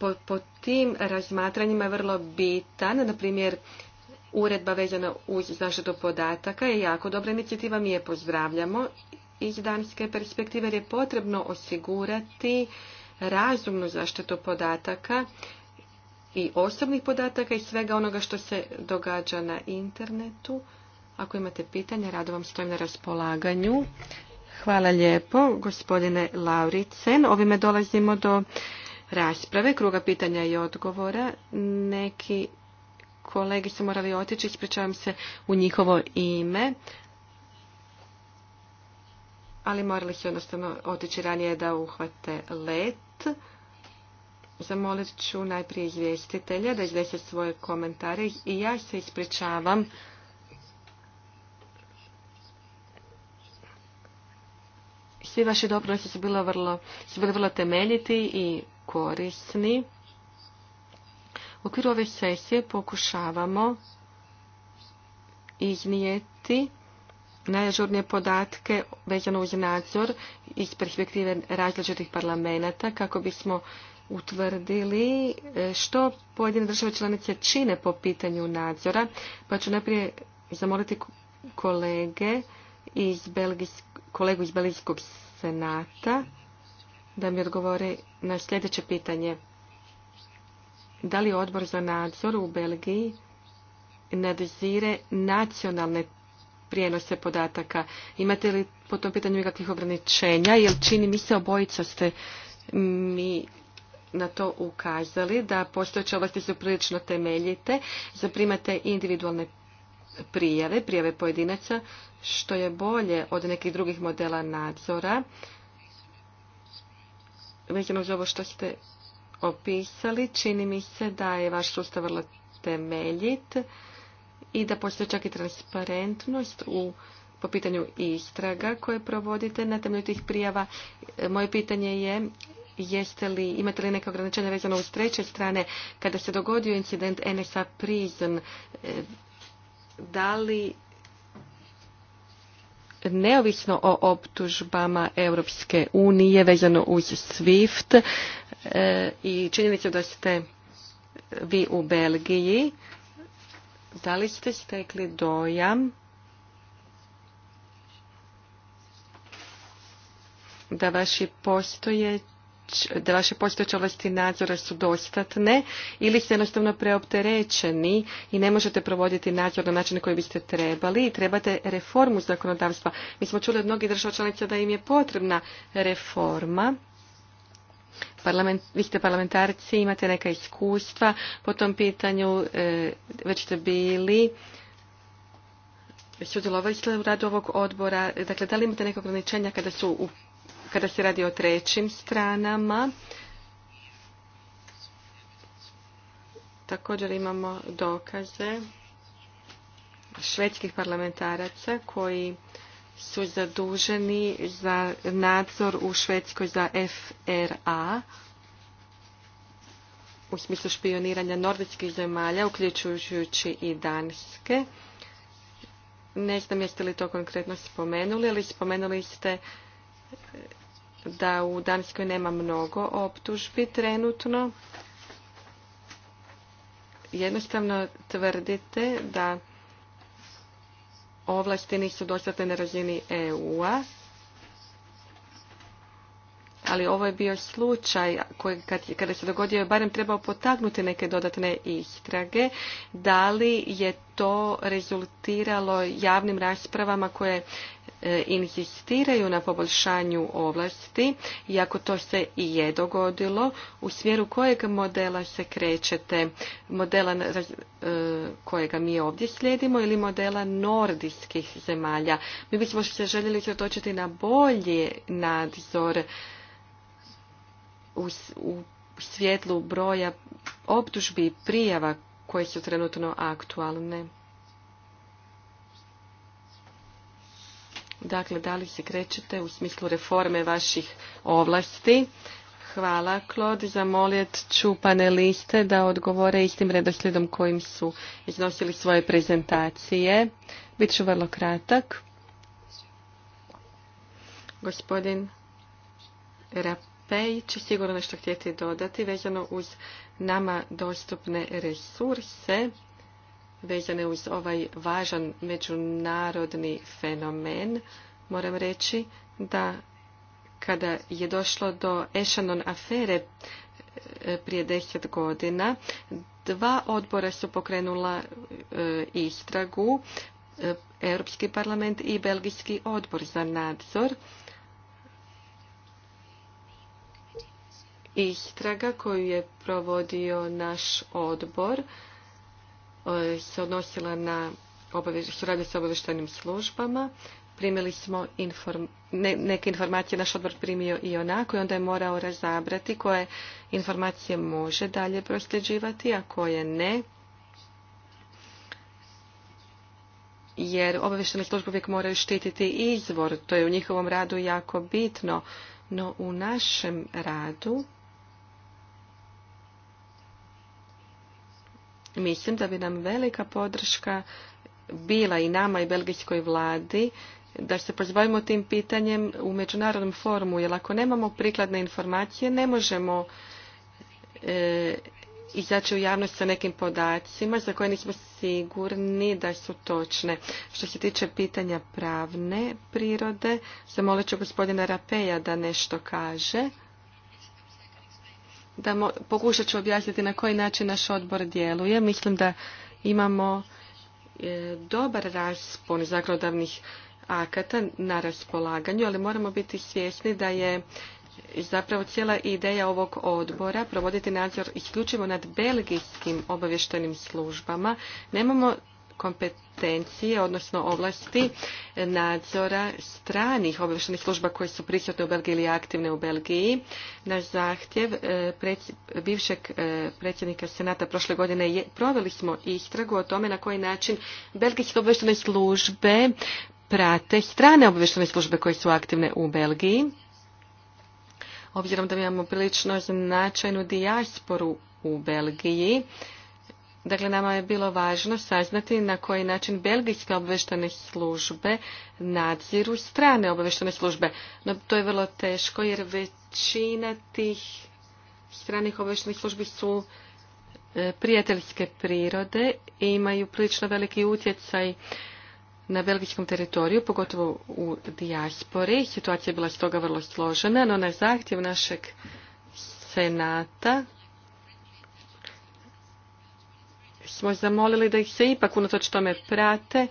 po, tim razmatranjima je vrlo bitan. Na primjer, uredba vezana uz zaštitu podataka je jako dobra inicijativa, mi je pozdravljamo iz danske perspektive jer je potrebno osigurati razumnu zaštitu podataka i osobnih podataka i svega onoga što se događa na internetu. Ako imate pitanja, rado vam stojim na raspolaganju. Hvala lijepo, gospodine Lauricen. Ovime dolazimo do rasprave, kruga pitanja i odgovora. Neki kolegi su morali otići, ispričavam se u njihovo ime, ali morali su jednostavno otići ranije da uhvate let. Zamolit ću najprije izvjestitelja da iznese svoje komentare i ja se ispričavam. Svi vaši doprinosi su, bilo vrlo, su bili vrlo temeljiti i korisni. U okviru ove sesije pokušavamo iznijeti najažurnije podatke vezano uz nadzor iz perspektive različitih parlamenta kako bismo utvrdili e, što pojedine države članice čine po pitanju nadzora, pa ću najprije zamoliti kolege iz Belgijskog kolegu iz Belgijskog senata da mi odgovori na sljedeće pitanje. Da li odbor za nadzor u Belgiji nadzire nacionalne prijenose podataka? Imate li po tom pitanju ikakvih ograničenja? Jer čini mi se obojica ste mi na to ukazali da postojeće ovlasti su prilično temeljite, zaprimate individualne prijave, prijave pojedinaca, što je bolje od nekih drugih modela nadzora. Vezano uz ovo što ste opisali, čini mi se da je vaš sustav vrlo temeljit i da postoji čak i transparentnost u po pitanju istraga koje provodite na temelju tih prijava. E, moje pitanje je jeste li, imate li neke ograničenja vezano uz treće strane kada se dogodio incident NSA Prison e, da li neovisno o optužbama Europske unije vezano uz SWIFT e, i činjenica da ste vi u Belgiji da li ste stekli dojam da vaši postojeći da vaše postojeće ovlasti nadzora su dostatne ili ste jednostavno preopterećeni i ne možete provoditi nadzor na način na koji biste trebali i trebate reformu zakonodavstva. Mi smo čuli od mnogih država članica da im je potrebna reforma. vi ste parlamentarci, imate neka iskustva po tom pitanju, e, već ste bili sudjelovali ste u radu ovog odbora, dakle da li imate neka ograničenja kada su u kada se radi o trećim stranama. Također imamo dokaze švedskih parlamentaraca koji su zaduženi za nadzor u Švedskoj za FRA u smislu špioniranja norvetskih zemalja, uključujući i Danske. Ne znam jeste li to konkretno spomenuli, ali spomenuli ste da u Danskoj nema mnogo optužbi trenutno. Jednostavno tvrdite da ovlasti nisu dostate na razini EU-a ali ovo je bio slučaj koji kad, kada se dogodio je barem trebao potaknuti neke dodatne istrage. Da li je to rezultiralo javnim raspravama koje e, inzistiraju na poboljšanju ovlasti iako to se i je dogodilo, u smjeru kojeg modela se krećete, modela e, kojega mi ovdje slijedimo ili modela nordijskih zemalja. Mi bismo se željeli zatočiti na bolji nadzor u svjetlu broja optužbi i prijava koje su trenutno aktualne. Dakle, da li se krećete u smislu reforme vaših ovlasti? Hvala, Klod. Zamoljet ću paneliste da odgovore istim redoslijedom kojim su iznosili svoje prezentacije. Biću vrlo kratak. Gospodin Rap Pej će sigurno nešto htjeti dodati vezano uz nama dostupne resurse, vezane uz ovaj važan međunarodni fenomen. Moram reći da kada je došlo do Ešanon afere e, prije deset godina, dva odbora su pokrenula e, istragu, e, Europski parlament i Belgijski odbor za nadzor. istraga koju je provodio naš odbor e, se odnosila na suradnje s obavještajnim službama. Primili smo neke informacije, naš odbor primio i onako i onda je morao razabrati koje informacije može dalje prosljeđivati, a koje ne. Jer obavještene službe uvijek moraju štititi izvor, to je u njihovom radu jako bitno, no u našem radu Mislim da bi nam velika podrška bila i nama i belgijskoj vladi da se pozvojimo tim pitanjem u međunarodnom formu, jer ako nemamo prikladne informacije, ne možemo e, izaći u javnost sa nekim podacima za koje nismo sigurni da su točne. Što se tiče pitanja pravne prirode, zamolit ću gospodina Rapeja da nešto kaže da mo, pokušat ću objasniti na koji način naš odbor djeluje. Mislim da imamo e, dobar raspon zakonodavnih akata na raspolaganju, ali moramo biti svjesni da je zapravo cijela ideja ovog odbora provoditi nadzor isključivo nad belgijskim obavještajnim službama. Nemamo kompetencije, odnosno ovlasti nadzora stranih obavještajnih služba koje su prisutne u Belgiji ili aktivne u Belgiji. Na zahtjev e, bivšeg e, predsjednika Senata prošle godine proveli smo istragu o tome na koji način belgijske obavještajne službe prate strane obavještajne službe koje su aktivne u Belgiji. Obzirom da imamo prilično značajnu dijasporu u Belgiji, Dakle, nama je bilo važno saznati na koji način belgijske obveštene službe nadziru strane obveštene službe. No, to je vrlo teško jer većina tih stranih obveštenih službi su e, prijateljske prirode i imaju prilično veliki utjecaj na belgijskom teritoriju, pogotovo u dijaspori. Situacija je bila stoga vrlo složena, no na zahtjev našeg senata smo zamolili da ih se ipak unatoč tome prate,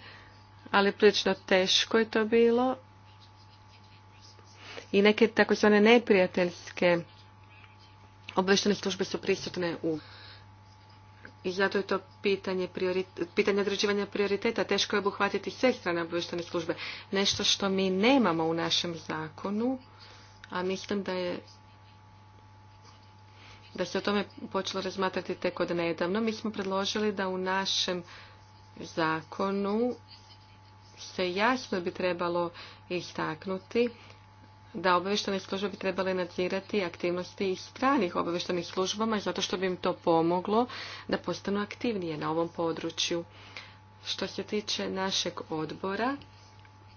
ali prilično teško je to bilo. I neke takozvane neprijateljske obveštene službe su prisutne u i zato je to pitanje, priorite, pitanje određivanja prioriteta. Teško je obuhvatiti sve strane obveštene službe. Nešto što mi nemamo u našem zakonu, a mislim da je da se o tome počelo razmatrati tek od nedavno. Mi smo predložili da u našem zakonu se jasno bi trebalo istaknuti da obavještene službe bi trebale nadzirati aktivnosti i stranih obaveštenih službama zato što bi im to pomoglo da postanu aktivnije na ovom području. Što se tiče našeg odbora,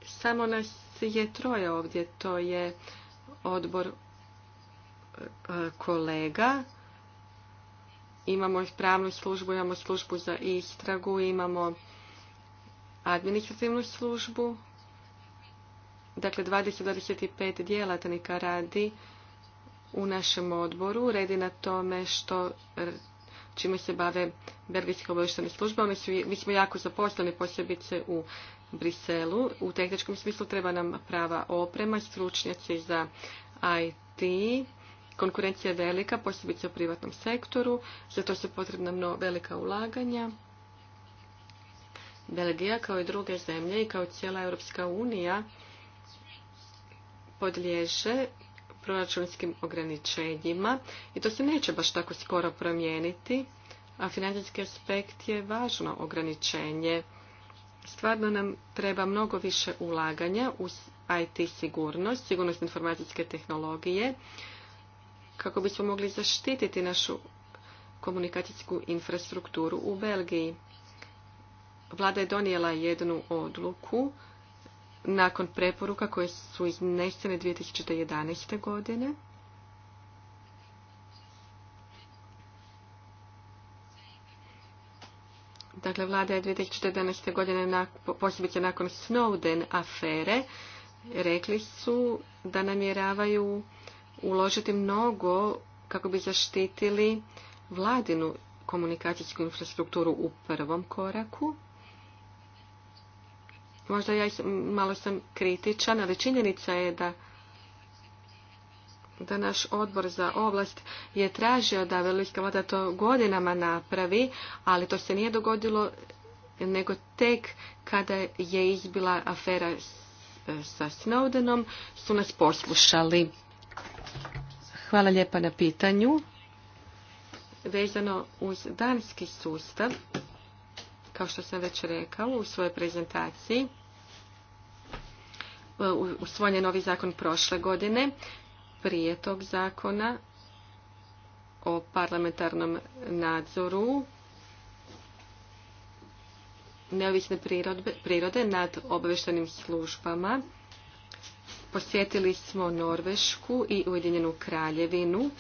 samo nas je troje ovdje, to je odbor kolega. Imamo pravnu službu, imamo službu za istragu, imamo administrativnu službu. Dakle, 20-25 djelatnika radi u našem odboru. Redi na tome što čime se bave Belgijske obavještene službe. mi smo jako zaposleni posebice u Briselu. U tehničkom smislu treba nam prava oprema, stručnjaci za IT. Konkurencija je velika, posebice u privatnom sektoru, zato su potrebna mnogo velika ulaganja. Belgija kao i druge zemlje i kao cijela Europska unija podliježe proračunskim ograničenjima i to se neće baš tako skoro promijeniti, a financijski aspekt je važno ograničenje. Stvarno nam treba mnogo više ulaganja u IT sigurnost, sigurnost informacijske tehnologije kako bismo mogli zaštititi našu komunikacijsku infrastrukturu u Belgiji. Vlada je donijela jednu odluku nakon preporuka koje su iznesene 2011. godine. Dakle, vlada je 2011. godine, posebice nakon Snowden afere, rekli su da namjeravaju uložiti mnogo kako bi zaštitili vladinu komunikacijsku infrastrukturu u prvom koraku. Možda ja malo sam kritičan, ali činjenica je da da naš odbor za oblast je tražio da Velika vlada to godinama napravi, ali to se nije dogodilo nego tek kada je izbila afera sa Snowdenom su nas poslušali. Hvala lijepa na pitanju. Vezano uz danski sustav, kao što sam već rekao u svojoj prezentaciji, usvojen je novi zakon prošle godine. Prije tog zakona o parlamentarnom nadzoru neovisne prirode nad obaveštenim službama Posjetili smo Norvešku i Ujedinjenu kraljevinu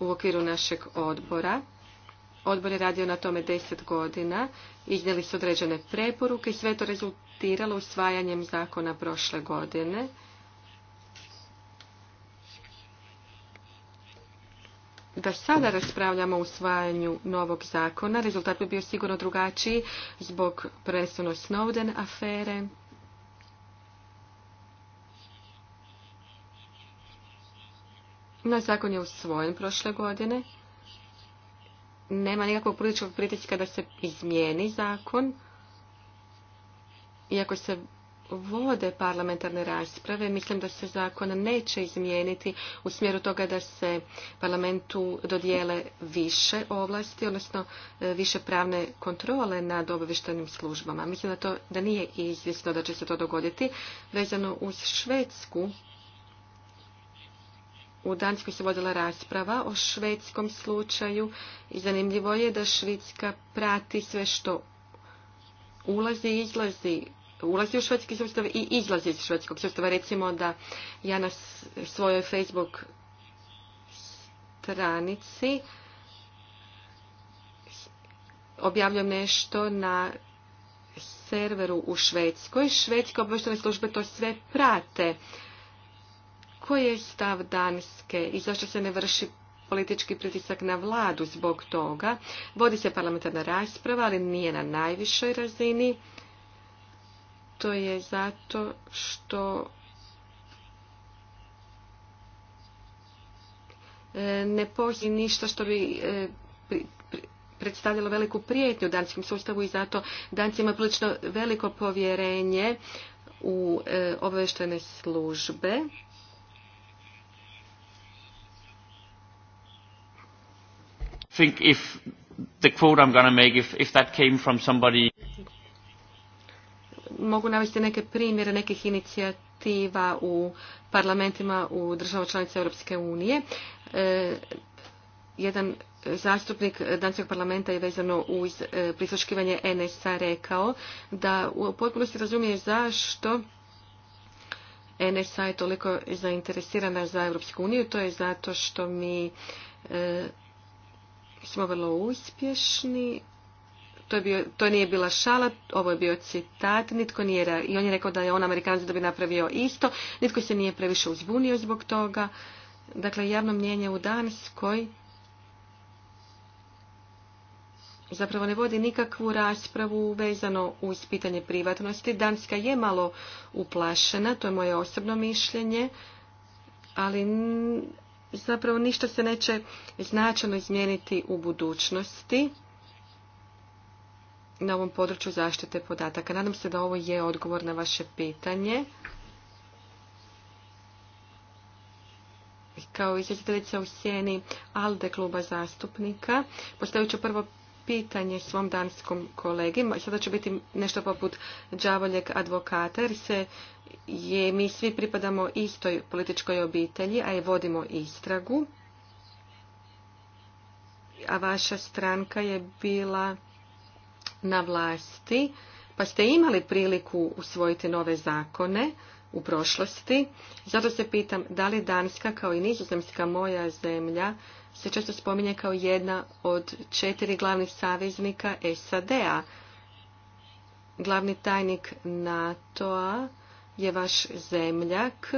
u okviru našeg odbora. Odbor je radio na tome deset godina, iznijeli su određene preporuke i sve to rezultiralo usvajanjem zakona prošle godine. Da sada raspravljamo o usvajanju novog zakona, rezultat bi bio sigurno drugačiji zbog prvenstveno Snowden afere. Naš zakon je usvojen prošle godine. Nema nikakvog političkog pritiska da se izmijeni zakon. Iako se vode parlamentarne rasprave, mislim da se zakon neće izmijeniti u smjeru toga da se parlamentu dodijele više ovlasti, odnosno e, više pravne kontrole nad obavještajnim službama. Mislim da to da nije izvjesno da će se to dogoditi. Vezano uz Švedsku, u Danskoj se vodila rasprava o švedskom slučaju i zanimljivo je da Švedska prati sve što ulazi i izlazi ulazi u švedski sustav i izlazi iz švedskog sustava. Recimo da ja na svojoj Facebook stranici objavljam nešto na serveru u Švedskoj. Švedska obveštene službe to sve prate. Koji je stav Danske i zašto se ne vrši politički pritisak na vladu zbog toga? Vodi se parlamentarna rasprava, ali nije na najvišoj razini. To je zato što e, ne postoji ništa što bi e, predstavljalo veliku prijetnju u danskom sustavu i zato danci imaju prilično veliko povjerenje u e, obavještajne službe think if the quote I'm make, if, if that came from somebody... Mogu navesti neke primjere nekih inicijativa u parlamentima u državama članica Europske unije. E, jedan zastupnik Danskog parlamenta je vezano uz e, prisluškivanje NSA rekao da u potpunosti razumije zašto NSA je toliko zainteresirana za Europsku uniju. To je zato što mi e, smo vrlo uspješni. To, je to nije bila šala, ovo je bio citat, nitko nije, i on je rekao da je on Amerikanac da bi napravio isto, nitko se nije previše uzbunio zbog toga. Dakle, javno mnjenje u Danskoj zapravo ne vodi nikakvu raspravu vezano uz pitanje privatnosti. Danska je malo uplašena, to je moje osobno mišljenje, ali zapravo ništa se neće značajno izmijeniti u budućnosti na ovom području zaštite podataka. Nadam se da ovo je odgovor na vaše pitanje. Kao izvjestiteljica u sjeni ALDE kluba zastupnika, postavit ću prvo pitanje svom danskom kolegi. Sada će biti nešto poput džavoljeg advokata jer se je, mi svi pripadamo istoj političkoj obitelji, a je vodimo istragu. A vaša stranka je bila na vlasti, pa ste imali priliku usvojiti nove zakone u prošlosti. Zato se pitam da li Danska kao i Nizozemska moja zemlja se često spominje kao jedna od četiri glavnih saveznika SAD-a. Glavni tajnik NATO-a je vaš zemljak.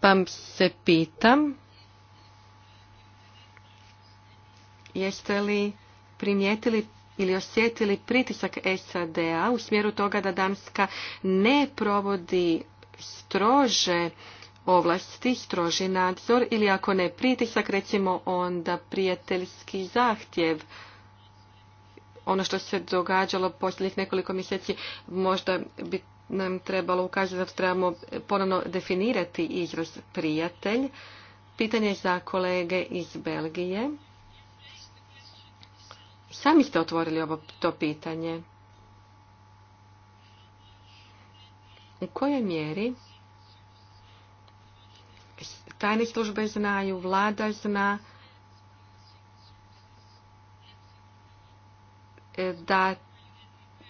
Pa se pitam, jeste li primijetili ili osjetili pritisak SAD-a u smjeru toga da Damska ne provodi strože ovlasti, stroži nadzor ili ako ne pritisak, recimo onda prijateljski zahtjev. Ono što se događalo posljednjih nekoliko mjeseci možda bi nam trebalo ukazati da trebamo ponovno definirati izraz prijatelj. Pitanje za kolege iz Belgije. Sami ste otvorili ovo to pitanje. U kojoj mjeri tajne službe znaju, vlada zna e, da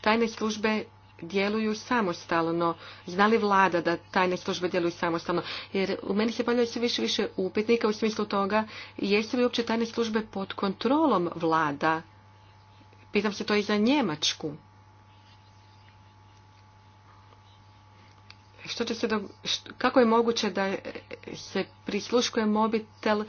tajne službe djeluju samostalno. Zna li vlada da tajne službe djeluju samostalno? Jer u meni se pojavljaju sve više više upitnika u smislu toga jesu li uopće tajne službe pod kontrolom vlada? Pitam se to i za Njemačku. što će se do... kako je moguće da se prisluškuje mobitel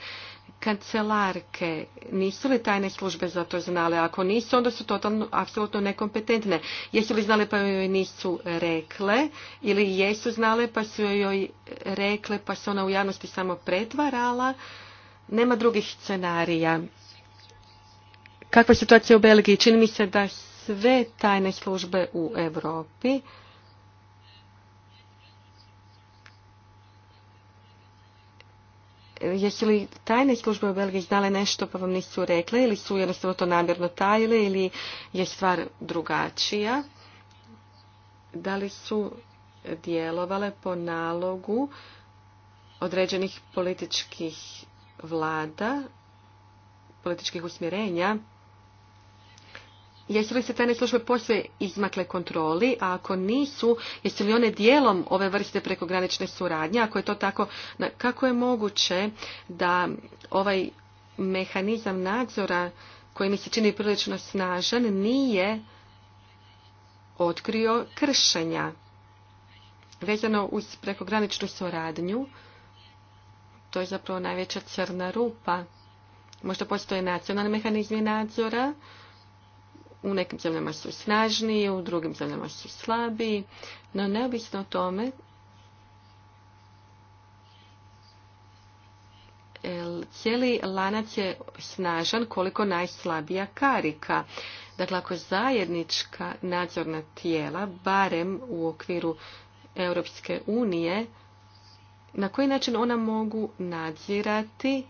kancelarke? Nisu li tajne službe za to znale? Ako nisu, onda su totalno, apsolutno nekompetentne. Jesu li znale pa joj nisu rekle? Ili jesu znale pa su joj rekle pa se ona u javnosti samo pretvarala? Nema drugih scenarija. Kakva je situacija u Belgiji? Čini mi se da sve tajne službe u Europi Eh, jesu li tajne službe u Belgiji znale nešto pa vam nisu rekle ili su jednostavno to namjerno tajile ili je stvar drugačija? Da li su djelovale po nalogu određenih političkih vlada, političkih usmjerenja? Jesu li se tajne službe posve izmakle kontroli, a ako nisu, jesu li one dijelom ove vrste prekogranične suradnje? Ako je to tako, kako je moguće da ovaj mehanizam nadzora koji mi se čini prilično snažan nije otkrio kršenja vezano uz prekograničnu suradnju? To je zapravo najveća crna rupa. Možda postoje nacionalni mehanizmi nadzora, u nekim zemljama su snažniji, u drugim zemljama su slabiji, no neovisno o tome cijeli lanac je snažan koliko najslabija karika. Dakle, ako zajednička nadzorna tijela, barem u okviru Europske unije, na koji način ona mogu nadzirati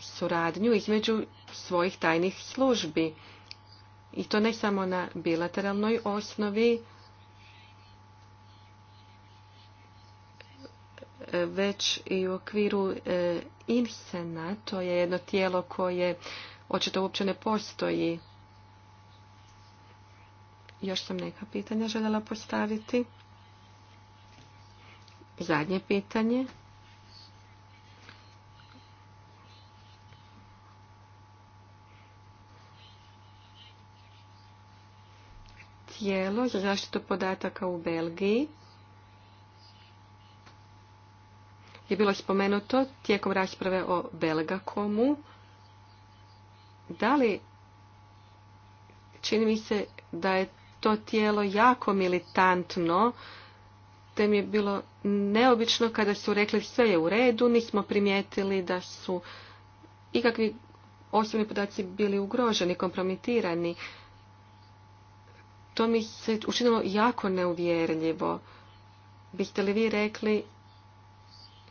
suradnju između svojih tajnih službi i to ne samo na bilateralnoj osnovi, već i u okviru e, INSENA, to je jedno tijelo koje očito uopće ne postoji. Još sam neka pitanja željela postaviti. Zadnje pitanje. tijelo za zaštitu podataka u Belgiji je bilo spomenuto tijekom rasprave o Belgakomu. Da li čini mi se da je to tijelo jako militantno, te mi je bilo neobično kada su rekli sve je u redu, nismo primijetili da su ikakvi osobni podaci bili ugroženi, kompromitirani. To mi se učinilo jako neuvjerljivo. Biste li vi rekli,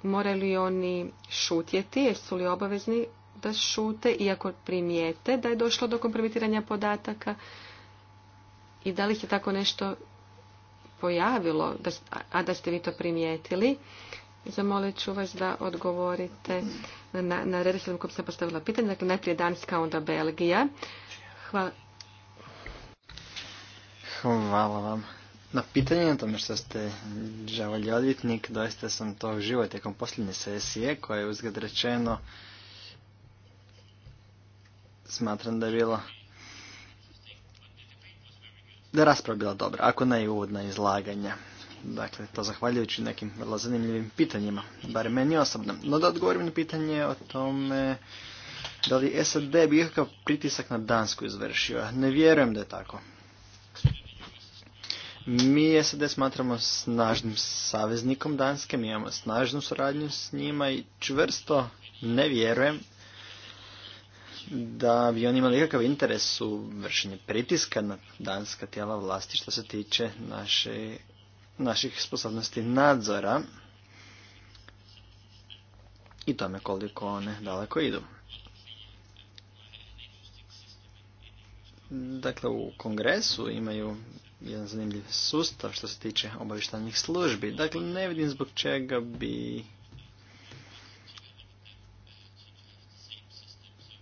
moraju li oni šutjeti, jesu li obavezni da šute, iako primijete da je došlo do kompromitiranja podataka? I da li se tako nešto pojavilo, a da ste vi to primijetili? Zamolit ću vas da odgovorite na, na redoslijedom kojom sam postavila pitanje. Dakle, najprije Danska, onda Belgija. Hvala, Hvala vam. Na pitanje na tome što ste želeli odvjetnik, doista sam to živo tijekom posljednje sesije koja je uzgled rečeno smatram da je bilo da je rasprava bila dobra, ako ne i uvodna izlaganja. Dakle, to zahvaljujući nekim vrlo zanimljivim pitanjima, barem meni osobno. No da odgovorim na pitanje o tome da li SAD bi ikakav pritisak na Dansku izvršio. Ne vjerujem da je tako. Mi SAD smatramo snažnim saveznikom Danske, mi imamo snažnu suradnju s njima i čvrsto ne vjerujem da bi oni imali ikakav interes u vršenju pritiska na danska tijela vlasti što se tiče naše, naših sposobnosti nadzora i tome koliko one daleko idu. Dakle, u kongresu imaju jedan zanimljiv sustav što se tiče obavještajnih službi. Dakle, ne vidim zbog čega bi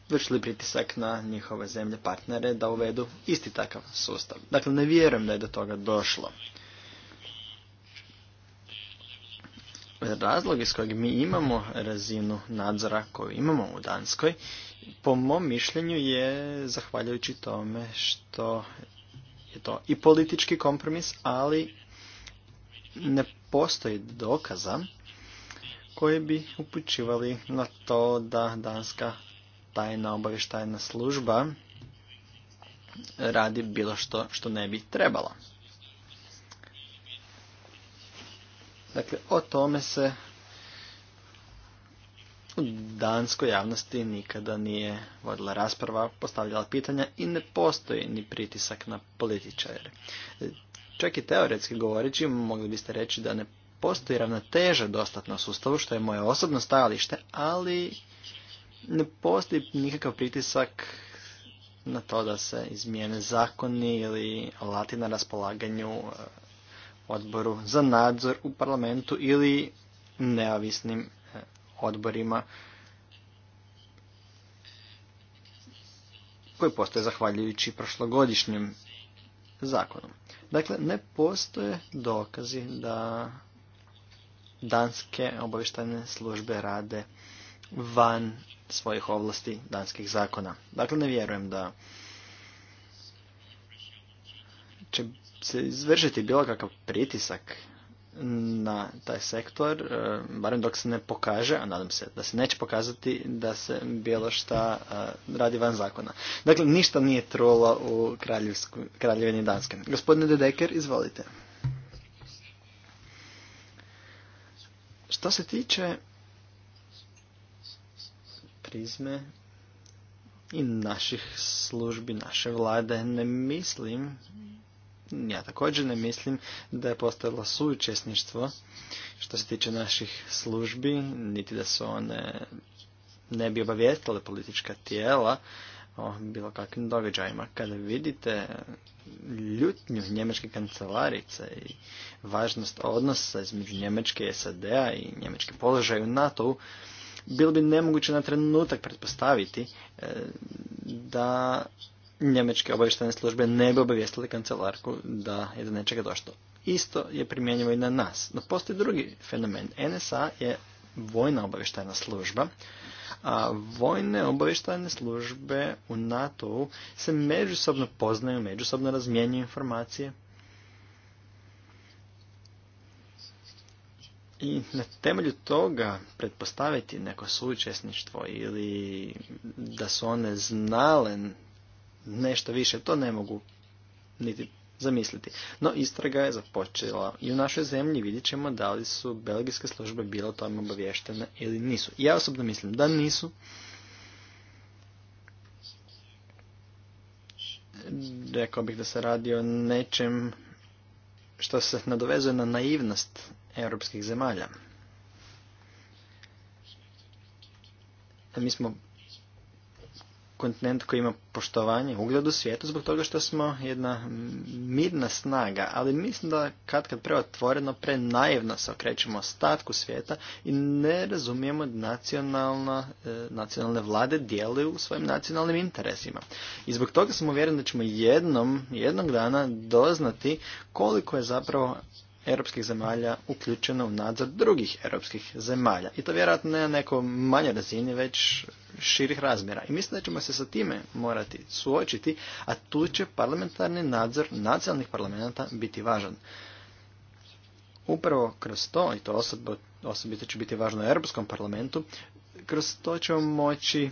vršili pritisak na njihove zemlje partnere da uvedu isti takav sustav. Dakle, ne vjerujem da je do toga došlo. Razlog iz kojeg mi imamo razinu nadzora koju imamo u Danskoj, po mom mišljenju je zahvaljujući tome što je to i politički kompromis, ali ne postoji dokaza koji bi upućivali na to da danska tajna obavještajna služba radi bilo što što ne bi trebala. Dakle, o tome se u danskoj javnosti nikada nije vodila rasprava, postavljala pitanja i ne postoji ni pritisak na političare. Čak i teoretski govoreći mogli biste reći da ne postoji ravnoteža dostatna sustavu, što je moje osobno stajalište, ali ne postoji nikakav pritisak na to da se izmijene zakoni ili alati na raspolaganju e, odboru za nadzor u parlamentu ili neovisnim odborima koji postoje zahvaljujući prošlogodišnjim zakonom. Dakle, ne postoje dokazi da danske obavještajne službe rade van svojih ovlasti danskih zakona. Dakle, ne vjerujem da će se izvršiti bilo kakav pritisak na taj sektor, e, barem dok se ne pokaže, a nadam se da se neće pokazati da se bilo šta e, radi van zakona. Dakle, ništa nije trulo u kraljevini Danske. Gospodine Dedeker, izvolite. Što se tiče prizme i naših službi, naše vlade, ne mislim ja također ne mislim da je postojalo suučesništvo što se tiče naših službi, niti da su one ne bi obavijestile politička tijela o bilo kakvim događajima. Kada vidite ljutnju njemačke kancelarice i važnost odnosa između Njemačke SAD-a i njemački položaj u NATO-u, bilo bi nemoguće na trenutak pretpostaviti e, da njemečke obavještajne službe ne bi obavijestili kancelarku da je do nečega došlo. Isto je primjenjivo i na nas. No postoji drugi fenomen. NSA je vojna obavještajna služba, a vojne obavještajne službe u NATO-u se međusobno poznaju, međusobno razmjenjuju informacije. I na temelju toga pretpostaviti neko sučesništvo ili da su one znale nešto više, to ne mogu niti zamisliti. No istraga je započela i u našoj zemlji vidjet ćemo da li su belgijske službe bile o tome obavještene ili nisu. Ja osobno mislim da nisu. Rekao bih da se radi o nečem što se nadovezuje na naivnost europskih zemalja. Mi smo kontinent koji ima poštovanje, ugled u svijetu zbog toga što smo jedna mirna snaga, ali mislim da kad kad preotvoreno, prenaivno se okrećemo ostatku svijeta i ne razumijemo nacionalna, e, nacionalne vlade djeluju u svojim nacionalnim interesima. I zbog toga sam uvjeren da ćemo jednom, jednog dana doznati koliko je zapravo europskih zemalja uključeno u nadzor drugih europskih zemalja. I to vjerojatno ne na nekoj manjoj razini, već širih razmjera. I mislim da ćemo se sa time morati suočiti, a tu će parlamentarni nadzor nacionalnih parlamenta biti važan. Upravo kroz to, i to osobito će biti važno u Europskom parlamentu, kroz to ćemo moći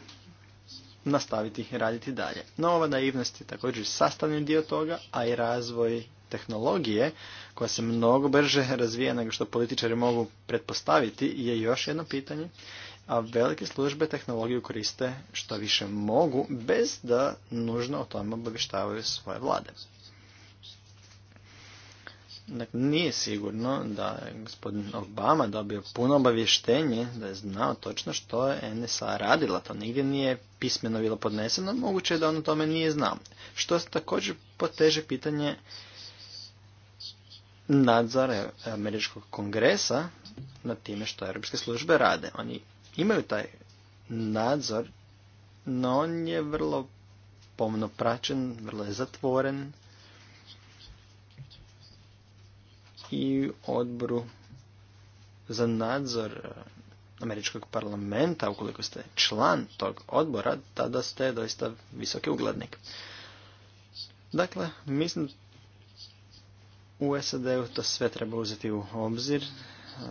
nastaviti raditi dalje. No naivnost je također sastavni dio toga, a i razvoj tehnologije koja se mnogo brže razvija nego što političari mogu pretpostaviti je još jedno pitanje, a velike službe tehnologiju koriste što više mogu bez da nužno o tome obavještavaju svoje vlade. Dakle, nije sigurno da je gospodin Obama dobio puno obavještenje, da je znao točno što je NSA radila. To nigdje nije pismeno bilo podneseno, moguće je da on o tome nije znao. Što se također poteže pitanje nadzor američkog kongresa na time što europske službe rade. Oni imaju taj nadzor, no on je vrlo pomno praćen, vrlo je zatvoren i odboru za nadzor e, američkog parlamenta, ukoliko ste član tog odbora, tada ste doista visoki uglednik. Dakle, mislim u SAD-u to sve treba uzeti u obzir. E,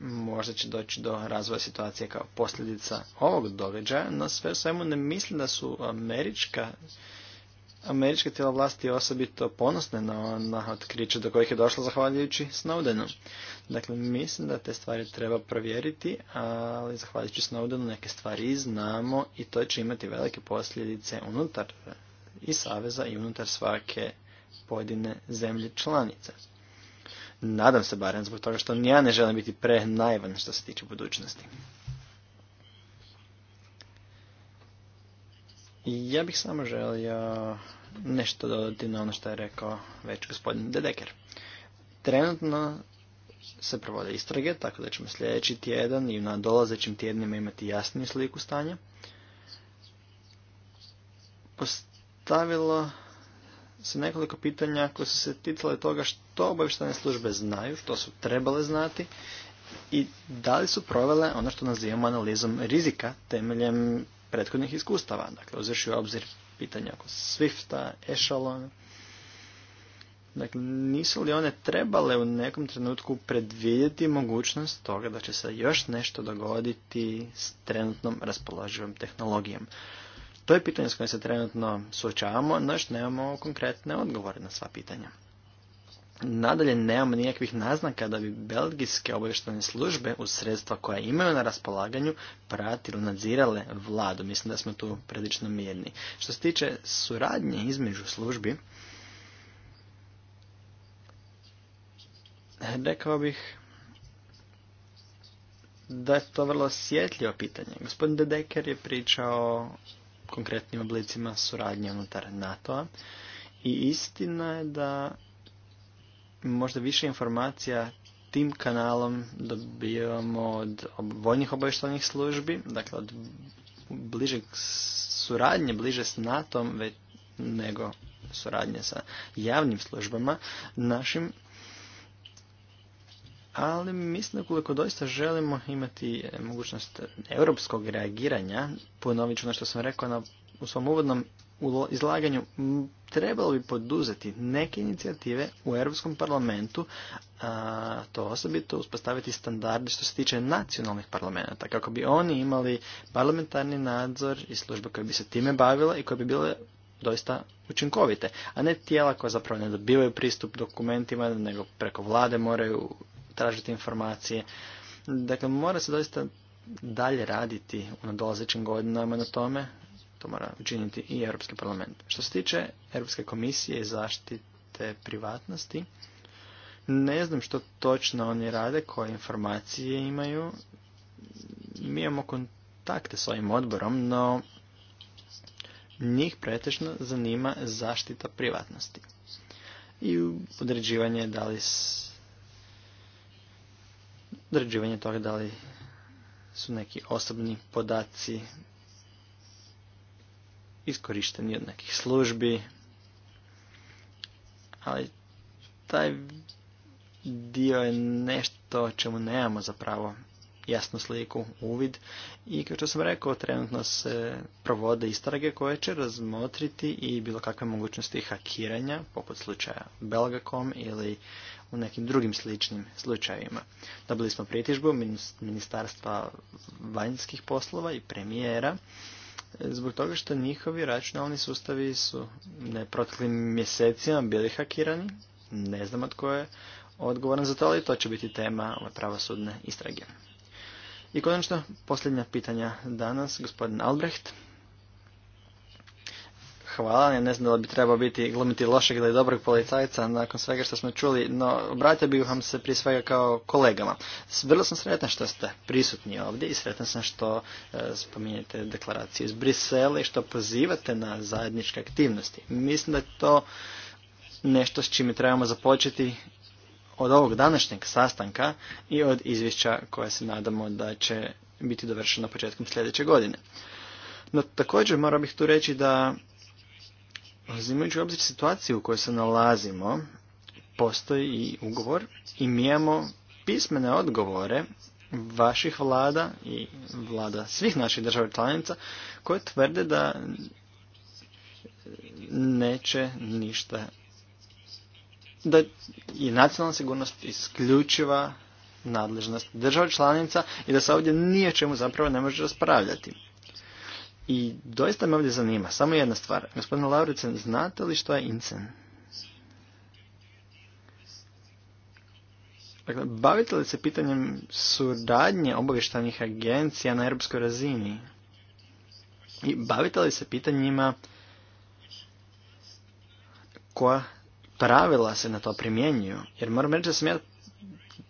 možda će doći do razvoja situacije kao posljedica ovog događaja, no sve u svemu ne mislim da su američka Američke tijela vlasti osobito ponosne na otkriće do kojih je došlo zahvaljujući Snowdenu. Dakle, mislim da te stvari treba provjeriti, ali zahvaljujući Snowdenu neke stvari znamo i to će imati velike posljedice unutar i saveza i unutar svake pojedine zemlje članice. Nadam se barem zbog toga što ja ne želim biti pre naivan što se tiče budućnosti. Ja bih samo želio nešto dodati na ono što je rekao već gospodin Dedeker. Trenutno se provode istrage, tako da ćemo sljedeći tjedan i na dolazećim tjednima imati jasniju sliku stanja. Postavilo se nekoliko pitanja koje su se ticale toga što obavještane službe znaju, što su trebale znati i da li su provele ono što nazivamo analizom rizika temeljem prethodnih iskustava. Dakle, uzvrši u obzir pitanja oko Swifta, Echelon. Dakle, nisu li one trebale u nekom trenutku predvidjeti mogućnost toga da će se još nešto dogoditi s trenutnom raspoloživom tehnologijom? To je pitanje s kojim se trenutno suočavamo, no još nemamo konkretne odgovore na sva pitanja. Nadalje nemamo nikakvih naznaka da bi belgijske obavještene službe uz sredstva koja imaju na raspolaganju pratile, nadzirale vladu. Mislim da smo tu prilično mirni. Što se tiče suradnje između službi, rekao bih da je to vrlo osjetljivo pitanje. Gospodin Dedeker je pričao konkretnim oblicima suradnje unutar NATO-a. I istina je da možda više informacija tim kanalom dobivamo od vojnih obavještajnih službi, dakle od suradnje, bliže s NATO-om nego suradnje sa javnim službama. Našim ali mislim da koliko doista želimo imati e, mogućnost europskog reagiranja, ponovit ću ono što sam rekao na, u svom uvodnom izlaganju, trebalo bi poduzeti neke inicijative u Europskom parlamentu, a, to osobito uspostaviti standarde što se tiče nacionalnih parlamenta, kako bi oni imali parlamentarni nadzor i službe koje bi se time bavile i koje bi bile doista učinkovite, a ne tijela koja zapravo ne dobivaju pristup dokumentima, nego preko vlade moraju tražiti informacije. Dakle, mora se doista dalje raditi u nadolazećim godinama na tome. To mora učiniti i Europski parlament. Što se tiče Europske komisije i zaštite privatnosti, ne znam što točno oni rade, koje informacije imaju. Mi imamo kontakte s ovim odborom, no njih pretežno zanima zaštita privatnosti i određivanje da li određivanje toga da li su neki osobni podaci iskorišteni od nekih službi, ali taj dio je nešto o čemu nemamo zapravo jasnu sliku, uvid i kao što sam rekao, trenutno se provode istrage koje će razmotriti i bilo kakve mogućnosti hakiranja, poput slučaja Belgacom ili u nekim drugim sličnim slučajevima. Dobili smo pritižbu Ministarstva vanjskih poslova i premijera e, zbog toga što njihovi računalni sustavi su ne proteklim mjesecima bili hakirani. Ne znam od koje je odgovoran za to, ali to će biti tema ove pravosudne istrage. I konačno, posljednja pitanja danas, gospodin Albrecht. Hvala, ne znam da li bi trebao biti glumiti lošeg ili dobrog policajca nakon svega što smo čuli, no obratio bih vam se prije svega kao kolegama. Vrlo sam sretan što ste prisutni ovdje i sretan sam što e, spominjete deklaraciju iz Brisela i što pozivate na zajedničke aktivnosti. Mislim da je to nešto s čime trebamo započeti od ovog današnjeg sastanka i od izvješća koje se nadamo da će biti dovršeno početkom sljedeće godine. No također moram bih tu reći da uzimajući u obzir situaciju u kojoj se nalazimo, postoji i ugovor i mi imamo pismene odgovore vaših vlada i vlada svih naših država članica koje tvrde da neće ništa da je nacionalna sigurnost isključiva nadležnost država članica i da se ovdje nije čemu zapravo ne može raspravljati. I doista me ovdje zanima, samo jedna stvar. Gospodin Lauricen, znate li što je incen? Dakle, bavite li se pitanjem suradnje obavještajnih agencija na europskoj razini? I bavite li se pitanjima koja pravila se na to primjenjuju? Jer moram reći da sam ja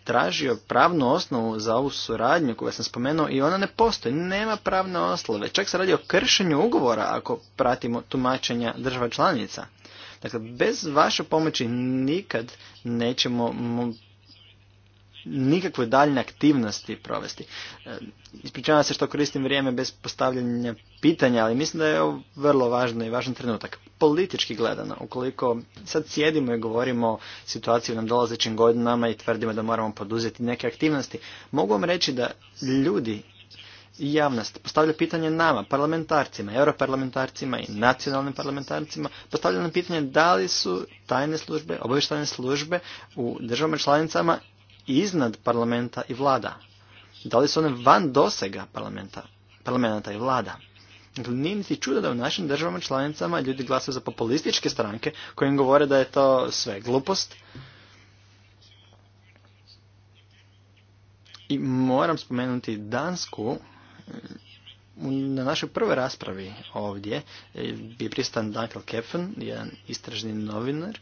tražio pravnu osnovu za ovu suradnju koju sam spomenuo i ona ne postoji, nema pravne oslove. Čak se radi o kršenju ugovora ako pratimo tumačenja država članica. Dakle, bez vaše pomoći nikad nećemo nikakve daljne aktivnosti provesti. E, ispričavam se što koristim vrijeme bez postavljanja pitanja, ali mislim da je ovo vrlo važno i važan trenutak. Politički gledano, ukoliko sad sjedimo i govorimo o situaciji u nam dolazećim godinama i tvrdimo da moramo poduzeti neke aktivnosti, mogu vam reći da ljudi i javnost postavlja pitanje nama, parlamentarcima, europarlamentarcima i nacionalnim parlamentarcima, postavlja nam pitanje da li su tajne službe, obavještajne službe u državama članicama iznad parlamenta i vlada? Da li su one van dosega parlamenta, parlamenta i vlada? Dakle, nije niti čudo da u našim državama članicama ljudi glasaju za populističke stranke koje im govore da je to sve glupost. I moram spomenuti Dansku. Na našoj prvoj raspravi ovdje e, je pristan Dankel Keffen, jedan istražni novinar,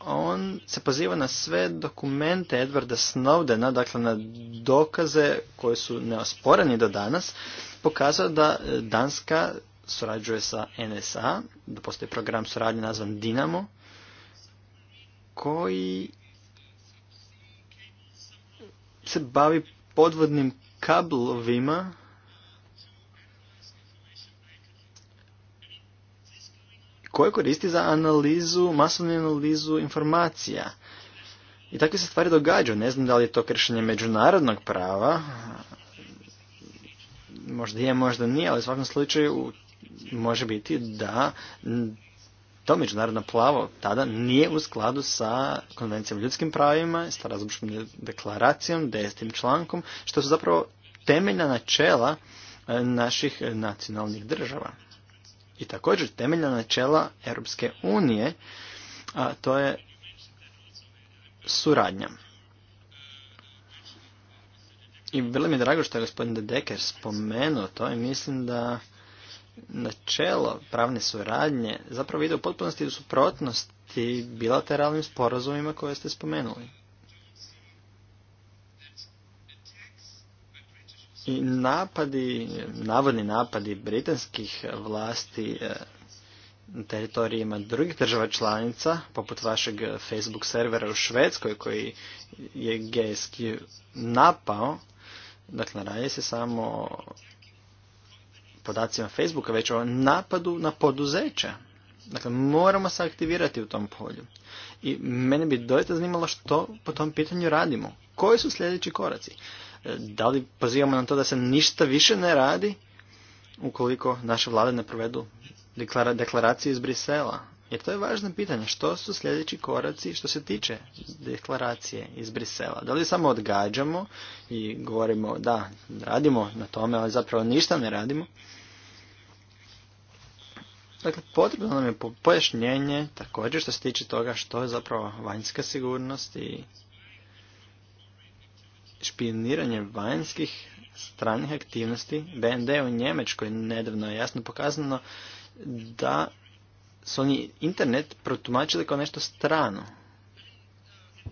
on se poziva na sve dokumente Edwarda Snowdena, dakle na dokaze koji su neosporani do danas, pokazao da e, Danska surađuje sa NSA, da postoji program suradnje nazvan Dinamo, koji se bavi podvodnim kablovima koje koristi za analizu, masovnu analizu informacija. I takve se stvari događaju. Ne znam da li je to kršenje međunarodnog prava, možda je, možda nije, ali u svakom slučaju može biti da to međunarodno plavo tada nije u skladu sa konvencijom ljudskim pravima, sa različitom deklaracijom, desetim člankom, što su zapravo temeljna načela eh, naših nacionalnih država i također temeljna načela Europske unije, a to je suradnja. I bilo mi je drago što je gospodin Decker spomenuo to i mislim da načelo pravne suradnje zapravo ide u potpunosti u suprotnosti bilateralnim sporazumima koje ste spomenuli. I napadi, navodni napadi britanskih vlasti e, na teritorijima drugih država članica, poput vašeg Facebook servera u Švedskoj koji je gejski napao, dakle radi se samo o podacima Facebooka, već o napadu na poduzeća. Dakle, moramo se aktivirati u tom polju. I mene bi doista zanimalo što po tom pitanju radimo. Koji su sljedeći koraci? E, da li pozivamo na to da se ništa više ne radi ukoliko naše vlade ne provedu deklaraciju iz Brisela? Jer to je važno pitanje. Što su sljedeći koraci što se tiče deklaracije iz Brisela? Da li samo odgađamo i govorimo da radimo na tome, ali zapravo ništa ne radimo? Dakle, potrebno nam je pojašnjenje također što se tiče toga što je zapravo vanjska sigurnost i špioniranje vanjskih stranih aktivnosti, BND u Njemačkoj nedavno jasno pokazano da su oni internet protumačili kao nešto strano.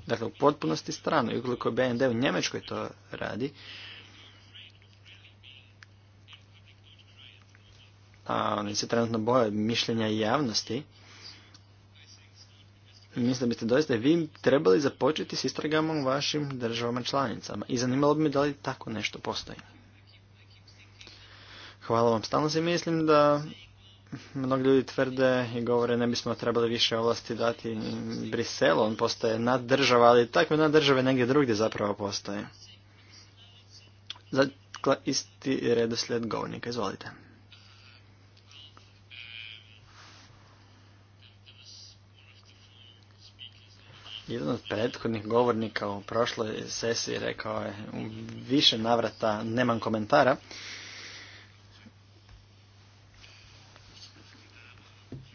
Dakle, u potpunosti strano. I ukoliko BND u Njemačkoj to radi, a oni se trenutno boje mišljenja javnosti, Mislim da biste doista vi trebali započeti s istragama u vašim državama članicama. I zanimalo bi me da li tako nešto postoji. Hvala vam. Stalno se mislim da mnogi ljudi tvrde i govore ne bismo trebali više ovlasti dati Briselu. On postaje naddržava, ali takve naddržave negdje drugdje zapravo postoje. Za isti redoslijed govornika. Izvolite. Jedan od prethodnih govornika u prošloj sesiji rekao je u više navrata nemam komentara.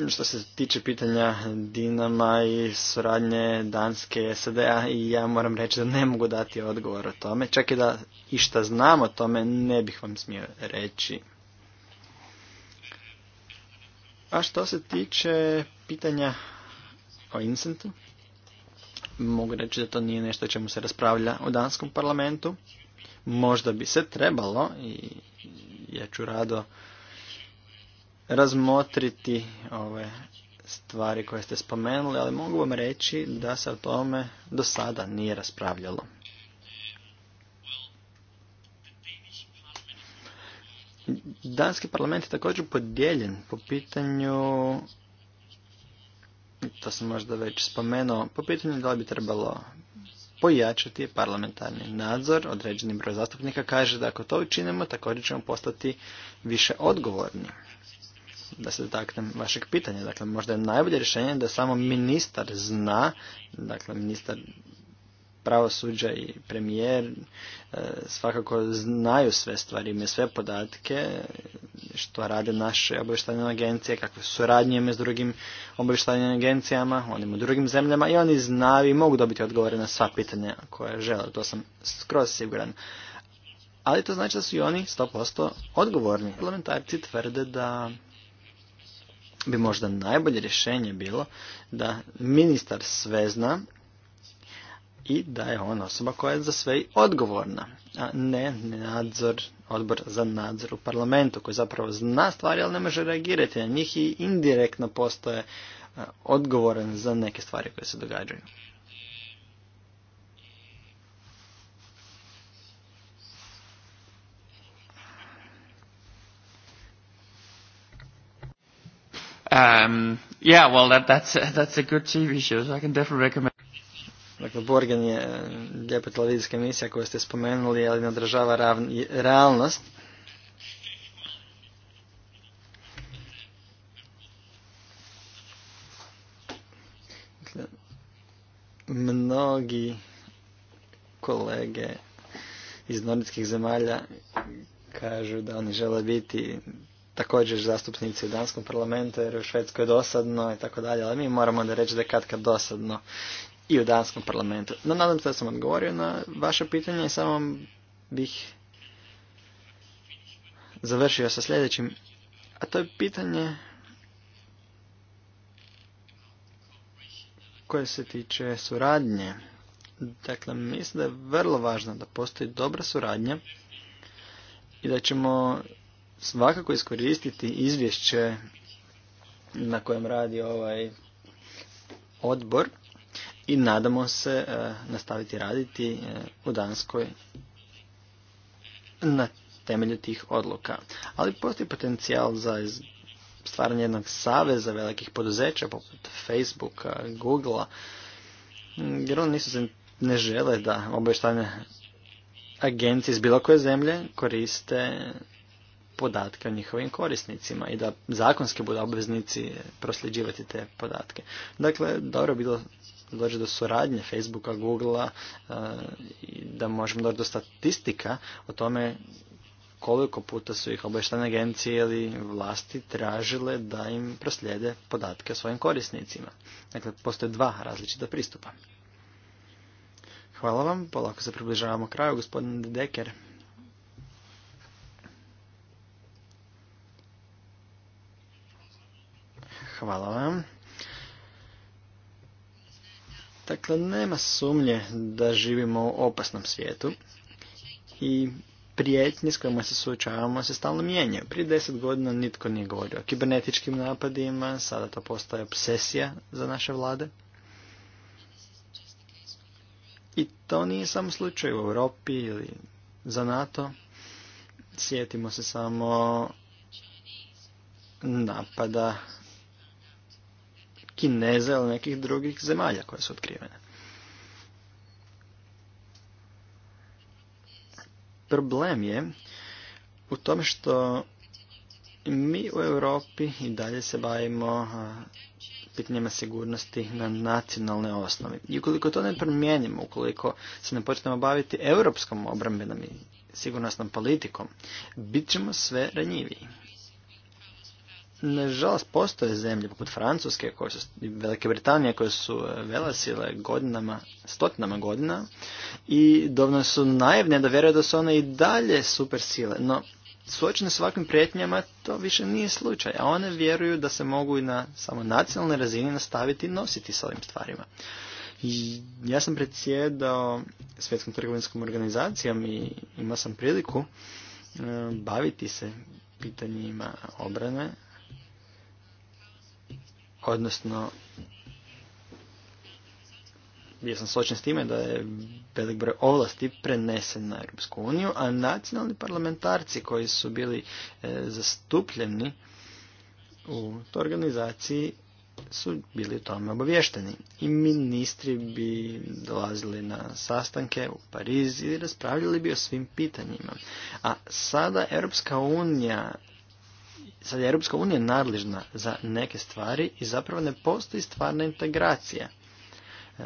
Što se tiče pitanja Dinama i suradnje Danske SDA i ja moram reći da ne mogu dati odgovor o tome. Čak i da šta znam o tome ne bih vam smio reći. A što se tiče pitanja o Incentu? mogu reći da to nije nešto čemu se raspravlja u danskom parlamentu. Možda bi se trebalo i ja ću rado razmotriti ove stvari koje ste spomenuli, ali mogu vam reći da se o tome do sada nije raspravljalo. Danski parlament je također podijeljen po pitanju to sam možda već spomenuo, po pitanju da li bi trebalo pojačati parlamentarni nadzor. Određeni broj zastupnika kaže da ako to učinimo, također ćemo postati više odgovorni. Da se dotaknem vašeg pitanja. Dakle, možda je najbolje rješenje da samo ministar zna, dakle, ministar pravosuđa i premijer e, svakako znaju sve stvari, imaju sve podatke što rade naše obavještajne agencije, kakve suradnje s drugim obavještajnim agencijama, onim u drugim zemljama i oni znaju i mogu dobiti odgovore na sva pitanja koja žele, to sam skroz siguran. Ali to znači da su i oni 100% odgovorni. Parlamentarci tvrde da bi možda najbolje rješenje bilo da ministar sve zna i da je on osoba koja je za sve i odgovorna, a ne nadzor, odbor za nadzor u parlamentu koji zapravo zna stvari, ali ne može reagirati na njih i indirektno postoje odgovoran za neke stvari koje se događaju. Um, yeah, well, that, that's, that's a good TV show, so I can definitely recommend Dakle, Borgen je e, lijepa televizijska emisija koju ste spomenuli, ali ne odražava realnost. Dakle, mnogi kolege iz nordijskih zemalja kažu da oni žele biti također zastupnici u Danskom parlamentu jer u Švedskoj je dosadno i tako dalje, ali mi moramo da reći da je kad kad dosadno i u Danskom parlamentu. No, nadam se da sam odgovorio na vaše pitanje i samo bih završio sa sljedećim. A to je pitanje koje se tiče suradnje. Dakle, mislim da je vrlo važno da postoji dobra suradnja i da ćemo svakako iskoristiti izvješće na kojem radi ovaj odbor i nadamo se e, nastaviti raditi e, u Danskoj na temelju tih odluka. Ali postoji potencijal za stvaranje jednog saveza velikih poduzeća poput Facebooka, Googlea, jer oni nisu se ne žele da obještane agencije iz bilo koje zemlje koriste podatke o njihovim korisnicima i da zakonski budu obveznici prosljeđivati te podatke. Dakle, dobro bilo dođe do suradnje Facebooka, Googlea e, i da možemo doći do statistika o tome koliko puta su ih obještane agencije ili vlasti tražile da im proslijede podatke o svojim korisnicima. Dakle, postoje dva različita pristupa. Hvala vam, polako se približavamo kraju, gospodin Deker. Hvala vam. Dakle, nema sumnje da živimo u opasnom svijetu i prijetnje s kojima se suočavamo se stalno mijenjaju. Prije deset godina nitko nije govorio o kibernetičkim napadima, sada to postaje obsesija za naše vlade. I to nije samo slučaj u Europi ili za NATO. Sjetimo se samo napada Kineza ili nekih drugih zemalja koje su otkrivene. Problem je u tome što mi u Europi i dalje se bavimo pitanjima sigurnosti na nacionalnoj osnovi. I ukoliko to ne promijenimo, ukoliko se ne počnemo baviti europskom obrambenom i sigurnosnom politikom, bit ćemo sve ranjiviji. Nažalost, postoje zemlje poput Francuske koje su, i Velike Britanije koje su e, velasile godinama, stotinama godina i dovoljno su naivne da vjeruju da su one i dalje super sile. No, suočene s ovakvim prijetnjama to više nije slučaj, a one vjeruju da se mogu i na samo nacionalnoj razini nastaviti nositi s ovim stvarima. ja sam predsjedao svjetskom trgovinskom organizacijom i imao sam priliku e, baviti se pitanjima obrane Odnosno, bio sam sočen s time da je velik broj ovlasti prenesen na Europsku uniju, a nacionalni parlamentarci koji su bili e, zastupljeni u toj organizaciji su bili u tome obavješteni. I ministri bi dolazili na sastanke u Pariz i raspravljali bi o svim pitanjima. A sada Europska unija sad je Europska unija nadležna za neke stvari i zapravo ne postoji stvarna integracija. E,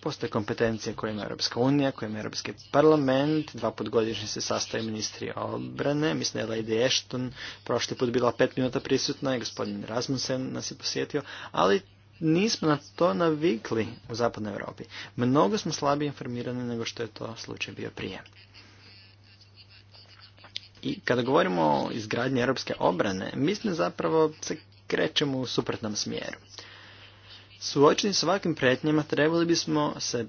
postoje kompetencije koje ima Europska unija, koje ima Europski parlament, dva put godišnje se sastaje ministri obrane, mislim da je Lady Ashton prošli put bila pet minuta prisutna i gospodin Rasmussen nas je posjetio, ali nismo na to navikli u zapadnoj Europi. Mnogo smo slabije informirani nego što je to slučaj bio prije. I kada govorimo o izgradnji europske obrane, mislim zapravo se krećemo u suprotnom smjeru. Suočeni s ovakvim pretnjama trebali bismo se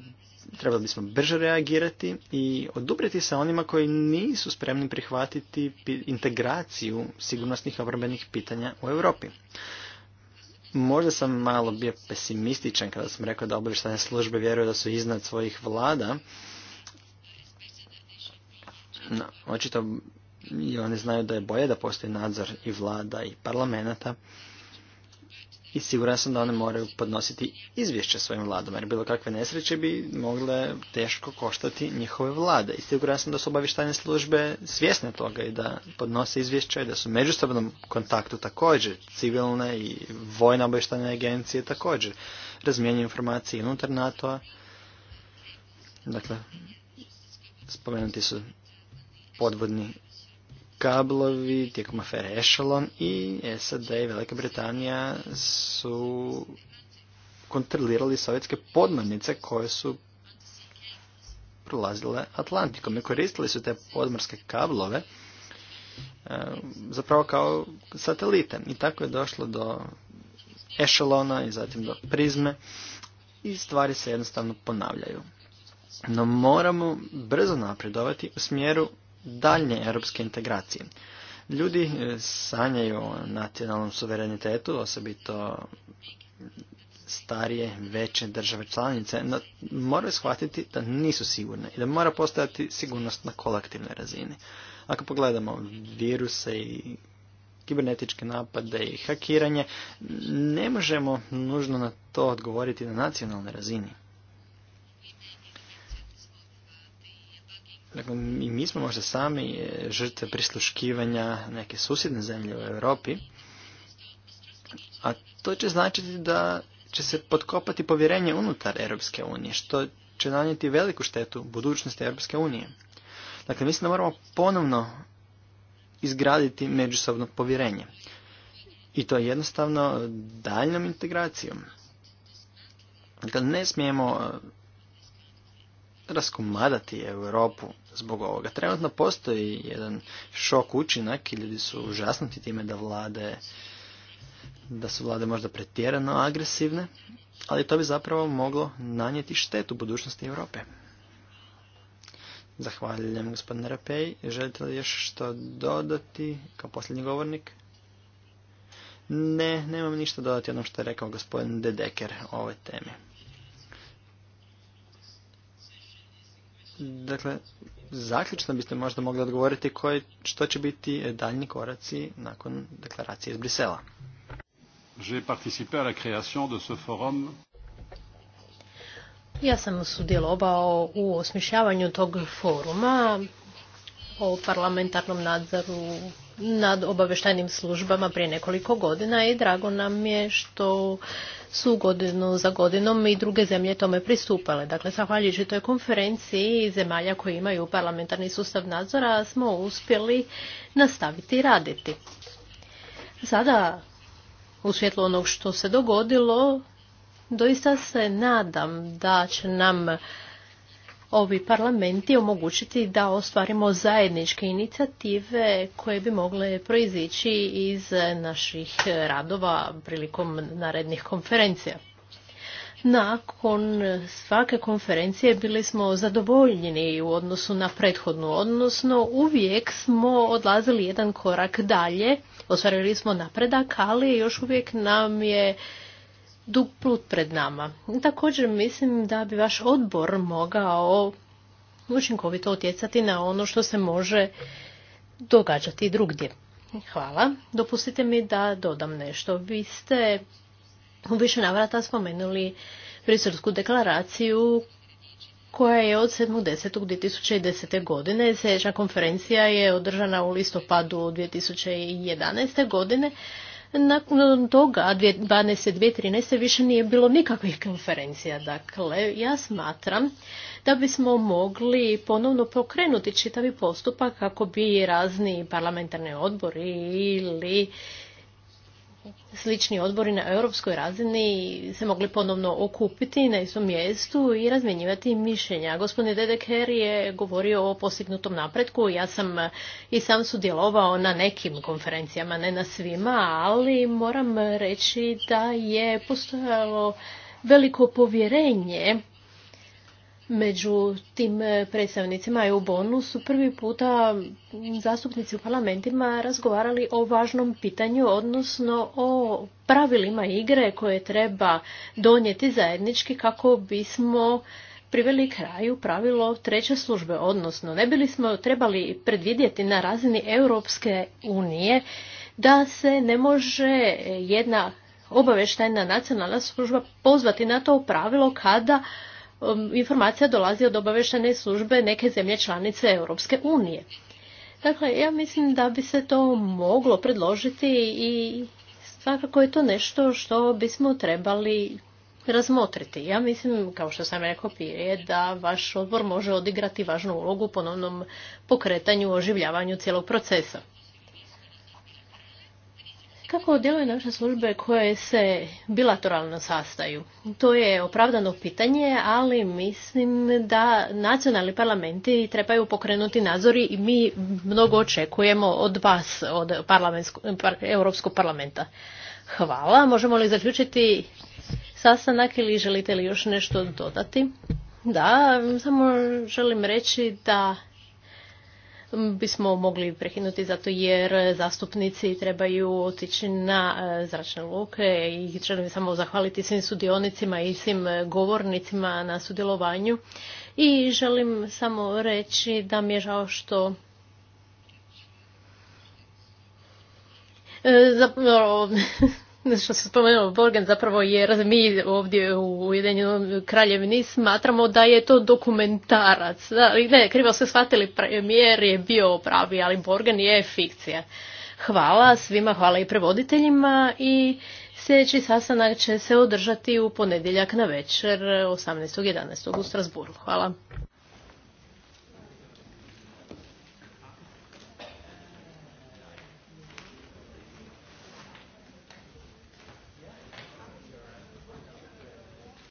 trebali bismo brže reagirati i odubriti se onima koji nisu spremni prihvatiti integraciju sigurnosnih obrambenih pitanja u Europi. Možda sam malo bio pesimističan kada sam rekao da obavještajne službe vjeruju da su iznad svojih vlada. No, očito i oni znaju da je bolje da postoji nadzor i vlada i parlamenta i siguran sam da one moraju podnositi izvješće svojim vladama, jer bilo kakve nesreće bi mogle teško koštati njihove vlade. I siguran sam da su obavještajne službe svjesne toga i da podnose izvješće i da su u kontaktu također, civilne i vojne obavještajne agencije također, razmijenju informacije unutar NATO-a. Dakle, spomenuti su podvodni kablovi tijekom afere Echelon i SAD i Velika Britanija su kontrolirali sovjetske podmornice koje su prolazile Atlantikom i koristili su te podmorske kablove e, zapravo kao satelite i tako je došlo do Echelona i zatim do prizme i stvari se jednostavno ponavljaju. No moramo brzo napredovati u smjeru daljnje europske integracije. Ljudi e, sanjaju o nacionalnom suverenitetu, osobito starije, veće države članice, moraju shvatiti da nisu sigurne i da mora postojati sigurnost na kolektivnoj razini. Ako pogledamo viruse i kibernetičke napade i hakiranje, ne možemo nužno na to odgovoriti na nacionalnoj razini. Dakle, i mi smo možda sami e, žrtve prisluškivanja neke susjedne zemlje u Europi, a to će značiti da će se potkopati povjerenje unutar Europske unije, što će nanijeti veliku štetu budućnosti Europske unije. Dakle, mislim da moramo ponovno izgraditi međusobno povjerenje. I to jednostavno daljnom integracijom. Dakle, ne smijemo e, raskomadati Europu zbog ovoga. Trenutno postoji jedan šok učinak i ljudi su užasnuti time da vlade da su vlade možda pretjerano agresivne, ali to bi zapravo moglo nanijeti štetu budućnosti Europe. Zahvaljujem gospodine Rapej. Želite li još što dodati kao posljednji govornik? Ne, nemam ništa dodati onom što je rekao gospodin Dedeker o ovoj temi. Dakle, zaključno biste možda mogli odgovoriti što će biti daljnji koraci nakon deklaracije iz Brisela. la de ce forum ja sam sudjelovao u osmišljavanju tog foruma o parlamentarnom nadzoru nad obavještajnim službama prije nekoliko godina i drago nam je što su godinu za godinom i druge zemlje tome pristupale. Dakle, zahvaljujući toj konferenciji zemalja koji imaju parlamentarni sustav nadzora smo uspjeli nastaviti raditi. Sada, u svjetlu onog što se dogodilo, doista se nadam da će nam ovi parlamenti omogućiti da ostvarimo zajedničke inicijative koje bi mogle proizići iz naših radova prilikom narednih konferencija. Nakon svake konferencije bili smo zadovoljni u odnosu na prethodnu, odnosno uvijek smo odlazili jedan korak dalje, ostvarili smo napredak, ali još uvijek nam je dug put pred nama. Također mislim da bi vaš odbor mogao učinkovito utjecati na ono što se može događati drugdje. Hvala. Dopustite mi da dodam nešto. Vi ste u više navrata spomenuli briselsku deklaraciju koja je od 7.10.2010. godine. Sljedeća konferencija je održana u listopadu 2011. godine nakon toga, 2012-2013, više nije bilo nikakvih konferencija. Dakle, ja smatram da bismo mogli ponovno pokrenuti čitavi postupak kako bi razni parlamentarni odbori ili slični odbori na europskoj razini se mogli ponovno okupiti na istom mjestu i razmjenjivati mišljenja. Gospodin Dedeker je govorio o postignutom napretku. Ja sam i sam sudjelovao na nekim konferencijama, ne na svima, ali moram reći da je postojalo veliko povjerenje među tim e, predstavnicima EU u Bonu su prvi puta zastupnici u parlamentima razgovarali o važnom pitanju, odnosno o pravilima igre koje treba donijeti zajednički kako bismo priveli kraju pravilo treće službe, odnosno ne bili smo trebali predvidjeti na razini Europske unije da se ne može jedna obavještajna nacionalna služba pozvati na to pravilo kada Um, informacija dolazi od obavešene službe neke zemlje članice Europske unije. Dakle, ja mislim da bi se to moglo predložiti i svakako je to nešto što bismo trebali razmotriti. Ja mislim, kao što sam rekao prije, da vaš odbor može odigrati važnu ulogu u ponovnom pokretanju, oživljavanju cijelog procesa. Kako djeluju naše službe koje se bilateralno sastaju? To je opravdano pitanje, ali mislim da nacionalni parlamenti trebaju pokrenuti nadzori i mi mnogo očekujemo od vas, od Europskog parlamenta. Hvala. Možemo li zaključiti sastanak ili želite li još nešto dodati? Da, samo želim reći da bismo mogli prekinuti zato jer zastupnici trebaju otići na e, zračne luke i želim samo zahvaliti svim sudionicima i svim govornicima na sudjelovanju i želim samo reći da mi je žao što e, što se spomenuo Borgen zapravo jer mi ovdje u Ujedinjenom kraljevini smatramo da je to dokumentarac. Ne, krivo ste shvatili, premijer je bio pravi, ali Borgen je fikcija. Hvala svima, hvala i prevoditeljima i sljedeći sastanak će se održati u ponedjeljak na večer 18.11. u Strasburu. Hvala.